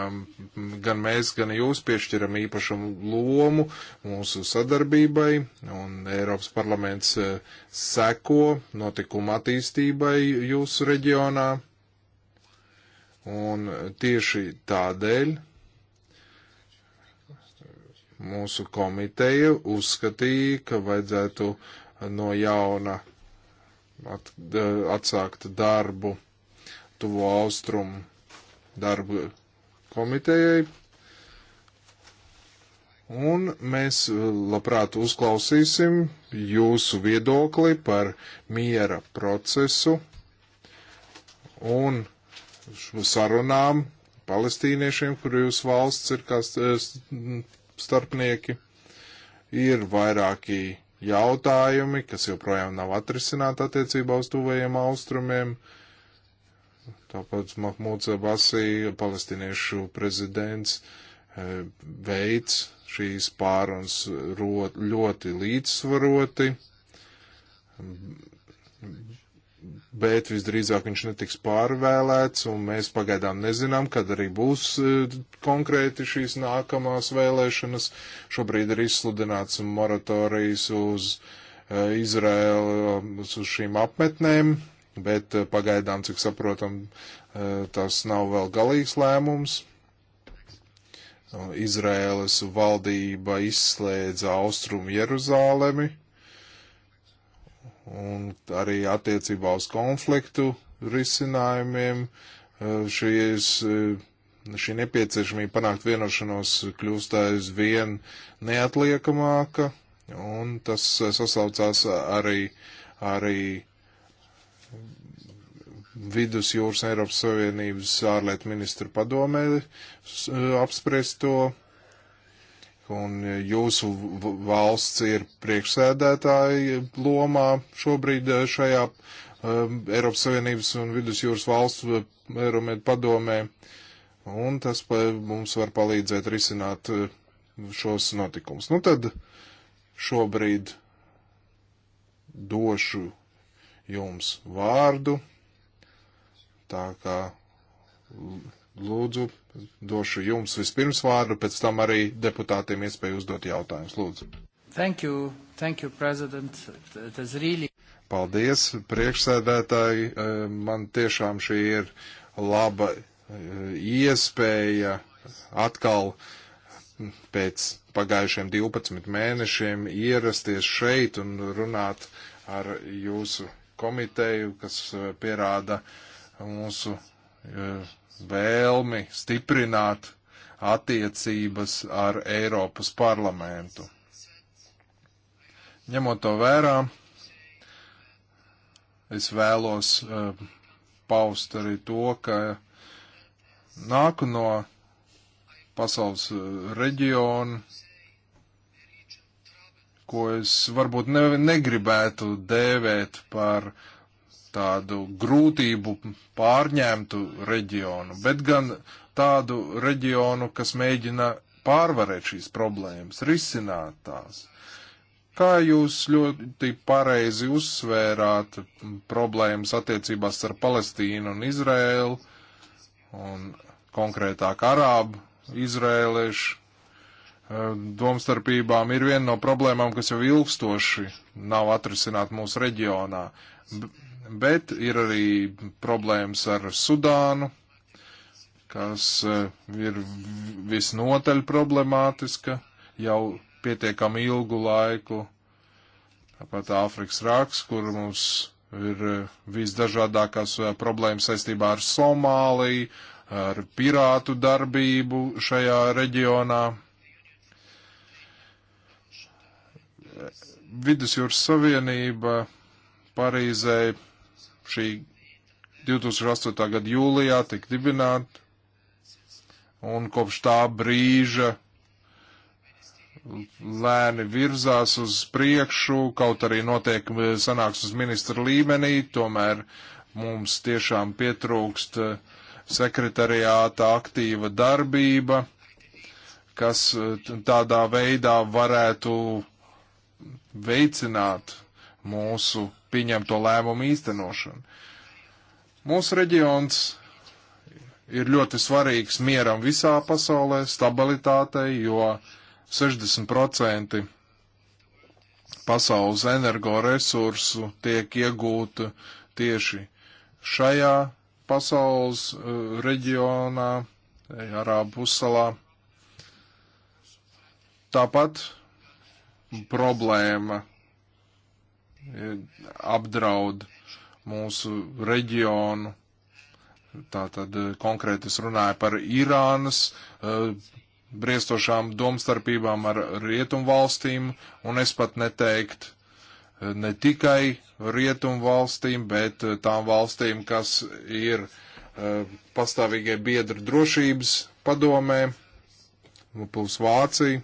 gan mēs, gan jūs piešķiram īpašam lomu mūsu sadarbībai, un Eiropas parlaments eh, seko notikuma attīstībai jūsu reģionā. Un tieši tādēļ mūsu komiteja uzskatīja, ka vajadzētu no jauna at, atsākt darbu tuvo austrumu darbu komitejai. Un mēs e, labprāt uzklausīsim jūsu viedokli par miera procesu un sarunām palestīniešiem, kur jūs valsts ir kā starpnieki. Ir vairāki jautājumi, kas joprojām nav atrisināti attiecībā uz tuvējiem austrumiem. Tāpēc Mahmūds Abasī, palestīniešu prezidents, eh, veids šīs pārunas ļoti līdzsvaroti bet visdrīzāk viņš netiks pārvēlēts, un mēs pagaidām nezinām, kad arī būs e, konkrēti šīs nākamās vēlēšanas. Šobrīd ir izsludināts moratorijas uz e, Izraēlu, uz šīm apmetnēm, bet e, pagaidām, cik saprotam, tas nav vēl galīgs lēmums. Izraēlas valdība izslēdza austrumu Jeruzālemi un arī attiecībā uz konfliktu risinājumiem eh, šīs, eh, šī nepieciešamība panākt vienošanos kļūst aizvien neatliekamāka, un tas eh, sasaucās arī, arī vidus jūras Eiropas Savienības ārlietu ministru padomē apspriest to un jūsu valsts ir priekšsēdētāji lomā šobrīd eh, šajā um, Eiropas Savienības un Vidusjūras valstu eh, Eiromed padomē, un tas pa, mums var palīdzēt risināt šos notikumus. Nu tad šobrīd došu jums vārdu, tā kā lūdzu, došu jums vispirms vārdu, pēc tam arī deputātiem iespēju uzdot jautājumus. Lūdzu. Thank you. Thank you, President. Tas really. Paldies, priekšsēdētāji. Eh, man tiešām šī ir laba eh, iespēja atkal pēc pagājušiem 12 mēnešiem ierasties šeit un runāt ar jūsu komiteju, kas eh, pierāda mūsu vēlmi stiprināt attiecības ar Eiropas parlamentu. Ņemot to vērā, es vēlos uh, paust arī to, ka nāku no pasaules eh, reģiona, ko es varbūt ne, negribētu dēvēt par uh, tādu grūtību pārņemtu reģionu, bet gan tādu reģionu, kas mēģina pārvarēt šīs problēmas, risināt tās. Kā jūs ļoti pareizi uzsvērāt problēmas attiecībās ar Palestīnu un Izraēlu, un konkrētāk Arābu izrēliešu eh, domstarpībām, ir viena no problēmām, kas jau ilgstoši nav atrisināta mūsu reģionā bet ir arī problēmas ar Sudānu, kas e, ir visnotaļ problemātiska jau pietiekami ilgu laiku. Tāpat Āfrikas raks, kur mums ir e, visdažādākās e, problēmas saistībā ar Somāliju, ar pirātu darbību šajā reģionā. Vidusjūras Savienība Parīzē šī 2008. gada jūlijā tika dibināta, un kopš tā brīža lēni virzās uz priekšu, kaut arī notiek eh, sanāks uz ministra līmenī, tomēr mums tiešām pietrūkst eh, sekretariāta aktīva darbība, kas eh, tādā veidā varētu veicināt mūsu pieņemto lēmumu īstenošanu. Mūsu reģions ir ļoti svarīgs mieram visā pasaulē, stabilitātei, jo 60% pasaules energoresursu tiek iegūta tieši šajā pasaules uh, reģionā, Arābu pusalā. Tāpat problēma apdraud mūsu reģionu. Tātad eh, konkrēti es runāju par Irānas eh, briestošām domstarpībām ar rietumvalstīm, un es pat neteiktu eh, ne tikai rietumvalstīm, bet tām valstīm, kas ir pastāvīgie biedri drošības padomē, plus Vācija.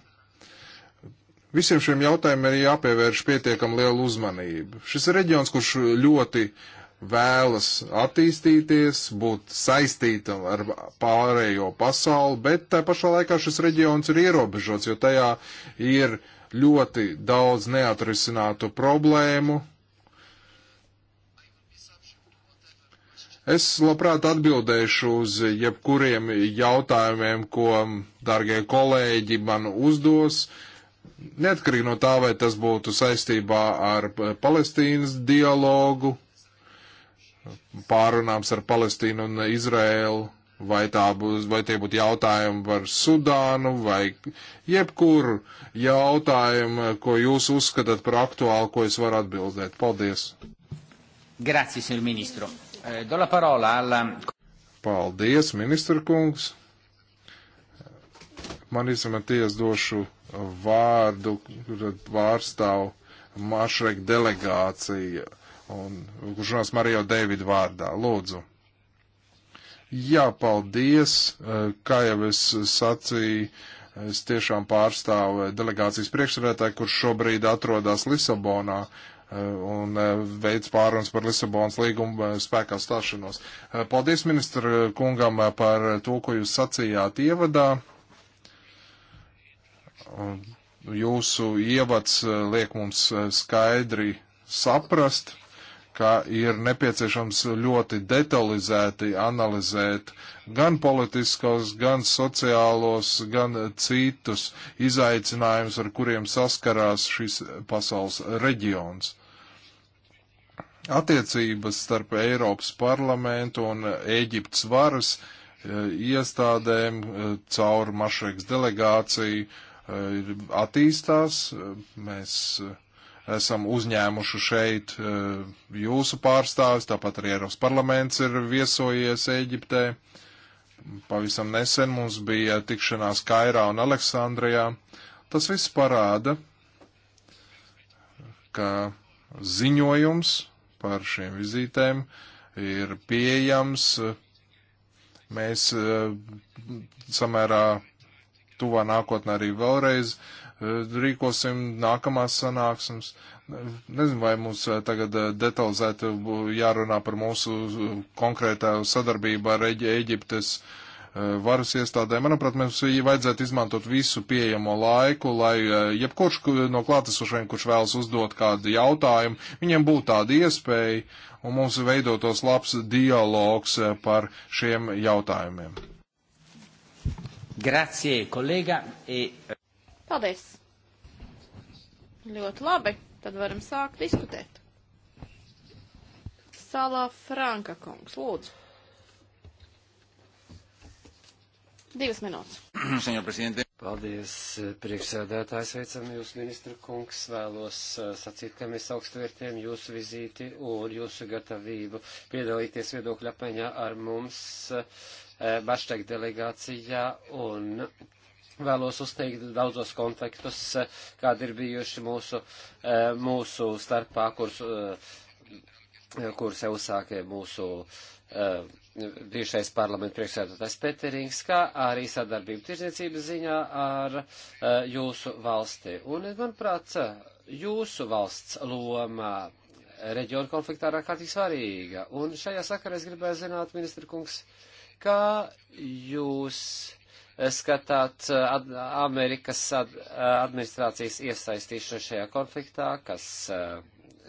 Visiem šiem jautājumiem ir jāpievērš pietiekam liela uzmanība. Šis ir reģions, kurš ļoti vēlas attīstīties, būt saistīta ar pārējo pasauli, bet tā pašā laikā šis reģions ir ierobežots, jo tajā ir ļoti daudz neatrisinātu problēmu. Es labprāt atbildēšu uz jebkuriem jautājumiem, ko, dārgie kolēģi, man uzdos. Uh, Neatkarīgi no tā, vai tas būtu saistībā ar Palestīnas dialogu, pārunāms ar Palestīnu un Izrēlu, vai, tā būs, vai tie būtu jautājumi par Sudānu, vai jebkuru jautājumu, ko jūs uzskatāt par aktuālu, ko es varu atbildēt. Paldies! Grazie, signor ministro. Eh, do la parola alla... Paldies, ministra kungs. Man izmeties došu vārdu, kur pārstāv Mašrek delegācija, un kurš runās Mario Davidu vārdā. Lūdzu. Jā, paldies. Eh, kā jau es sacīju, es tiešām pārstāvu delegācijas priekšsēdētāju, kurš šobrīd atrodas Lisabonā eh, un eh, veids pārunas par Lisabonas līgumu spēkā stāšanos. Paldies ministra kungam par to, ko jūs sacījāt ievadā. Jūsu ievads eh, liek mums eh, skaidri saprast, ka ir nepieciešams ļoti detalizēti analizēt gan politiskos, gan sociālos, gan citus izaicinājumus, ar kuriem saskarās šis pasaules reģions. Attiecības starp Eiropas parlamentu un Eģiptes varas eh, iestādēm caur Mašreks delegāciju attīstās. Mēs esam uzņēmuši šeit e, jūsu pārstāvis, tāpat arī Eiropas parlaments ir viesojies Eģiptē. Pavisam nesen mums bija tikšanās Kairā un Aleksandrijā. Tas viss parāda, ka ziņojums par šīm vizītēm ir pieejams. Mēs e, samērā tuvā nākotnē arī vēlreiz e, rīkosim nākamās sanāksmes. Nezinu, vai mums e, tagad e, detalizēti jārunā par mūsu konkrētā sadarbību ar Eģiptes varas iestādēm. Manuprāt, mums vajadzētu izmantot visu pieejamo laiku, lai jebkurš no klātesošiem, kurš vēlas uzdot kādu jautājumu, viņiem būtu tāda iespēja un mums veidotos labs dialogs par šiem jautājumiem. Grazie, kolēģa. E... Eh, Paldies. Ļoti labi. Tad varam sākt diskutēt. Salā Franka kungs, lūdzu. Divas minūtes. [CLEARS THROAT] Paldies, priekšsēdētājs, veicam jūs, ministra kungs. Vēlos uh, sacīt, ka mēs augstu vērtējam jūsu vizīti un jūsu gatavību piedalīties viedokļa apmaiņā ar mums uh, Baštek delegācijā un Vēlos uzteikt daudzos konfliktus, uh, kādi ir bijuši mūsu, mūsu starpā, kurus, kurus uzsāka mūsu uh, Uh, bijušais parlamenta priekšsēdētājs Peterings, kā arī sadarbību tirzniecības ziņā ar uh, jūsu valsti. Un, manuprāt, jūsu valsts loma reģionu konfliktā ir ārkārtīgi svarīga. Un šajā sakarā es gribēju zināt, ministra kungs, kā jūs skatāt uh, ad, Amerikas ad, administrācijas iesaistīšanu šajā konfliktā, kas uh,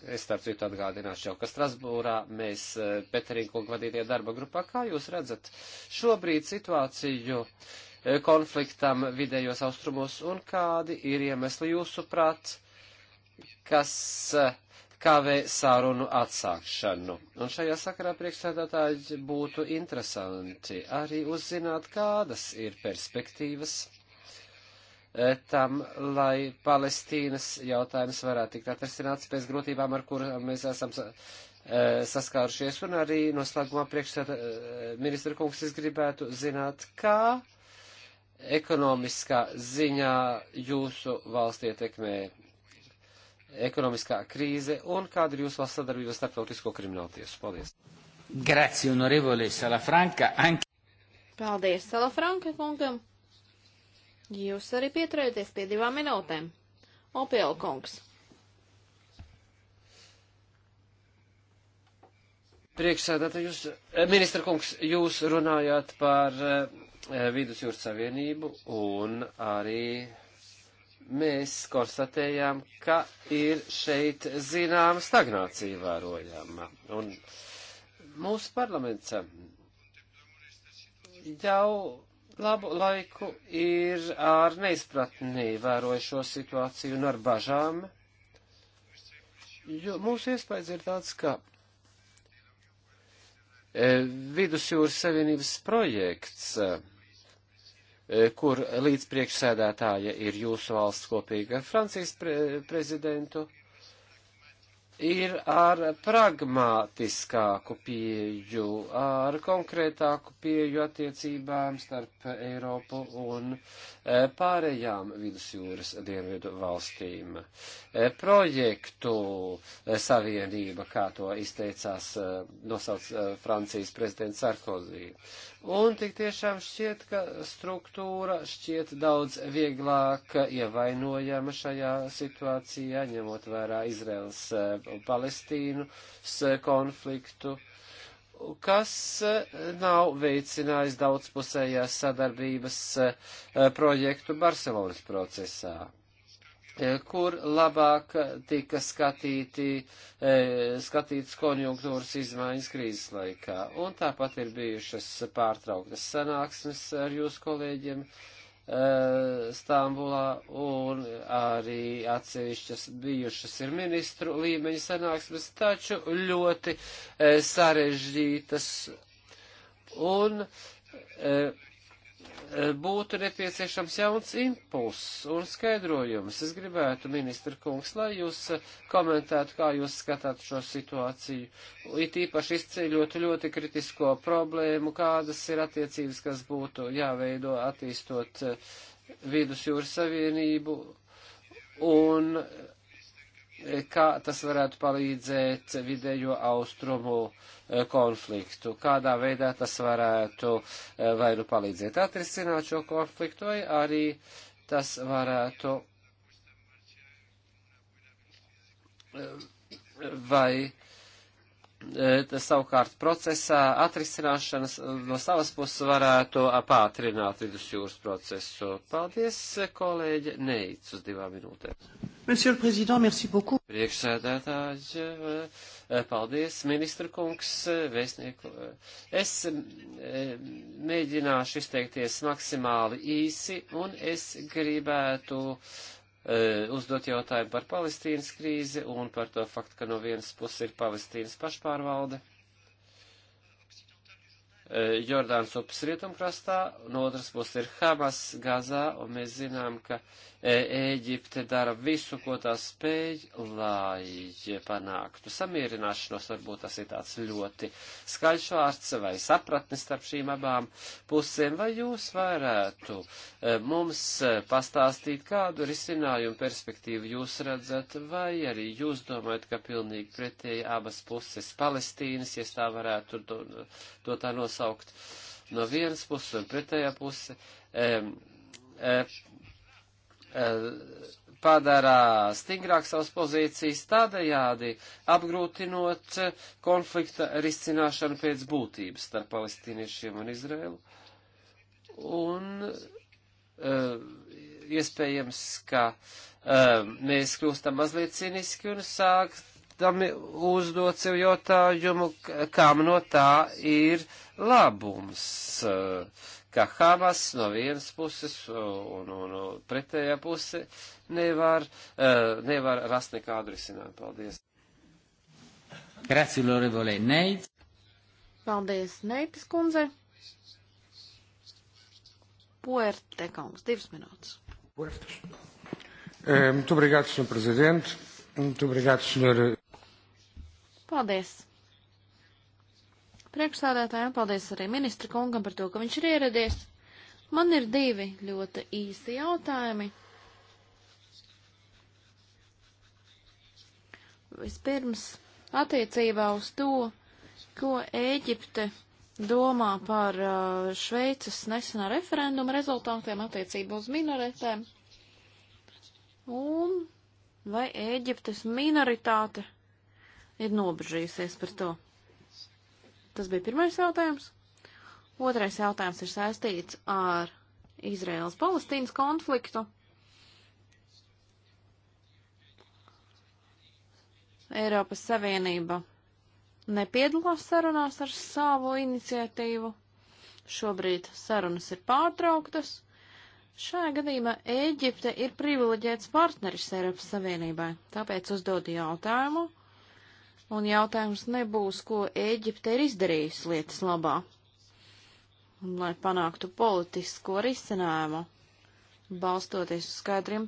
Es starp citu atgādināšu jau, ka Strasbūrā mēs eh, Peterinkungu vadītie darba grupā, kā jūs redzat, šobrīd situāciju eh, konfliktam vidējos austrumos un kādi ir iemesli jūsuprāt, kas eh, kavē sārunu atsākšanu. Un šajā sakarā priekšsēdētāji būtu interesanti arī uzzināt, kādas ir perspektīvas Eh, tam, lai Palestīnas jautājums varētu tikt atrasināts pēc grūtībām, ar kurām mēs esam eh, saskārušies. Un arī noslēgumā priekšsēdā eh, ministra kungs es gribētu zināt, kā ekonomiskā ziņā jūsu valsts ietekmē ekonomiskā krīze un kāda ir jūsu valsts sadarbība starptautisko kriminālu tiesu. Paldies! Grazie, onorevole Salafranca. Anche... Paldies, Salafranca kungam! Jūs arī pieturēties pie divām minūtēm. Opiela kungs. Priekšsēdētāj, jūs, eh, ministra kungs, jūs runājāt par eh, eh, Vidusjūras Savienību un arī mēs konstatējām, ka ir šeit zināma stagnācija vērojama. Un mūsu parlaments jau labu laiku ir ar neizpratnī vērojušo situāciju un ar bažām, jo mūsu iespējas ir tāds, ka e, Vidusjūras Savienības projekts, e, e, kur līdzpriekšsēdētāja ir jūsu valsts kopīga ar Francijas pre prezidentu, ir ar pragmātiskāku pieju, ar konkrētāku pieju attiecībām starp Eiropu un e, pārējām vidusjūras dienvidu valstīm. E, projektu e, savienība, kā to izteicās nosauc Francijas prezidents Sarkozy. Un tik tiešām šķiet, ka struktūra šķiet daudz vieglāk ievainojama šajā situācijā, ņemot vērā Izraels eh, un Palestīnas eh, konfliktu, kas eh, nav veicinājis daudzpusējās sadarbības projektu Barcelonas procesā. E, kur labāk tika skatīti, e, skatīts konjunktūras izmaiņas krīzes laikā. Un tāpat ir bijušas pārtrauktas sanāksmes ar jūsu kolēģiem e, Stambulā un arī atsevišķas bijušas ir ministru līmeņa sanāksmes, taču ļoti sarežģītas un būtu nepieciešams jauns impulss un skaidrojums. Es gribētu, ministra kungs, lai jūs komentētu, kā jūs skatāt šo situāciju, it īpaši izceļot ļoti kritisko problēmu, kādas ir attiecības, kas būtu jāveido attīstot eh, vidusjūras savienību un kā tas varētu palīdzēt vidējo austrumu eh, konfliktu, kādā veidā tas varētu eh, vai nu palīdzēt atrisināt šo konfliktu, vai arī tas varētu eh, vai E, savukārt procesā atrisināšanas no savas puses varētu pātrināt vidusjūras procesu. Paldies, kolēģi, neic uz divām minūtēm. Monsieur le Président, merci beaucoup. Priekšsēdētāji, e, paldies, ministra kungs, e, vēstnieku. Es mēģināšu izteikties maksimāli īsi un es gribētu Eh, uzdot jautājumu par Palestīnas krīzi un par to faktu, ka no vienas puses ir Palestīnas pašpārvalde. Eh, Jordāns upes rietumkrastā, no otras puses ir Hamas Gazā, un mēs zinām, ka E, Ēģipte dara visu, ko tā spēj, lai panāktu samierināšanos. Varbūt tas ir tāds ļoti skaļš vārds vai sapratnis starp šīm abām pusēm. Vai jūs varētu e, mums pastāstīt, kādu risinājumu perspektīvu jūs redzat, vai arī jūs domājat, ka pilnīgi pretēji abas puses Palestīnas, ja tā varētu to, to tā nosaukt, no vienas puses un pretējā puse. Um, um, Eh, padarā stingrāk savas pozīcijas, tādējādi apgrūtinot konflikta risināšanu pēc būtības starp palestīniešiem un Izrēlu. Un eh, iespējams, ka eh, mēs kļūstam mazliet ciniski un sāktam uzdot sev jautājumu, kam no tā ir labums, ka Hamas no vienas puses un, un, un pretējā puse nevar, eh, nevar rast nekādu risinājumu. Paldies! Grazie, Lorevole Neit. Paldies, Neitas kundze. Puerte, kungs, divas minūtes. Puertas. Eh, muito obrigado, Sr. Presidente. Muito obrigado, Sr. Paldies priekšsādātājiem, paldies arī ministra kungam par to, ka viņš ir ieradies. Man ir divi ļoti īsi jautājumi. Vispirms attiecībā uz to, ko Ēģipte domā par uh, Šveices nesenā referenduma rezultātiem attiecībā uz minoritēm. Un vai Ēģiptes minoritāte ir nobežījusies par to? Tas bija pirmais jautājums. Otrais jautājums ir saistīts ar Izraels-Palestīnas konfliktu. Eiropas Savienība nepiedalās sarunās ar savu iniciatīvu. Šobrīd sarunas ir pārtrauktas. Šajā gadījumā Ēģipte ir privileģēts partneris Eiropas Savienībai, tāpēc uzdodu jautājumu, un jautājums nebūs, ko Ēģipte ir izdarījusi lietas labā, lai panāktu politisko risinājumu, balstoties uz skaidriem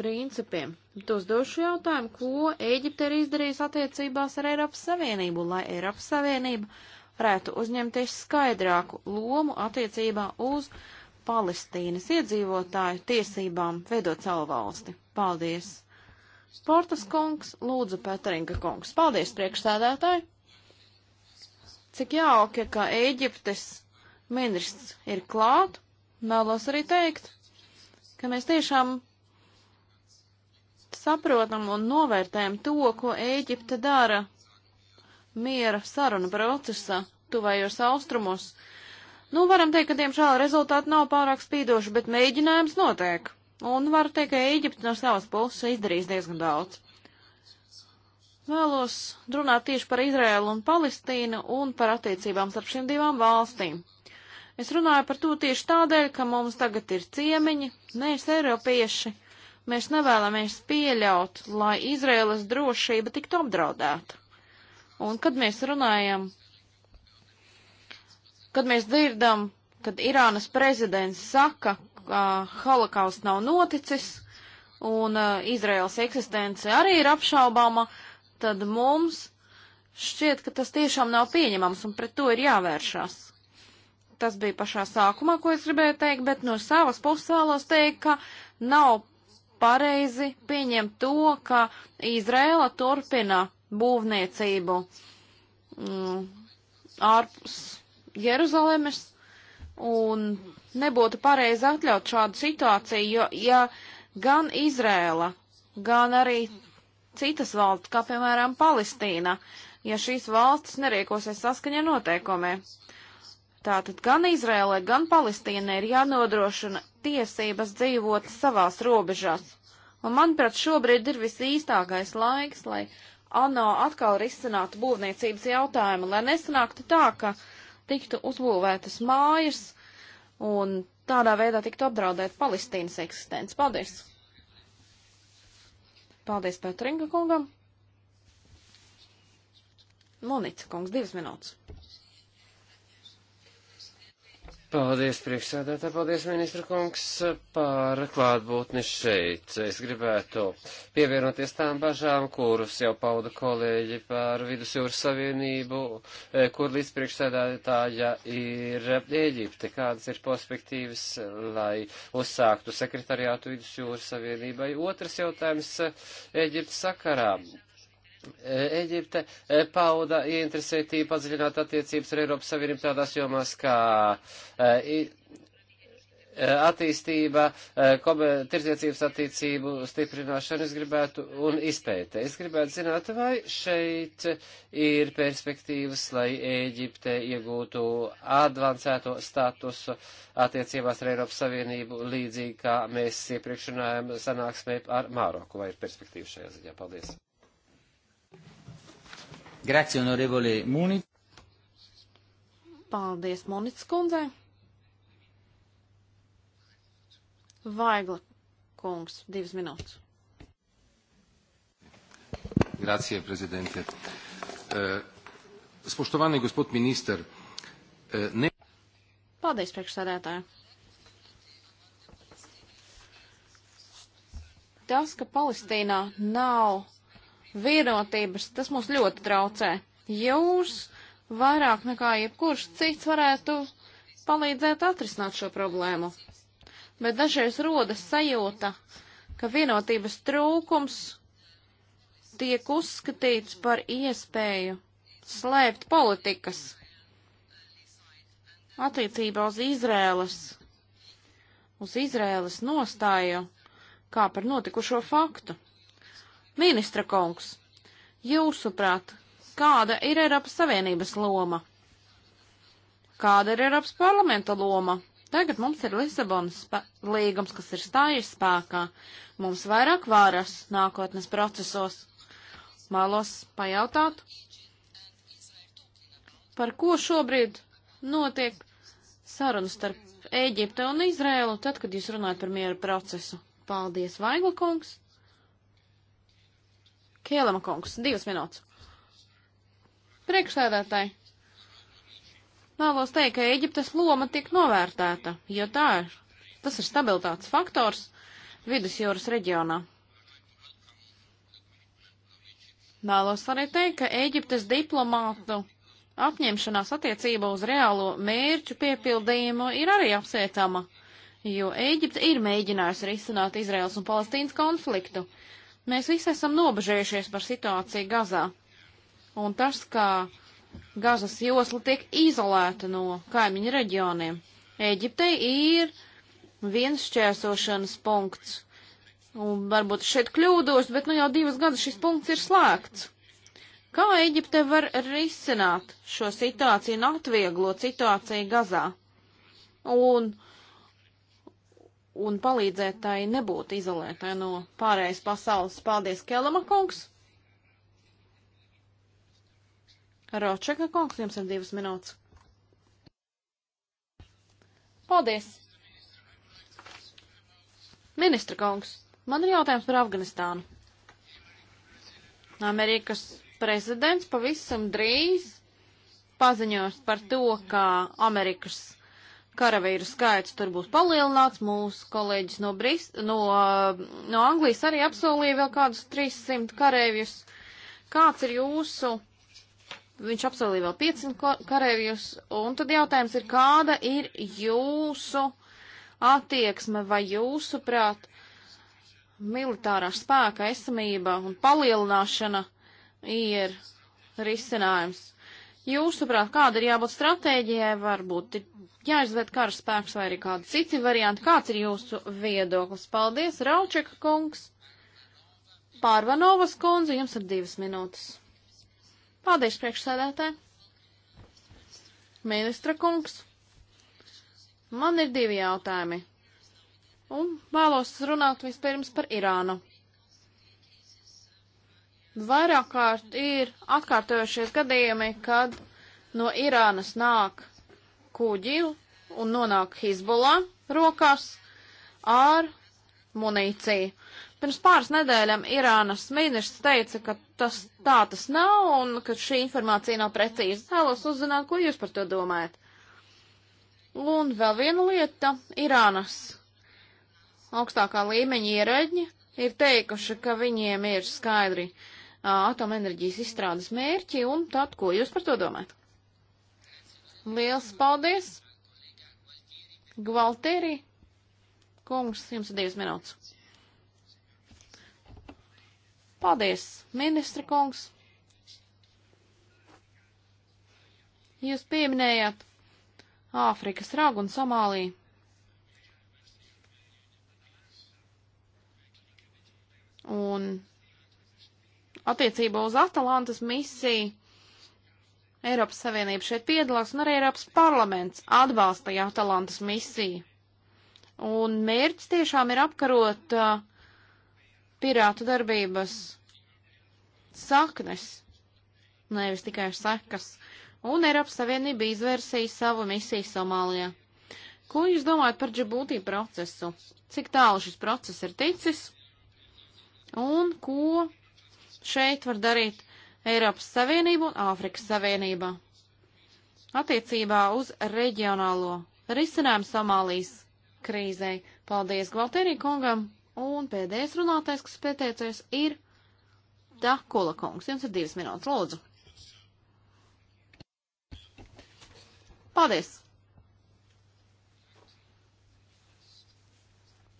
principiem. Tos došu jautājumu, ko Ēģipte ir izdarījusi attiecībās ar Eiropas Savienību, lai Eiropas Savienība varētu uzņemties skaidrāku lomu attiecībā uz Palestīnas iedzīvotāju tiesībām veidot savu valsti. Paldies! Portas kungs, lūdzu Petringa kungs. Paldies, priekšsēdētāji! Cik jauki, ka Ēģiptes ministrs ir klāt, vēlos arī teikt, ka mēs tiešām saprotam un novērtējam to, ko Ēģipte dara miera saruna procesa tuvējos austrumos. Nu, varam teikt, ka diemžēl rezultāti nav pārāk spīdoši, bet mēģinājums notiek. Un varu teikt, ka Ēģipte no savas puses izdarīs diezgan daudz. Vēlos runāt tieši par Izraēlu un Palestīnu un par attiecībām starp šīm divām valstīm. Es runāju par to tieši tādēļ, ka mums tagad ir ciemiņi, nevis eiropieši. Mēs nevēlamies pieļaut, lai Izraēlas drošība tiktu apdraudēta. Un kad mēs runājam, kad mēs dzirdam, kad Irānas prezidents saka, ka holokausts nav noticis un uh, Izraels eksistence arī ir apšaubāma, tad mums šķiet, ka tas tiešām nav pieņemams un pret to ir jāvēršas. Tas bija pašā sākumā, ko es gribēju teikt, bet no savas puses vēlos teikt, ka nav pareizi pieņemt to, ka Izraela turpina būvniecību mm, ārpus Jeruzalemes un nebūtu pareizi atļaut šādu situāciju, jo ja gan Izrēla, gan arī citas valsts, kā piemēram Palestīna, ja šīs valstis nerīkosies saskaņa noteikumē. Tātad gan Izrēlē, gan Palestīnai ir jānodrošina tiesības dzīvot savās robežās. Un manuprāt, šobrīd ir visīstākais laiks, lai ANO atkal risinātu būvniecības jautājumu, lai nesanāktu tā, ka tiktu uzbūvētas mājas, un tādā veidā tiktu apdraudēt Palestīnas eksistence. Paldies! Paldies Pētringa kungam! Monica kungs, divas minūtes. Paldies, priekšsēdētā, paldies, ministra kungs, par klātbūtni šeit. Es gribētu pievienoties tām bažām, kurus jau pauda kolēģi par Vidusjūras Savienību, eh, kur līdz priekšsēdētāja ir Ēģipte. Kādas ir perspektīvas, lai uzsāktu sekretariātu Vidusjūras Savienībai? Otrs jautājums eh, Ēģiptes sakarā. Eģipte e, pauda ieinteresētību padziļināt attiecības ar Eiropas Savienību tādās jomās kā e, e, attīstība, tirdzniecības attīstību stiprināšana, es gribētu, un izpēte. Es gribētu zināt, vai šeit ir perspektīvas, lai Ēģipte iegūtu advancēto statusu attiecībās ar Eiropas Savienību, līdzīgi kā mēs iepriekš runājām sanāksmē ar Māroku, vai ir perspektīva šajā ziņā. Paldies! Grazie, onorevole Munit. Paldies, Munits kundzei. Vaigla kungs, divas minūtes. Grazie, prezidente. Eh, spoštovani gospod minister, eh, ne. Paldies, priekšsēdētāji. Tas, ka Palestīnā nav vienotības, tas mūs ļoti traucē. Jūs vairāk nekā jebkurš cits varētu palīdzēt atrisināt šo problēmu. Bet dažreiz rodas sajūta, ka vienotības trūkums tiek uzskatīts par iespēju slēpt politikas attiecībā uz Izrēlas, uz Izrēlas nostāju kā par notikušo faktu. Ministra kungs, jūsuprāt, kāda ir Eiropas Savienības loma? Kāda ir Eiropas parlamenta loma? Tagad mums ir Lisabonas līgums, kas ir stājies spēkā. Mums vairāk vāras nākotnes procesos. Mālos pajautāt, par ko šobrīd notiek sarunas starp Ēģipte un Izrēlu, tad, kad jūs runājat par mieru procesu. Paldies, Vaiglakungs! Kēlama kungs, divas minūtes. Priekšsēdētāji, vēlos teikt, ka Eģiptes loma tiek novērtēta, jo tā ir. Tas ir stabilitātes faktors vidusjūras reģionā. Vēlos arī teikt, ka Eģiptes diplomātu apņemšanās attiecībā uz reālo mērķu piepildījumu ir arī apsveicama, jo Eģipte ir mēģinājusi risināt Izraels un Palestīnas konfliktu. Mēs visi esam nobežējušies par situāciju Gazā. Un tas, kā Gazas josla tiek izolēta no kaimiņu reģioniem. Eģiptei ir viens šķērsošanas punkts. Un varbūt šeit kļūdos, bet nu jau divas gadus šis punkts ir slēgts. Kā Eģipte var risināt šo situāciju un atvieglot situāciju Gazā? Un uh, un palīdzēt tai nebūt izolētai no pārējais pasaules. Paldies, Kelama kungs! Ročeka kungs, jums ir divas minūtes. Paldies! Ministra kungs, man ir jautājums par Afganistānu. Amerikas prezidents pavisam drīz paziņos par to, ka Amerikas karavīru skaits tur būs palielināts. Mūsu kolēģis no, Bris, no, no Anglijas arī apsolīja vēl kādus 300 karavīrus. Kāds ir jūsu? Viņš apsolīja vēl 500 karavīrus. Un tad jautājums ir, kāda ir jūsu attieksme vai jūsuprāt militārā spēka esamība un palielināšana ir risinājums? Jūsuprāt, kāda ir jābūt stratēģijai, varbūt ir jāizved kara spēks vai arī kādi citi varianti? Kāds ir jūsu viedoklis? Paldies, Raučeka kungs! Pārvanovas kundze, jums ir divas minūtes. Paldies, priekšsēdētē! Ministra kungs, man ir divi jautājumi. Un vēlos runāt vispirms par Irānu. Vairāk kārt ir atkārtojušies gadījumi, kad no Irānas nāk kuģi un nonāk Hizbollah rokās ar munīciju. Pirms pāris nedēļām Irānas ministrs teica, ka tas tā tas nav un ka šī informācija nav precīza. Vēlos uzzināt, ko jūs par to domājat. Un vēl viena lieta - Irānas augstākā līmeņa ierēģi ir teikuši, ka viņiem ir skaidri atomenerģijas izstrādes mērķi, un tad, ko jūs par to domājat? Liels paldies! Gvalteri, kungs, jums ir divas minūtes. Paldies, ministra kungs! Jūs pieminējāt Āfrikas ragu un Somāliju. Un attiecībā uz Atalantas misiju. Eiropas Savienība šeit piedalās un arī Eiropas parlaments atbalstīja Atalantas misiju. Un mērķis tiešām ir apkarot uh, pirātu darbības saknes, nevis tikai sekas. Un Eiropas Savienība izvērsīja savu misiju Somālijā. Ko jūs domājat par Džibūtī procesu? Cik tālu šis process ir ticis? Un ko Šeit var darīt Eiropas Savienību un Āfrikas Savienība. Attiecībā uz reģionālo risinājumu Somālijas krīzei. Paldies Gvalterī kungam, un pēdējais runātais, kas pieteicies, ir Dakula kungs. Jums ir divas minūtes, lūdzu. Paldies!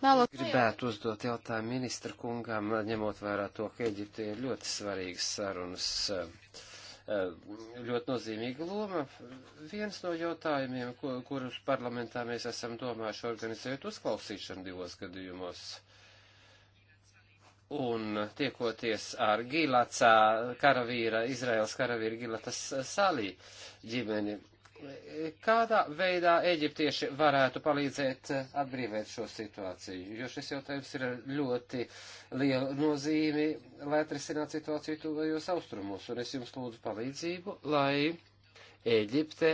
Vēlos. Gribētu uzdot jautājumu ministra kungam, ņemot vērā to, ka Eģipte ir ļoti svarīgas sarunas, eh, eh, ļoti nozīmīga loma. Viens no jautājumiem, ko, kurus parlamentā mēs esam domājuši organizēt uzklausīšanu divos gadījumos. Un tiekoties ar Gilacā karavīra, Izraels karavīra Gilatas Salī ģimeni, kādā veidā eģiptieši varētu palīdzēt eh, atbrīvēt šo situāciju, jo šis jautājums ir ļoti liela nozīme, lai atrisinātu situāciju tuvajos austrumos, un es jums lūdzu palīdzību, lai Eģipte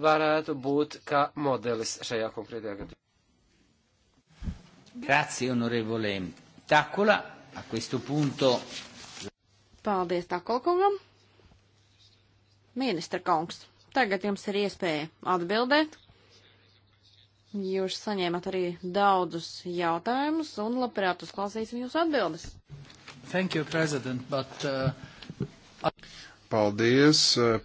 varētu būt kā modelis šajā konkrētajā gadījumā. Grazie, onorevole Takula. A questo punto. Paldies Takulkungam. Ministra kungs. Tagad jums ir iespēja atbildēt. Jūs saņēmat arī daudzus jautājumus un labprāt uzklausīsim jūsu atbildes. Thank you, President, but, uh... Paldies, uh,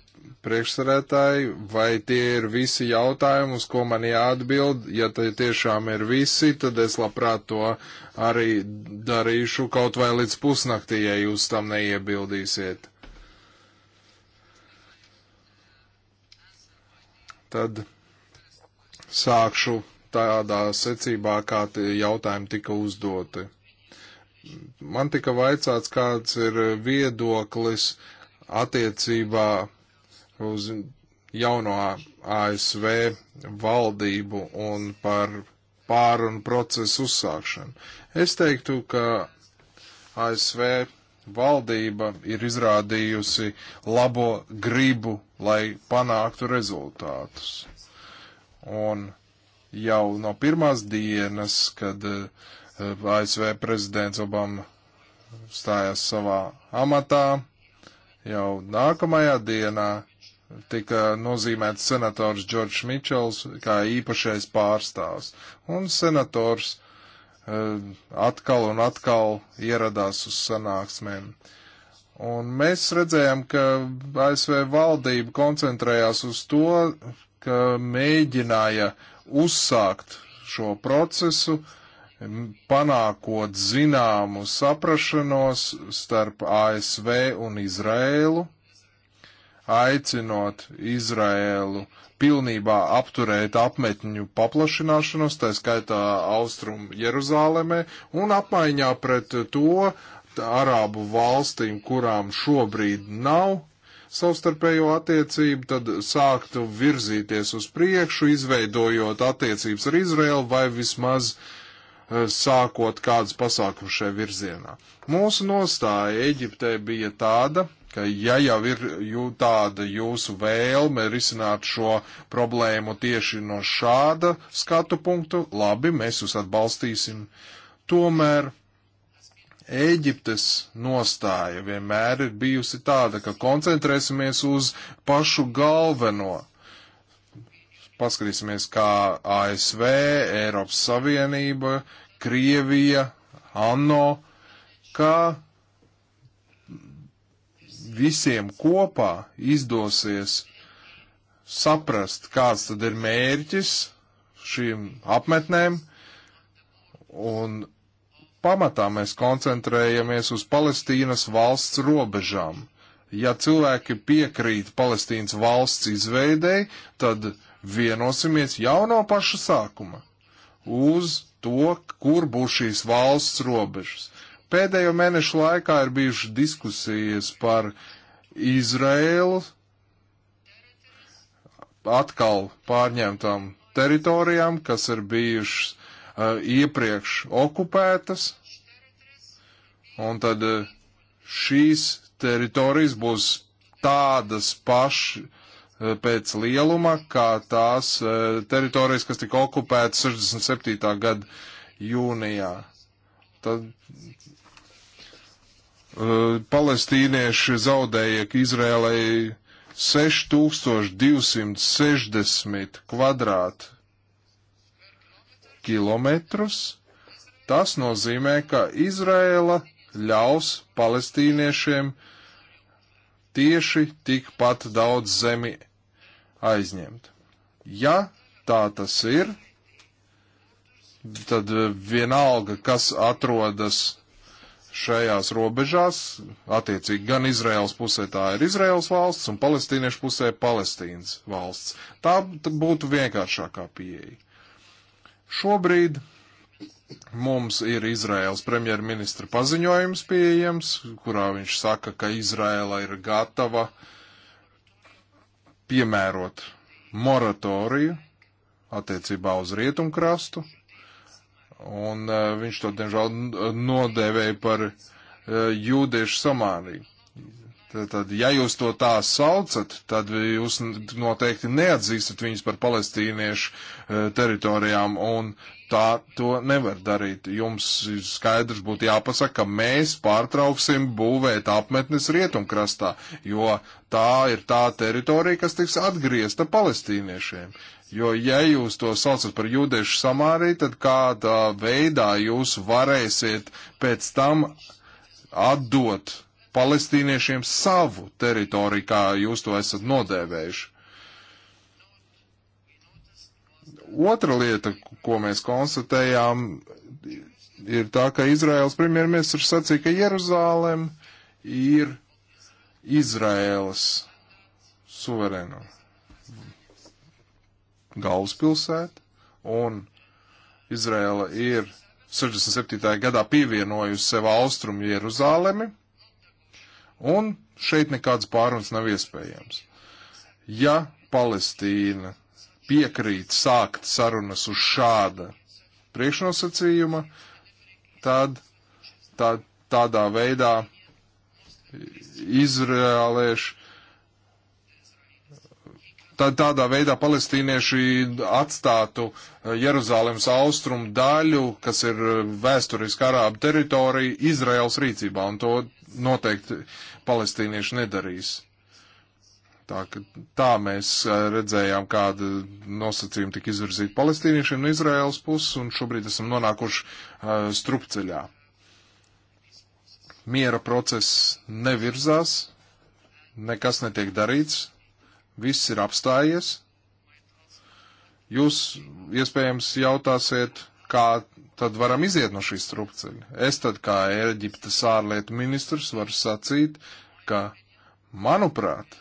priekšsarētāji, vai tie ir visi jautājumi, uz ko man jāatbild? Ja tie tiešām ir visi, tad es labprāt to arī darīšu kaut vai līdz pusnaktī, ja jūs tam neiebildīsiet. tad sākšu tādā secībā, kā jautājumi tika uzdoti. Man tika vaicāts, kāds ir viedoklis attiecībā uz jauno ASV valdību un par pārunu procesu uzsākšanu. Es teiktu, ka ASV valdība ir izrādījusi labo gribu, lai panāktu rezultātus. Un jau no pirmās dienas, kad eh, ASV prezidents Obama stājās savā amatā, jau nākamajā dienā tika nozīmēts senators Džordžs Mičels kā īpašais pārstāvs. Un senators Eh, atkal un atkal ieradās uz sanāksmēm. Un mēs redzējām, ka ASV valdība koncentrējās uz to, ka mēģināja uzsākt šo procesu, panākot zināmu saprašanos starp ASV un Izrēlu, aicinot Izrēlu pilnībā apturēt apmetņu paplašināšanos, tā skaitā Austrum Jeruzālēmē, un apmaiņā pret to arābu valstīm, kurām šobrīd nav savstarpējo attiecību, tad sāktu virzīties uz priekšu, izveidojot attiecības ar Izraelu vai vismaz eh, sākot kādus pasākumus šajā virzienā. Mūsu nostāja Eģiptē bija tāda, ka ja jau ir jū, tāda jūsu vēlme risināt šo problēmu tieši no šāda skatu punktu, labi, mēs jūs atbalstīsim. Tomēr Ēģiptes nostāja vienmēr ir bijusi tāda, ka koncentrēsimies uz pašu galveno. Paskatīsimies, kā ASV, Eiropas Savienība, Krievija, ANO, kā visiem kopā izdosies saprast, kāds tad ir mērķis šīm apmetnēm, un pamatā mēs koncentrējamies uz Palestīnas valsts robežām. Ja cilvēki piekrīt Palestīnas valsts izveidei, tad vienosimies jau no paša sākuma uz to, kur būs šīs valsts robežas. Pēdējo mēnešu laikā ir bijušas diskusijas par Izraēlu atkal pārņemtām teritorijām, kas ir bijušas uh, iepriekš okupētas. Un tad uh, šīs teritorijas būs tādas pašas uh, eh, pēc lieluma, kā tās teritorijas, kas tika okupētas 67. gada jūnijā. Tad Eh, palestīnieši zaudēja Izrēlai 6260 kvadrāt kilometrus. Tas nozīmē, ka Izrēla ļaus palestīniešiem tieši tikpat daudz zemi aizņemt. Ja tā tas ir, tad vienalga, kas atrodas šajās robežās, attiecīgi gan Izraels pusē tā ir Izraels valsts un palestīniešu pusē Palestīnas valsts. Tā būtu vienkāršākā pieeja. Šobrīd mums ir Izraels premjerministra paziņojums pieejams, kurā viņš saka, ka Izraela ir gatava piemērot moratoriju attiecībā uz rietumkrastu un eh, viņš to, diemžēl, eh, nodēvēja par eh, jūdiešu Somāriju. Tad, ja jūs to tā saucat, tad jūs noteikti neatzīstat viņus par palestīniešu teritorijām, un tā to nevar darīt. Jums skaidrs būtu jāpasaka, ka mēs pārtrauksim būvēt apmetnes rietumkrastā, jo tā ir tā teritorija, kas tiks atgriezta palestīniešiem. Jo, ja jūs to saucat par jūdešu samāriju, tad kādā veidā jūs varēsiet pēc tam atdot palestīniešiem savu teritoriju, kā jūs to esat nodēvējuši. Otra lieta, ko mēs konstatējām, ir tā, ka Izraels premjerministrs sacīja, ka Jeruzālēm ir Izraēlas suverēnums galvaspilsēta, un Izraela ir 67. gadā pievienojusi sev austrumu Jeruzālemi, un šeit nekāds pārunas nav iespējams. Ja Palestīna piekrīt sākt sarunas uz šāda priekšnosacījuma, tad tā, tādā veidā izrēlieši Tad tādā veidā palestīnieši atstātu eh, Jeruzalemes austrumu daļu, kas ir eh, vēsturiski arābu teritorija, Izraels rīcībā, un to noteikti palestīnieši nedarīs. Tā, tā mēs eh, redzējām, kāda nosacījuma tika izvirzīta palestīniešiem no Izraēlas puses, un šobrīd esam nonākuši uh, strupceļā. Miera process nevirzās, nekas netiek darīts, Viss ir apstājies. Jūs iespējams jautāsiet, kā tad varam iziet no šīs strupceļa. Es tad kā Eģiptes ārlietu ministrs varu sacīt, ka, manuprāt,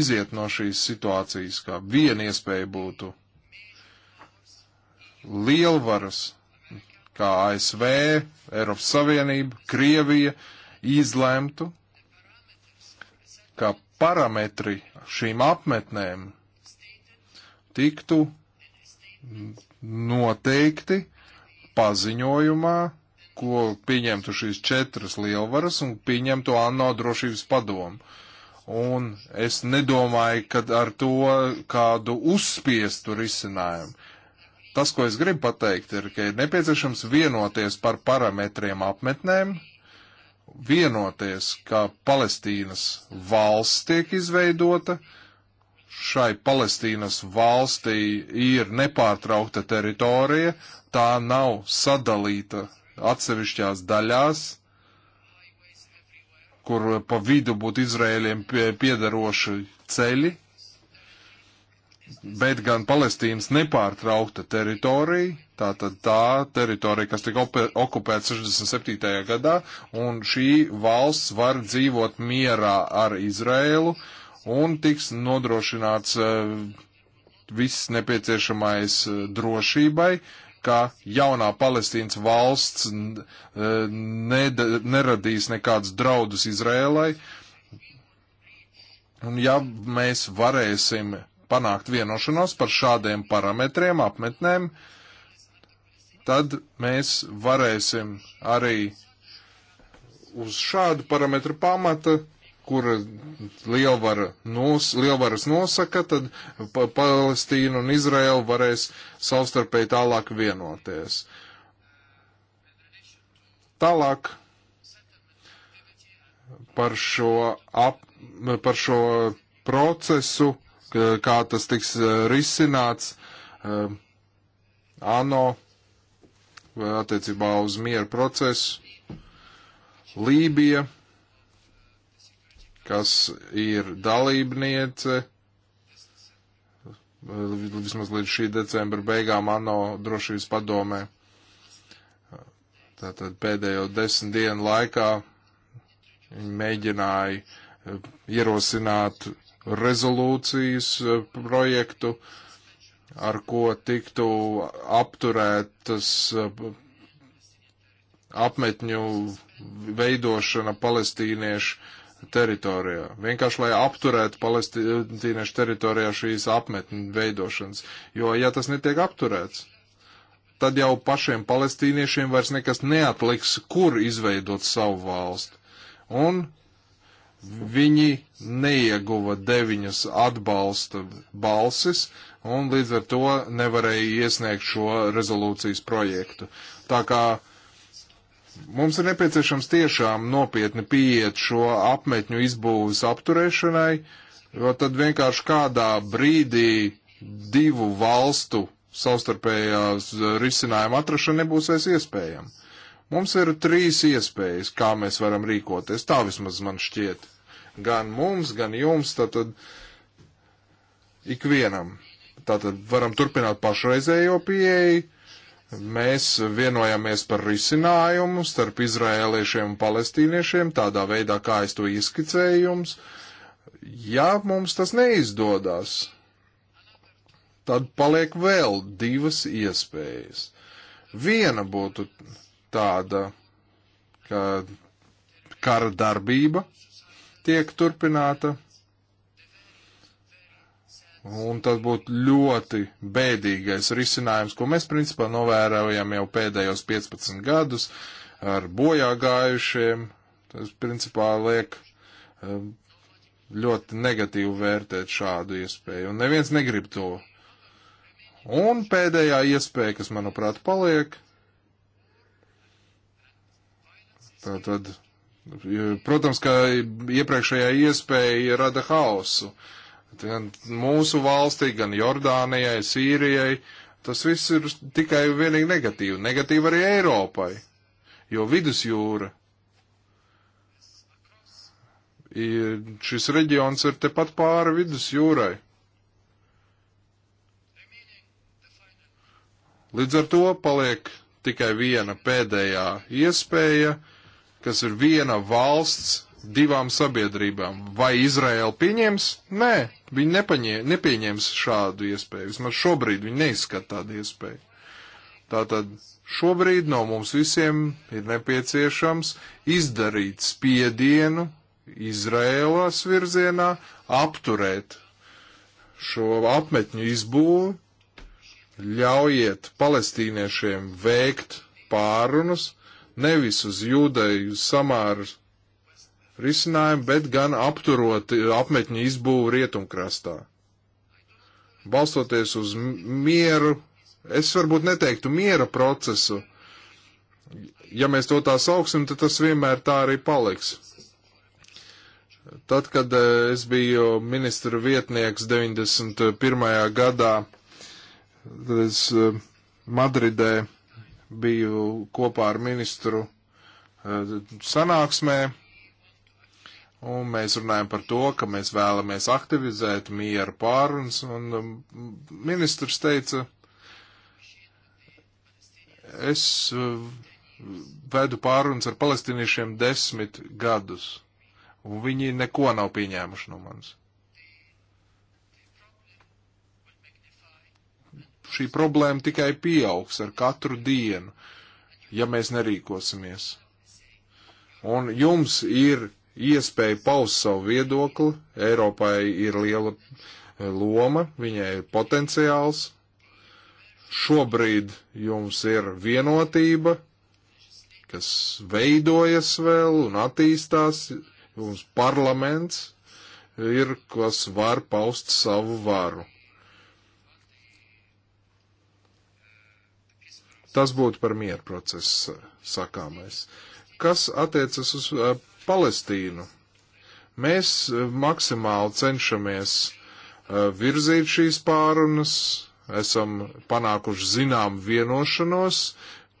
iziet no šīs situācijas, kā viena iespēja būtu lielvaras, kā ASV, Eiropas Savienība, Krievija, izlemtu, kā parametri šīm apmetnēm tiktu noteikti paziņojumā, ko pieņemtu šīs četras lielvaras un pieņemtu ANO drošības padomu. Un es nedomāju, ka ar to kādu uzspiestu risinājumu. Tas, ko es gribu pateikt, ir, ka ir nepieciešams vienoties par parametriem apmetnēm, vienoties, ka Palestīnas valsts tiek izveidota, šai Palestīnas valstī ir nepārtraukta teritorija, tā nav sadalīta atsevišķās daļās, kur pa vidu būtu Izrēliem piedaroši ceļi bet gan Palestīnas nepārtraukta teritorija, tātad tā teritorija, kas tika okupēta 67. gadā, un šī valsts var dzīvot mierā ar Izrēlu, un tiks nodrošināts eh, viss nepieciešamais eh, drošībai, ka jaunā Palestīnas valsts eh, neradīs nekādus draudus Izrēlai. Un ja mēs varēsim panākt vienošanos par šādiem parametriem, apmetnēm, tad mēs varēsim arī uz šādu parametru pamata, kur lielvara nos, lielvaras nosaka, tad pa Palestīnu un Izraēlu varēs savstarpēji tālāk vienoties. Tālāk par šo, ap, par šo procesu kā tas tiks eh, risināts eh, ANO attiecībā uz mieru procesu. Lībija, kas ir dalībniece eh, vismaz līdz šī decembra beigām ANO drošības padomē. Tātad pēdējo desmit dienu laikā viņi mēģināja ierosināt rezolūcijas e, projektu, ar ko tiktu apturētas e, apmetņu veidošana palestīniešu teritorijā. Vienkārši, lai apturētu palestīniešu teritorijā šīs apmetņu veidošanas. Jo, ja tas netiek apturēts, tad jau pašiem palestīniešiem vairs nekas neatliks, kur izveidot savu valstu. Un viņi neieguva deviņas atbalsta balsis un līdz ar to nevarēja iesniegt šo rezolūcijas projektu. Tā kā mums ir nepieciešams tiešām nopietni pieiet šo apmetņu izbūves apturēšanai, jo tad vienkārši kādā brīdī divu valstu savstarpējās risinājuma atrašana nebūs vairs iespējama. Mums ir trīs iespējas, kā mēs varam rīkoties, tā vismaz man šķiet gan mums, gan jums, tātad ikvienam. Tātad varam turpināt pašreizējo pieeju. Mēs vienojāmies par risinājumu starp izrēliešiem un palestīniešiem tādā veidā, kā es to izskicēju jums. Ja mums tas neizdodas, tad paliek vēl divas iespējas. Viena būtu tāda, ka kara darbība tiek turpināta. Un tas būtu ļoti bēdīgais risinājums, ko mēs principā novērojam jau pēdējos 15 gadus ar bojā gājušiem. Tas principā liek um, ļoti negatīvi vērtēt šādu iespēju, un neviens negrib to. Un pēdējā iespēja, kas manuprāt paliek, tātad Protams, ka iepriekšējā iespēja rada hausu. Gan mūsu valstī, gan Jordānijai, Sīrijai. Tas viss ir tikai vienīgi negatīvi. Negatīvi arī Eiropai. Jo vidusjūra. Šis reģions ir tepat pāri vidusjūrai. Līdz ar to paliek tikai viena pēdējā iespēja kas ir viena valsts divām sabiedrībām. Vai Izraēla pieņems? Nē, viņi nepaņē, nepieņems šādu iespēju. Vismaz šobrīd viņi neizskat tādu iespēju. Tātad šobrīd no mums visiem ir nepieciešams izdarīt spiedienu Izraēlas virzienā, apturēt šo apmetņu izbūvi, ļaujiet palestīniešiem veikt pārunas, nevis uz jūdeju samāru risinājumu, bet gan apturot apmetņu izbūvu rietumkrastā. Balstoties uz mieru, es varbūt neteiktu miera procesu, ja mēs to tā sauksim, tad tas vienmēr tā arī paliks. Tad, kad e, es biju ministru vietnieks 91. gadā, tad es e, Madridē biju kopā ar ministru eh, sanāksmē, un mēs runājam par to, ka mēs vēlamies aktivizēt mieru pārunas, un um, ministrs teica, es eh, vedu pārunas ar palestīniešiem desmit gadus, un viņi neko nav pieņēmuši no manis. Šī problēma tikai pieaugs ar katru dienu, ja mēs nerīkosimies. Un jums ir iespēja paust savu viedokli, Eiropai ir liela eh, loma, viņai ir potenciāls. Šobrīd jums ir vienotība, kas veidojas vēl un attīstās, jums parlaments ir, kas var paust savu varu. Tas būtu par mieru procesu sakāmais. Kas attiecas uz uh, Palestīnu? Mēs uh, maksimāli cenšamies uh, virzīt šīs pārunas, esam panākuši zinām vienošanos,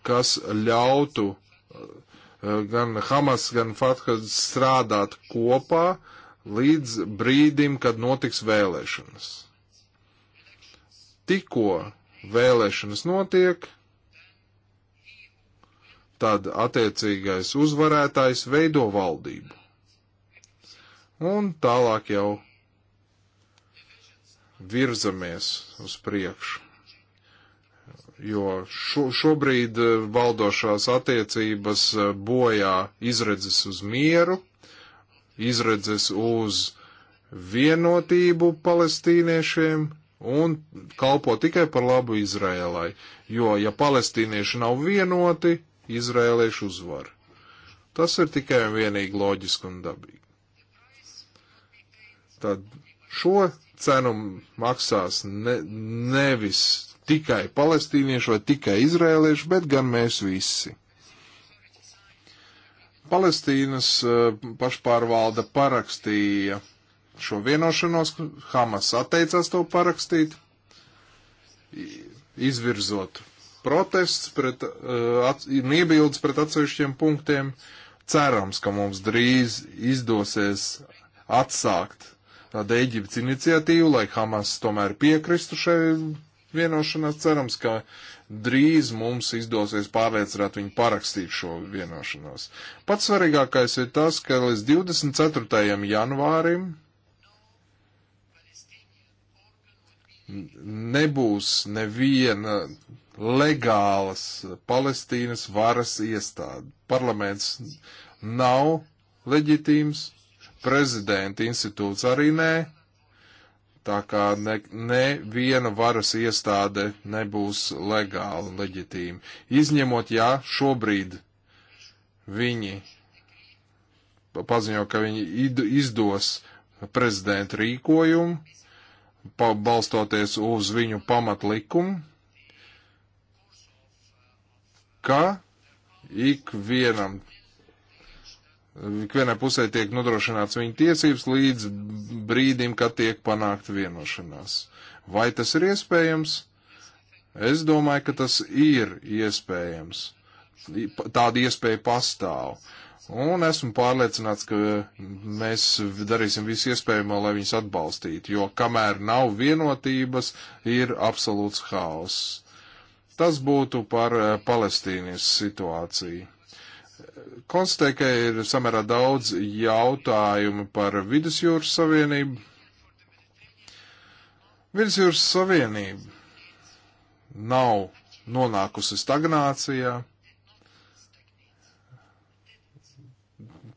kas ļautu gan Hamas, gan Fatha strādāt kopā līdz brīdim, kad notiks vēlēšanas. Tikko vēlēšanas notiek, tad attiecīgais uzvarētājs veido valdību. Un tālāk jau virzamies uz priekšu. Jo šo, šobrīd eh, valdošās attiecības eh, bojā izredzes uz mieru, izredzes uz vienotību palestīniešiem, un kalpo tikai par labu Izrēlai. Jo, ja palestīnieši nav vienoti, izrēlieši uzvar. Tas ir tikai un vienīgi loģiski un dabīgi. Tad šo cenu maksās ne, nevis tikai palestīnieši vai tikai izrēlieši, bet gan mēs visi. Palestīnas eh, pašpārvalda parakstīja šo vienošanos, Hamas atteicās to parakstīt, izvirzot protests pret, eh, at, un iebildes pret atsevišķiem punktiem. Cerams, ka mums drīz izdosies atsākt tādu Eģiptes iniciatīvu, lai Hamas tomēr piekristu šai vienošanās. Cerams, ka drīz mums izdosies pārliecināt viņu parakstīt šo vienošanos. Pats svarīgākais ir tas, ka līdz 24. janvārim nebūs neviena legālas Palestīnas varas iestādi. Parlaments nav leģitīms, prezidenta institūts arī nē, tā kā neviena ne varas iestāde nebūs legāla un leģitīma. Izņemot, ja šobrīd viņi paziņo, ka viņi izdos prezidenta rīkojumu, balstoties uz viņu pamatlikumu, ka ikvienam, ikvienai pusē tiek nodrošināts viņa tiesības līdz brīdim, kad tiek panākta vienošanās. Vai tas ir iespējams? Es domāju, ka tas ir iespējams. Tāda iespēja pastāv. Un esmu pārliecināts, ka mēs darīsim visu iespējamo, lai viņus atbalstītu, jo kamēr nav vienotības, ir absolūts haoss. Tas būtu par eh, Palestīnas situāciju. Konstatēju, ka ir samērā daudz jautājumu par Vidusjūras Savienību. Vidusjūras Savienība nav nonākusi stagnācijā.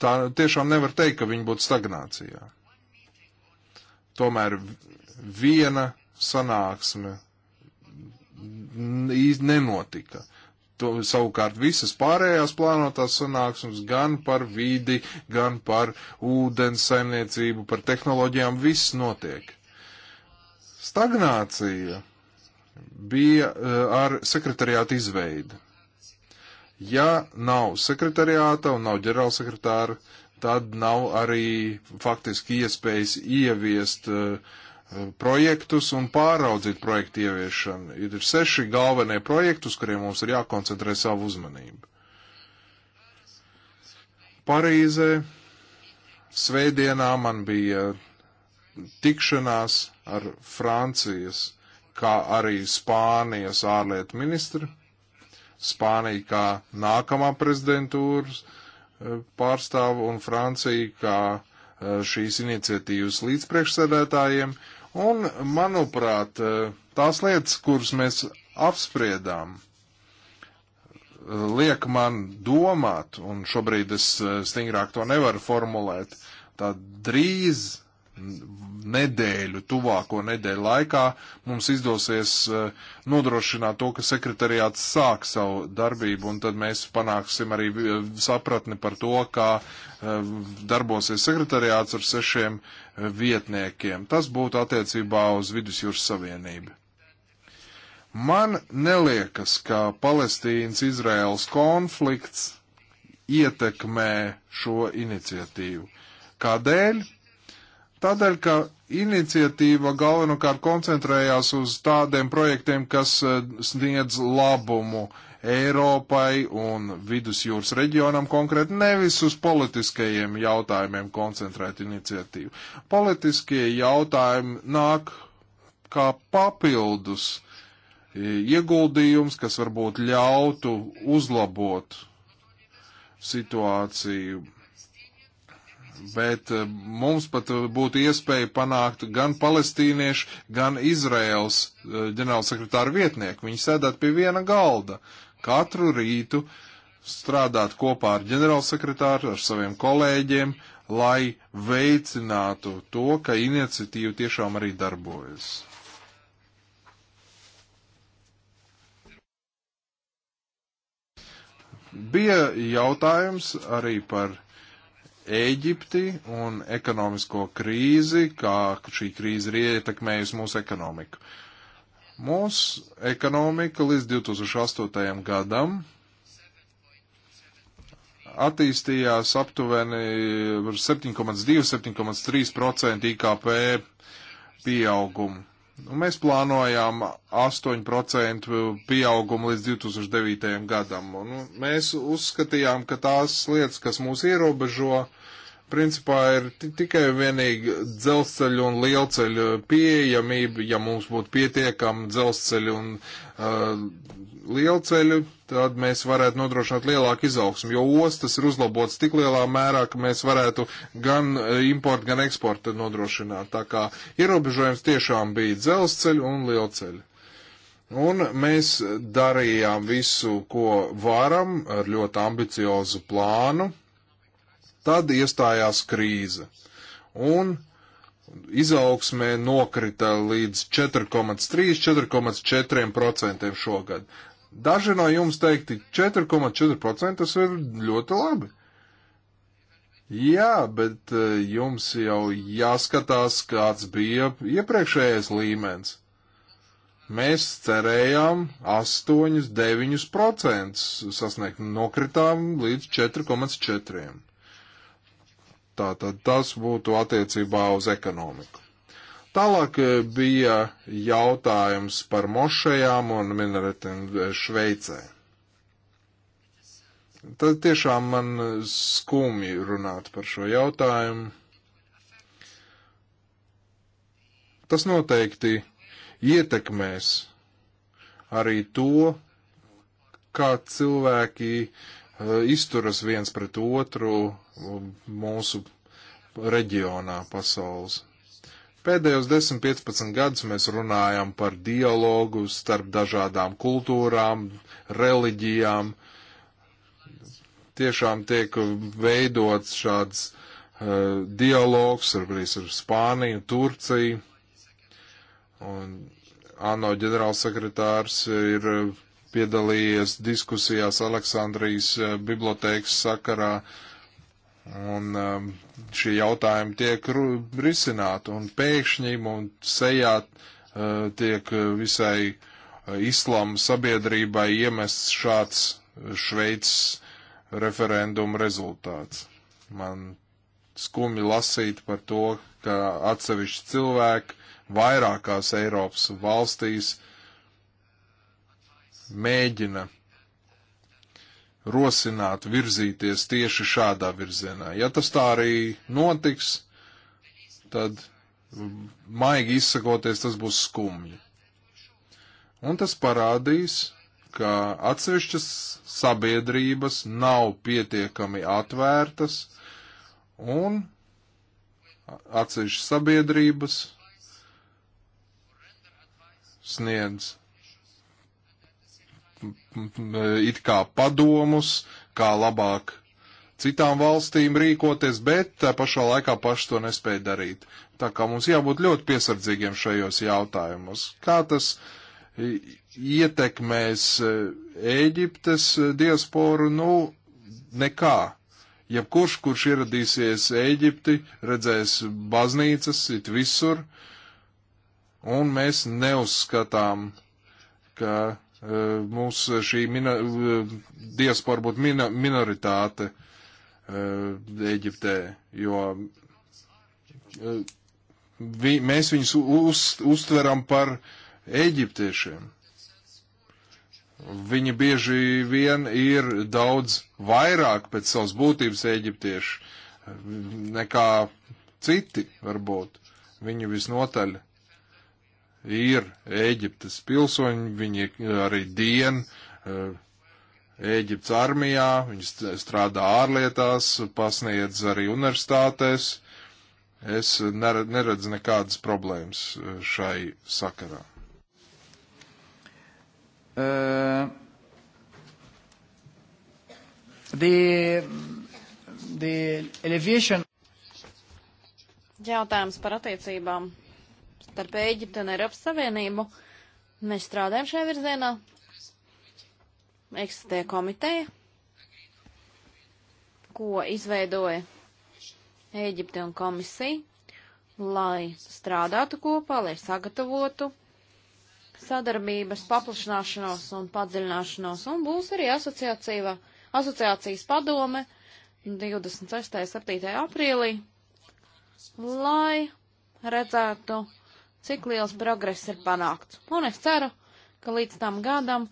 Tā tiešām nevar teikt, ka viņi būtu stagnācijā. Tomēr viena sanāksme īsti nenotika. To, savukārt visas pārējās plānotās sanāksmes gan par vidi, gan par ūdens saimniecību, par tehnoloģijām, viss notiek. Stagnācija bija eh, ar sekretariātu izveidi. Ja nav sekretariāta un nav ģenerālsekretāra, tad nav arī faktiski iespējas ieviest uh, Eh, projektus un pāraudzīt projektu ieviešanu. Ir seši galvenie projekti, uz kuriem mums ir jākoncentrē savu uzmanību. Parīzē svētdienā man bija tikšanās ar Francijas, kā arī Spānijas ārlietu ministru. Spānija kā nākamā prezidentūras eh, pārstāvu un Francija kā eh, šīs iniciatīvas līdzpriekšsēdētājiem. Uh, Un, manuprāt, eh, tās lietas, kuras mēs apspriedām, liek man domāt, un šobrīd es eh, stingrāk to nevaru formulēt, tā drīz nedēļu, tuvāko nedēļu laikā mums izdosies eh, nodrošināt to, ka sekretariāts sāk savu darbību, un tad mēs panāksim arī eh, sapratni par to, kā eh, darbosies sekretariāts ar sešiem vietniekiem. Tas būtu attiecībā uz Vidusjūras Savienību. Man neliekas, ka Palestīnas-Izraels konflikts ietekmē šo iniciatīvu. Kādēļ? Tādēļ, ka iniciatīva galvenokārt koncentrējās uz tādiem projektiem, kas e, sniedz labumu Eiropai un vidusjūras reģionam konkrēti, nevis uz politiskajiem jautājumiem koncentrēt iniciatīvu. Politiskie jautājumi nāk kā papildus e, ieguldījums, kas varbūt ļautu uzlabot situāciju bet eh, mums pat eh, būtu iespēja panākt gan palestīniešu, gan Izraels eh, ģenerālsekretāru vietnieku. Viņi sēdētu pie viena galda katru rītu, strādāt kopā ar ģenerālsekretāru, ar saviem kolēģiem, lai veicinātu to, ka iniciatīva tiešām arī darbojas. Bija jautājums arī par Ēģipti un ekonomisko krīzi, kā šī krīze ir ietekmējusi mūsu ekonomiku. Mūsu ekonomika līdz 2008. gadam attīstījās aptuveni 7,2-7,3% IKP pieaugumu. Un nu, mēs plānojām 8% pieaugumu līdz 2009. gadam. Un nu, mēs uzskatījām, ka tās lietas, kas mūs ierobežo, principā ir tikai vienīgi dzelzceļu un lielceļu pieejamība, ja mums būtu pietiekama dzelzceļu un uh, lielceļu, tad mēs varētu nodrošināt lielāku izaugsmu, jo ostas ir uzlabotas tik lielā mērā, ka mēs varētu gan eh, importu, gan eksportu nodrošināt. Tā kā ierobežojums tiešām bija dzelzceļu un lielceļu. Un mēs darījām visu, ko varam, ar ļoti ambiciozu plānu. Tad iestājās krīze. Un izaugsmē nokrita līdz 4,3-4,4% šogad. Daži no jums teikti 4,4% tas ir ļoti labi. Jā, bet e, jums jau jāskatās, kāds bija iepriekšējais līmenis. Mēs cerējām 8, 9% sasniegt, nokritām līdz 4,4. Tātad tas būtu attiecībā uz ekonomiku. Tālāk e, bija jautājums par mošajām un minaretiem e, Šveicē. Tad tiešām man skumji runāt par šo jautājumu. Tas noteikti ietekmēs arī to, kā cilvēki e, izturas viens pret otru mūsu reģionā pasaules. Pēdējos 10-15 gadus mēs runājam par dialogu starp dažādām kultūrām, reliģijām. Tiešām tiek veidots šāds uh, dialogs ar, ar Spāniju, Turciju. Un ANO ģenerālsekretārs ir eh, piedalījies diskusijās Aleksandrijas eh, bibliotekas sakarā uh, Un um, šie jautājumi tiek risināti, un pēkšņi mums sejā uh, tiek visai uh, islāma sabiedrībai iemests šāds uh, Šveices referenduma rezultāts. Man skumji lasīt par to, ka atsevišķi cilvēki vairākās Eiropas valstīs mēģina rosināt, virzīties tieši šādā virzienā. Ja tas tā arī notiks, tad maigi izsakoties, tas būs skumji. Un tas parādīs, ka atsevišķas sabiedrības nav pietiekami atvērtas un atsevišķas sabiedrības sniedz Eh, it kā padomus, kā labāk citām valstīm rīkoties, bet tā eh, pašā laikā paši to nespēja darīt. Tā kā mums jābūt ļoti piesardzīgiem šajos jautājumos. Kā tas eh, ietekmēs Ēģiptes diasporu? Nu, nekā. Jebkurš, kurš ieradīsies Ēģipti, redzēs baznīcas it visur, un mēs neuzskatām, ka Eh, mums šī mina, eh, diaspora būtu mina, minoritāte eh, Eģiptē, jo vi, mēs viņus uz, uztveram par eģiptiešiem. Viņi bieži vien ir daudz vairāk pēc savas būtības eģiptieši nekā citi varbūt. Viņi visnotaļ ir Ēģiptes pilsoņi, viņi eh, arī dien eh, Ēģiptes armijā, viņi strādā ārlietās, pasniedz arī universitātēs. Es neredzu nekādas problēmas eh, šai sakarā. Uh, the, the elevation. Jautājums par attiecībām starp Ēģiptu un Eiropas Savienību. Mēs strādājam šajā virzienā. Eksistē komiteja, ko izveidoja Ēģipte un komisija, lai strādātu kopā, lai sagatavotu sadarbības paplašināšanos un padziļināšanos, un būs arī asociācijas padome 26. un 7. aprīlī, lai redzētu, cik liels progress ir panākts. Un es ceru, ka līdz tam gadam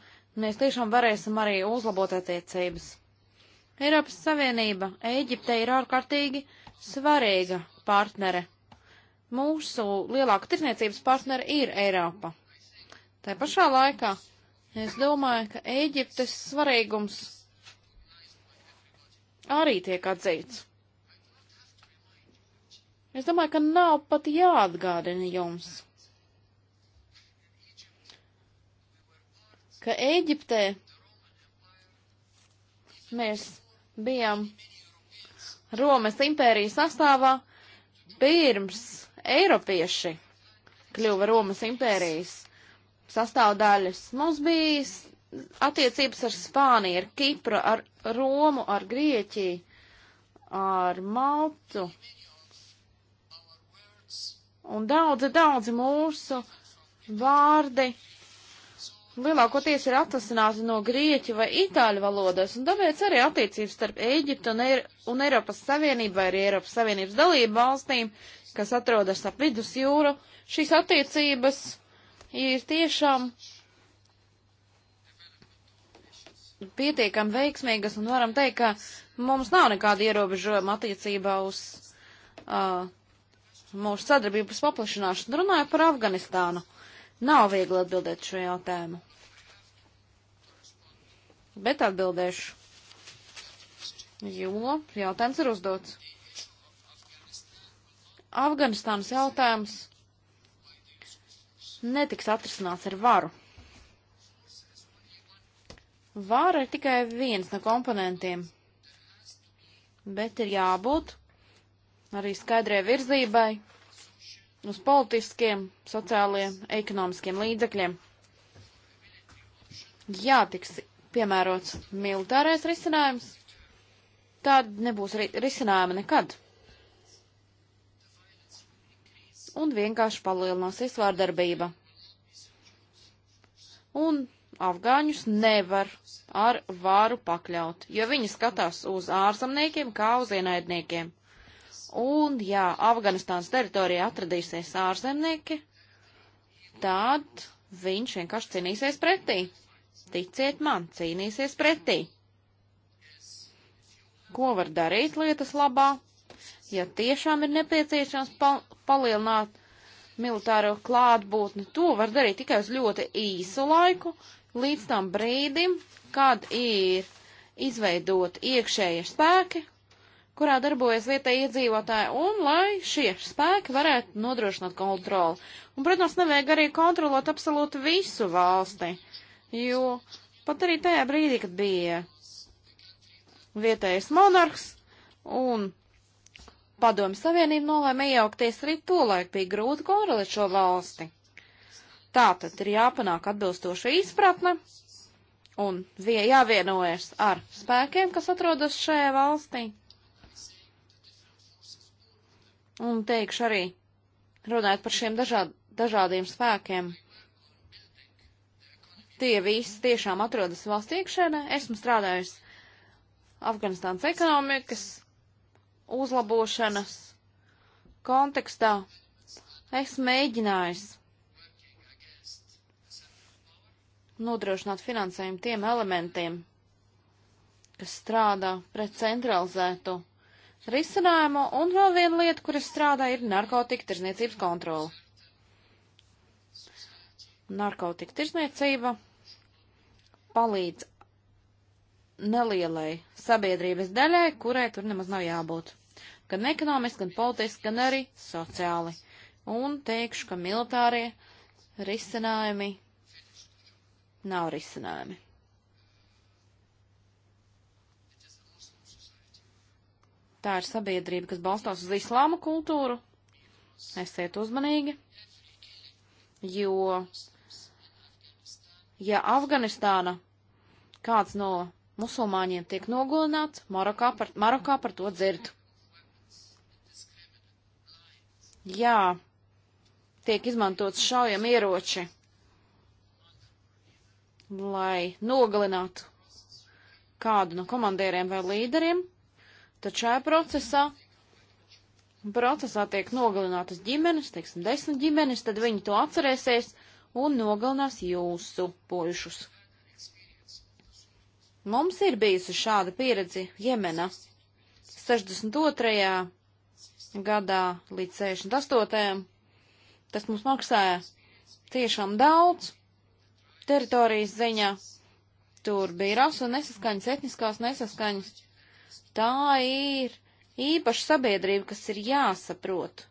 mēs tiešām varēsim arī uzlabot attiecības. Eiropas Savienība Ēģipte ir ārkārtīgi svarīga partnere. Mūsu lielāka tirzniecības partnere ir Eiropa. Tā pašā laikā es domāju, ka Ēģiptes svarīgums arī tiek atzīts. Es domāju, ka nav pat jāatgādina jums, ka Ēģiptē mēs bijām Romas impērijas sastāvā pirms Eiropieši kļuva Romas impērijas sastāvdaļas. Mums bija attiecības ar Spāniju, ar Kipru, ar Romu, ar Grieķiju, ar Maltu. Un daudzi, daudzi mūsu vārdi lielākoties ir atvasināti no grieķu vai itāļu valodas, un tāpēc arī attiecības starp Ēģiptu un, Eir un Eiropas Savienību vai arī Eiropas Savienības dalību valstīm, kas atrodas ap vidusjūru, šīs attiecības ir tiešām pietiekami veiksmīgas, un varam teikt, ka mums nav nekāda ierobežojuma attiecībā uz uh, mūsu sadarbības paplašināšanu. Runāju par Afganistānu. Nav viegli atbildēt šo jautājumu. Bet atbildēšu. Jo jautājums ir uzdots. Afganistānas jautājums netiks atrisināts ar varu. Vāra ir tikai viens no komponentiem, bet ir jābūt arī skaidrai virzībai uz politiskiem, sociāliem, ekonomiskiem līdzekļiem. Jā, tiks piemērots militārais risinājums, tad nebūs ri risinājuma nekad. Un vienkārši palielināsies vārdarbība. Un afgāņus nevar ar vāru pakļaut, jo viņi skatās uz ārzemniekiem kā uz ienaidniekiem. Un, ja Afganistānas teritorijā atradīsies ārzemnieki, tad viņš vienkārši cīnīsies pretī. Ticiet man, cīnīsies pretī. Ko var darīt lietas labā? Ja tiešām ir nepieciešams pa palielināt militāro klātbūtni, to var darīt tikai uz ļoti īsu laiku, līdz tam brīdim, kad ir izveidot iekšējie spēki, kurā darbojas vietēji iedzīvotāji, un lai šie spēki varētu nodrošināt kontroli. Un, protams, nevajag arī kontrolot absolūti visu valsti, jo pat arī tajā brīdī, kad bija vietējais monarhs un padomju savienība nolēma iejaukties arī tolaik bija grūti kontrolēt šo valsti. Tātad ir jāpanāk atbilstoša izpratne un jāvienojas ar spēkiem, kas atrodas šajā valstī. Un teikšu arī, runājot par šiem dažād, dažādiem spēkiem, tie visi tiešām atrodas valsts iekšēnē. Esmu strādājusi Afganistānas ekonomikas uzlabošanas kontekstā. Es mēģinājusi nodrošināt finansējumu tiem elementiem, kas strādā pret centralizētu risinājumu, un vēl viena lieta, kur es strādāju, ir narkotika tirzniecības kontrola. Narkotika tirzniecība palīdz nelielai sabiedrības daļai, kurai tur nemaz nav jābūt. Gan ekonomiski, gan politiski, gan arī sociāli. Un teikšu, ka militārie risinājumi nav risinājumi. Tā ir sabiedrība, kas balstās uz islāma kultūru. Esiet uzmanīgi, jo, ja Afganistāna kāds no musulmāņiem tiek nogalināts, Marokā par, Marokā par to dzird. Jā, tiek izmantots šaujam ieroči, lai nogalinātu kādu no komandieriem vai līderiem, Tad šajā procesā, procesā tiek nogalinātas ģimenes, teiksim, desmit ģimenes, tad viņi to atcerēsies un nogalinās jūsu puišus. Mums ir bijusi šāda pieredze Jemena 62. gadā līdz 68. Tas mums maksāja tiešām daudz teritorijas ziņā. Tur bija rasu nesaskaņas, etniskās nesaskaņas. Tā ir īpaša sabiedrība, kas ir jāsaprot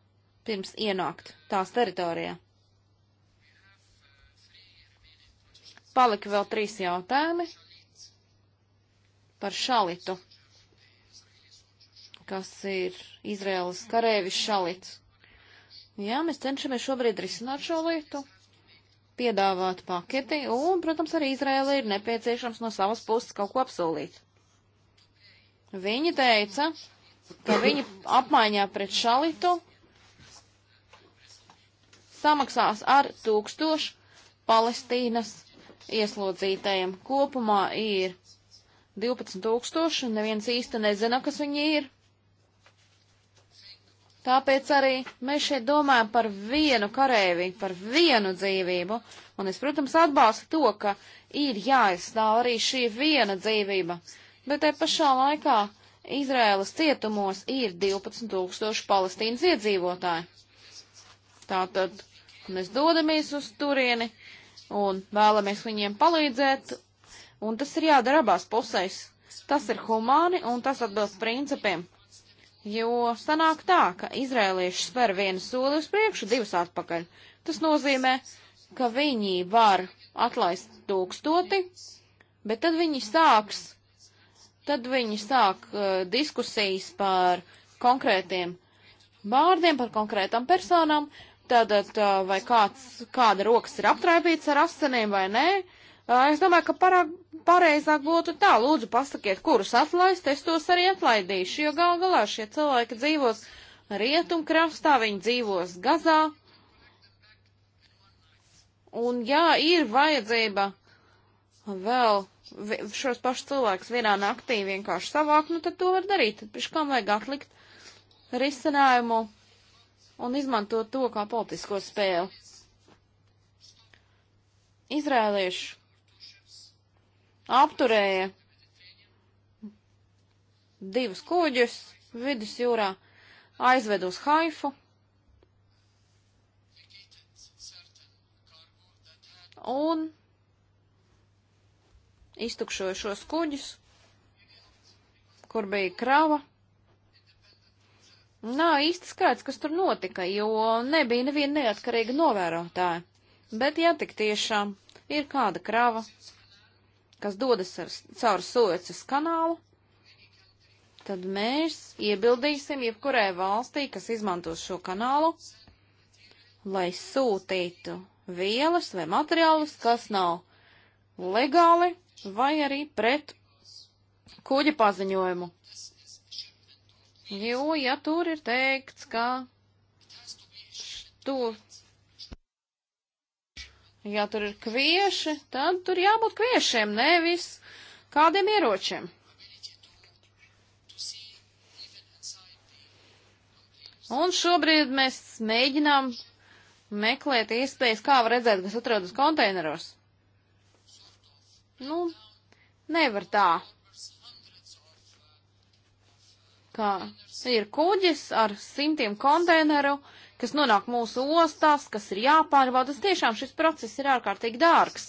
pirms ienākt tās teritorijā. Palika vēl trīs jautājumi par šalitu, kas ir Izraēlas karēvis šalits. Jā, mēs cenšamies šobrīd risināt šo lietu, piedāvāt paketi, un, protams, arī Izraēla ir nepieciešams no savas puses kaut ko apsolīt. Viņi teica, ka viņi apmaiņā pret šalitu samaksās ar tūkstošu Palestīnas ieslodzītajiem. Kopumā ir 12 tūkstoši, un neviens īsti nezina, kas viņi ir. Tāpēc arī mēs šeit domājam par vienu karēvi, par vienu dzīvību, un es, protams, atbalstu to, ka ir jāizstāv arī šī viena dzīvība. Uh, bet te pašā laikā Izraēlas cietumos ir 12 tūkstoši palestīnas iedzīvotāji. Tātad mēs dodamies uz turieni un vēlamies viņiem palīdzēt, un tas ir jādara abās pusēs. Tas ir humāni un tas atbilst principiem. Jo sanāk tā, ka izrēlieši spēr vienu soli uz priekšu, divas atpakaļ. Tas nozīmē, ka viņi var atlaist tūkstoti, bet tad viņi sāks tad viņi sāk uh, diskusijas par konkrētiem vārdiem, par konkrētām personām, tātad uh, vai kāds, kāda rokas ir aptraipīts ar asinīm vai nē. Uh, es domāju, ka parāk, pareizāk būtu tā, lūdzu pasakiet, kurus atlaist, es tos arī atlaidīšu, jo gal galā šie cilvēki dzīvos rietumkrastā, viņi dzīvos Gazā. Un jā, ir vajadzība vēl šos pašus cilvēkus vienā naktī vienkārši savākt, nu tad to var darīt. Tad pēc kam vajag atlikt risinājumu un izmantot to kā politisko spēli. Izrēlieši apturēja divus kuģus vidusjūrā, aizved uz Haifu. Un iztukšojušos kuģus, kur bija krava. Nav īsti skaidrs, kas tur notika, jo nebija neviena neatkarīga novērotāja. Bet, ja tik tiešām ir kāda krava, kas dodas ar, caur Suecas kanālu, tad mēs iebildīsim jebkurai valstī, kas izmantos šo kanālu, lai sūtītu vielas vai materiālus, kas nav legāli vai arī pret kuģa paziņojumu. Jo, ja tur ir teikts, ka tu, ja tur ir kvieši, tad tur jābūt kviešiem, nevis kādiem ieročiem. Un šobrīd mēs mēģinām meklēt iespējas, kā var redzēt, kas atrodas konteineros. Nu, nevar tā. Kā ir kuģis ar simtiem konteineru, kas nonāk mūsu ostās, kas ir jāpārbauda. Tiešām šis process ir ārkārtīgi dārgs.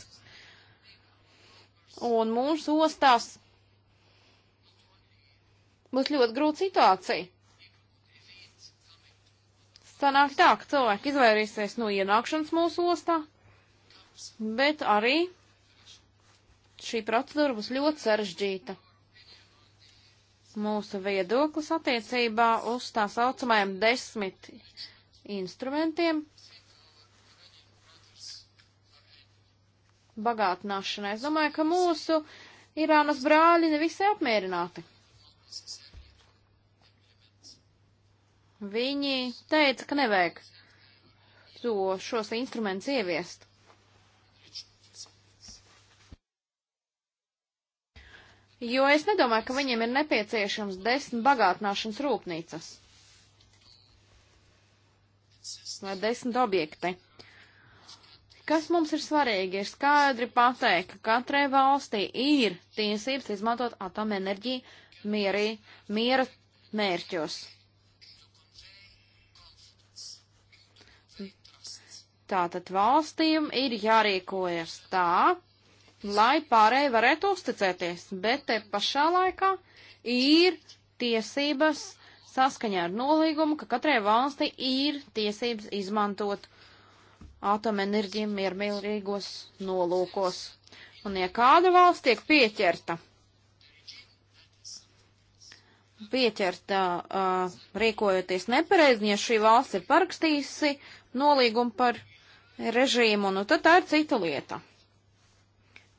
Un mūsu ostās būs ļoti grūta situācija. Sanāk tā, ka cilvēki izvairīsies no ienākšanas mūsu ostā, bet arī šī procedūra būs ļoti sarežģīta. Mūsu viedoklis attiecībā uz tā saucamajiem desmit instrumentiem bagātināšanai. Es domāju, ka mūsu Irānas brāļi nevisai apmierināti. Viņi teica, ka nevajag to šos instrumentus ieviest. jo es nedomāju, ka viņiem ir nepieciešams desmit bagātināšanas rūpnīcas vai desmit objekti. Kas mums ir svarīgi, ir skaidri pateikt, ka katrai valstī ir tiesības izmantot atomenerģiju mierī, miera mērķos. Tātad valstīm ir jārīkojas tā, lai pārējie varētu uzticēties, bet te pašā laikā ir tiesības saskaņā ar nolīgumu, ka katrai valstī ir tiesības izmantot atomenerģiju miermīlīgos nolūkos. Un ja kāda valsts tiek pieķerta, pieķerta uh, rīkojoties nepareizi, ja šī valsts ir parakstījusi nolīgumu par režīmu, nu tad tā ir cita lieta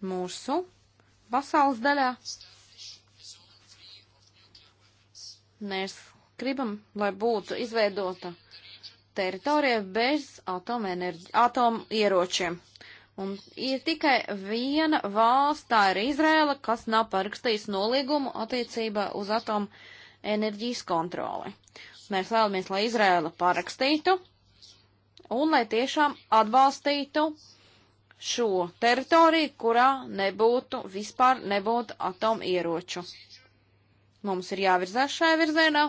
mūsu pasaules daļā. Mēs gribam, lai būtu izveidota teritorija bez atomieročiem. Un ir tikai viena valsts, tā ir Izrēla, kas nav parakstījusi nolīgumu attiecībā uz atomenerģijas kontroli. Mēs vēlamies, lai Izrēla parakstītu un lai tiešām atbalstītu uh, šo teritoriju, kurā nebūtu vispār nebūtu atomieroču. Mums ir jāvirzās šajā virzienā,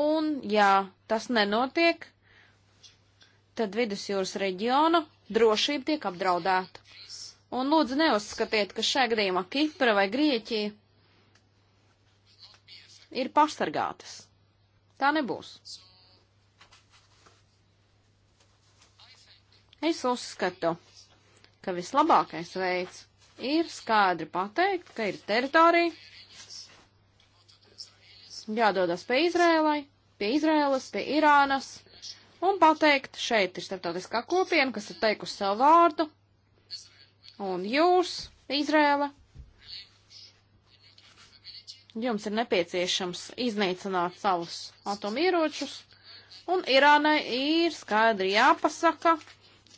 un ja tas nenotiek, tad vidusjūras reģiona drošība tiek apdraudēta. Un lūdzu neuzskatiet, ka šajā gadījumā Kipra vai Grieķija ir pasargātas. Tā nebūs. Es uzskatu, ka vislabākais veids ir skaidri pateikt, ka ir teritorija, jādodas pie Izrēlai, pie Izrēlas, pie Irānas, un pateikt, šeit ir starptautiskā kopiena, kas ir teikusi savu vārdu, un jūs, Izrēla, jums ir nepieciešams iznīcināt savus atomieročus, un Irānai ir skaidri jāpasaka,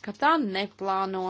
ka tā neplāno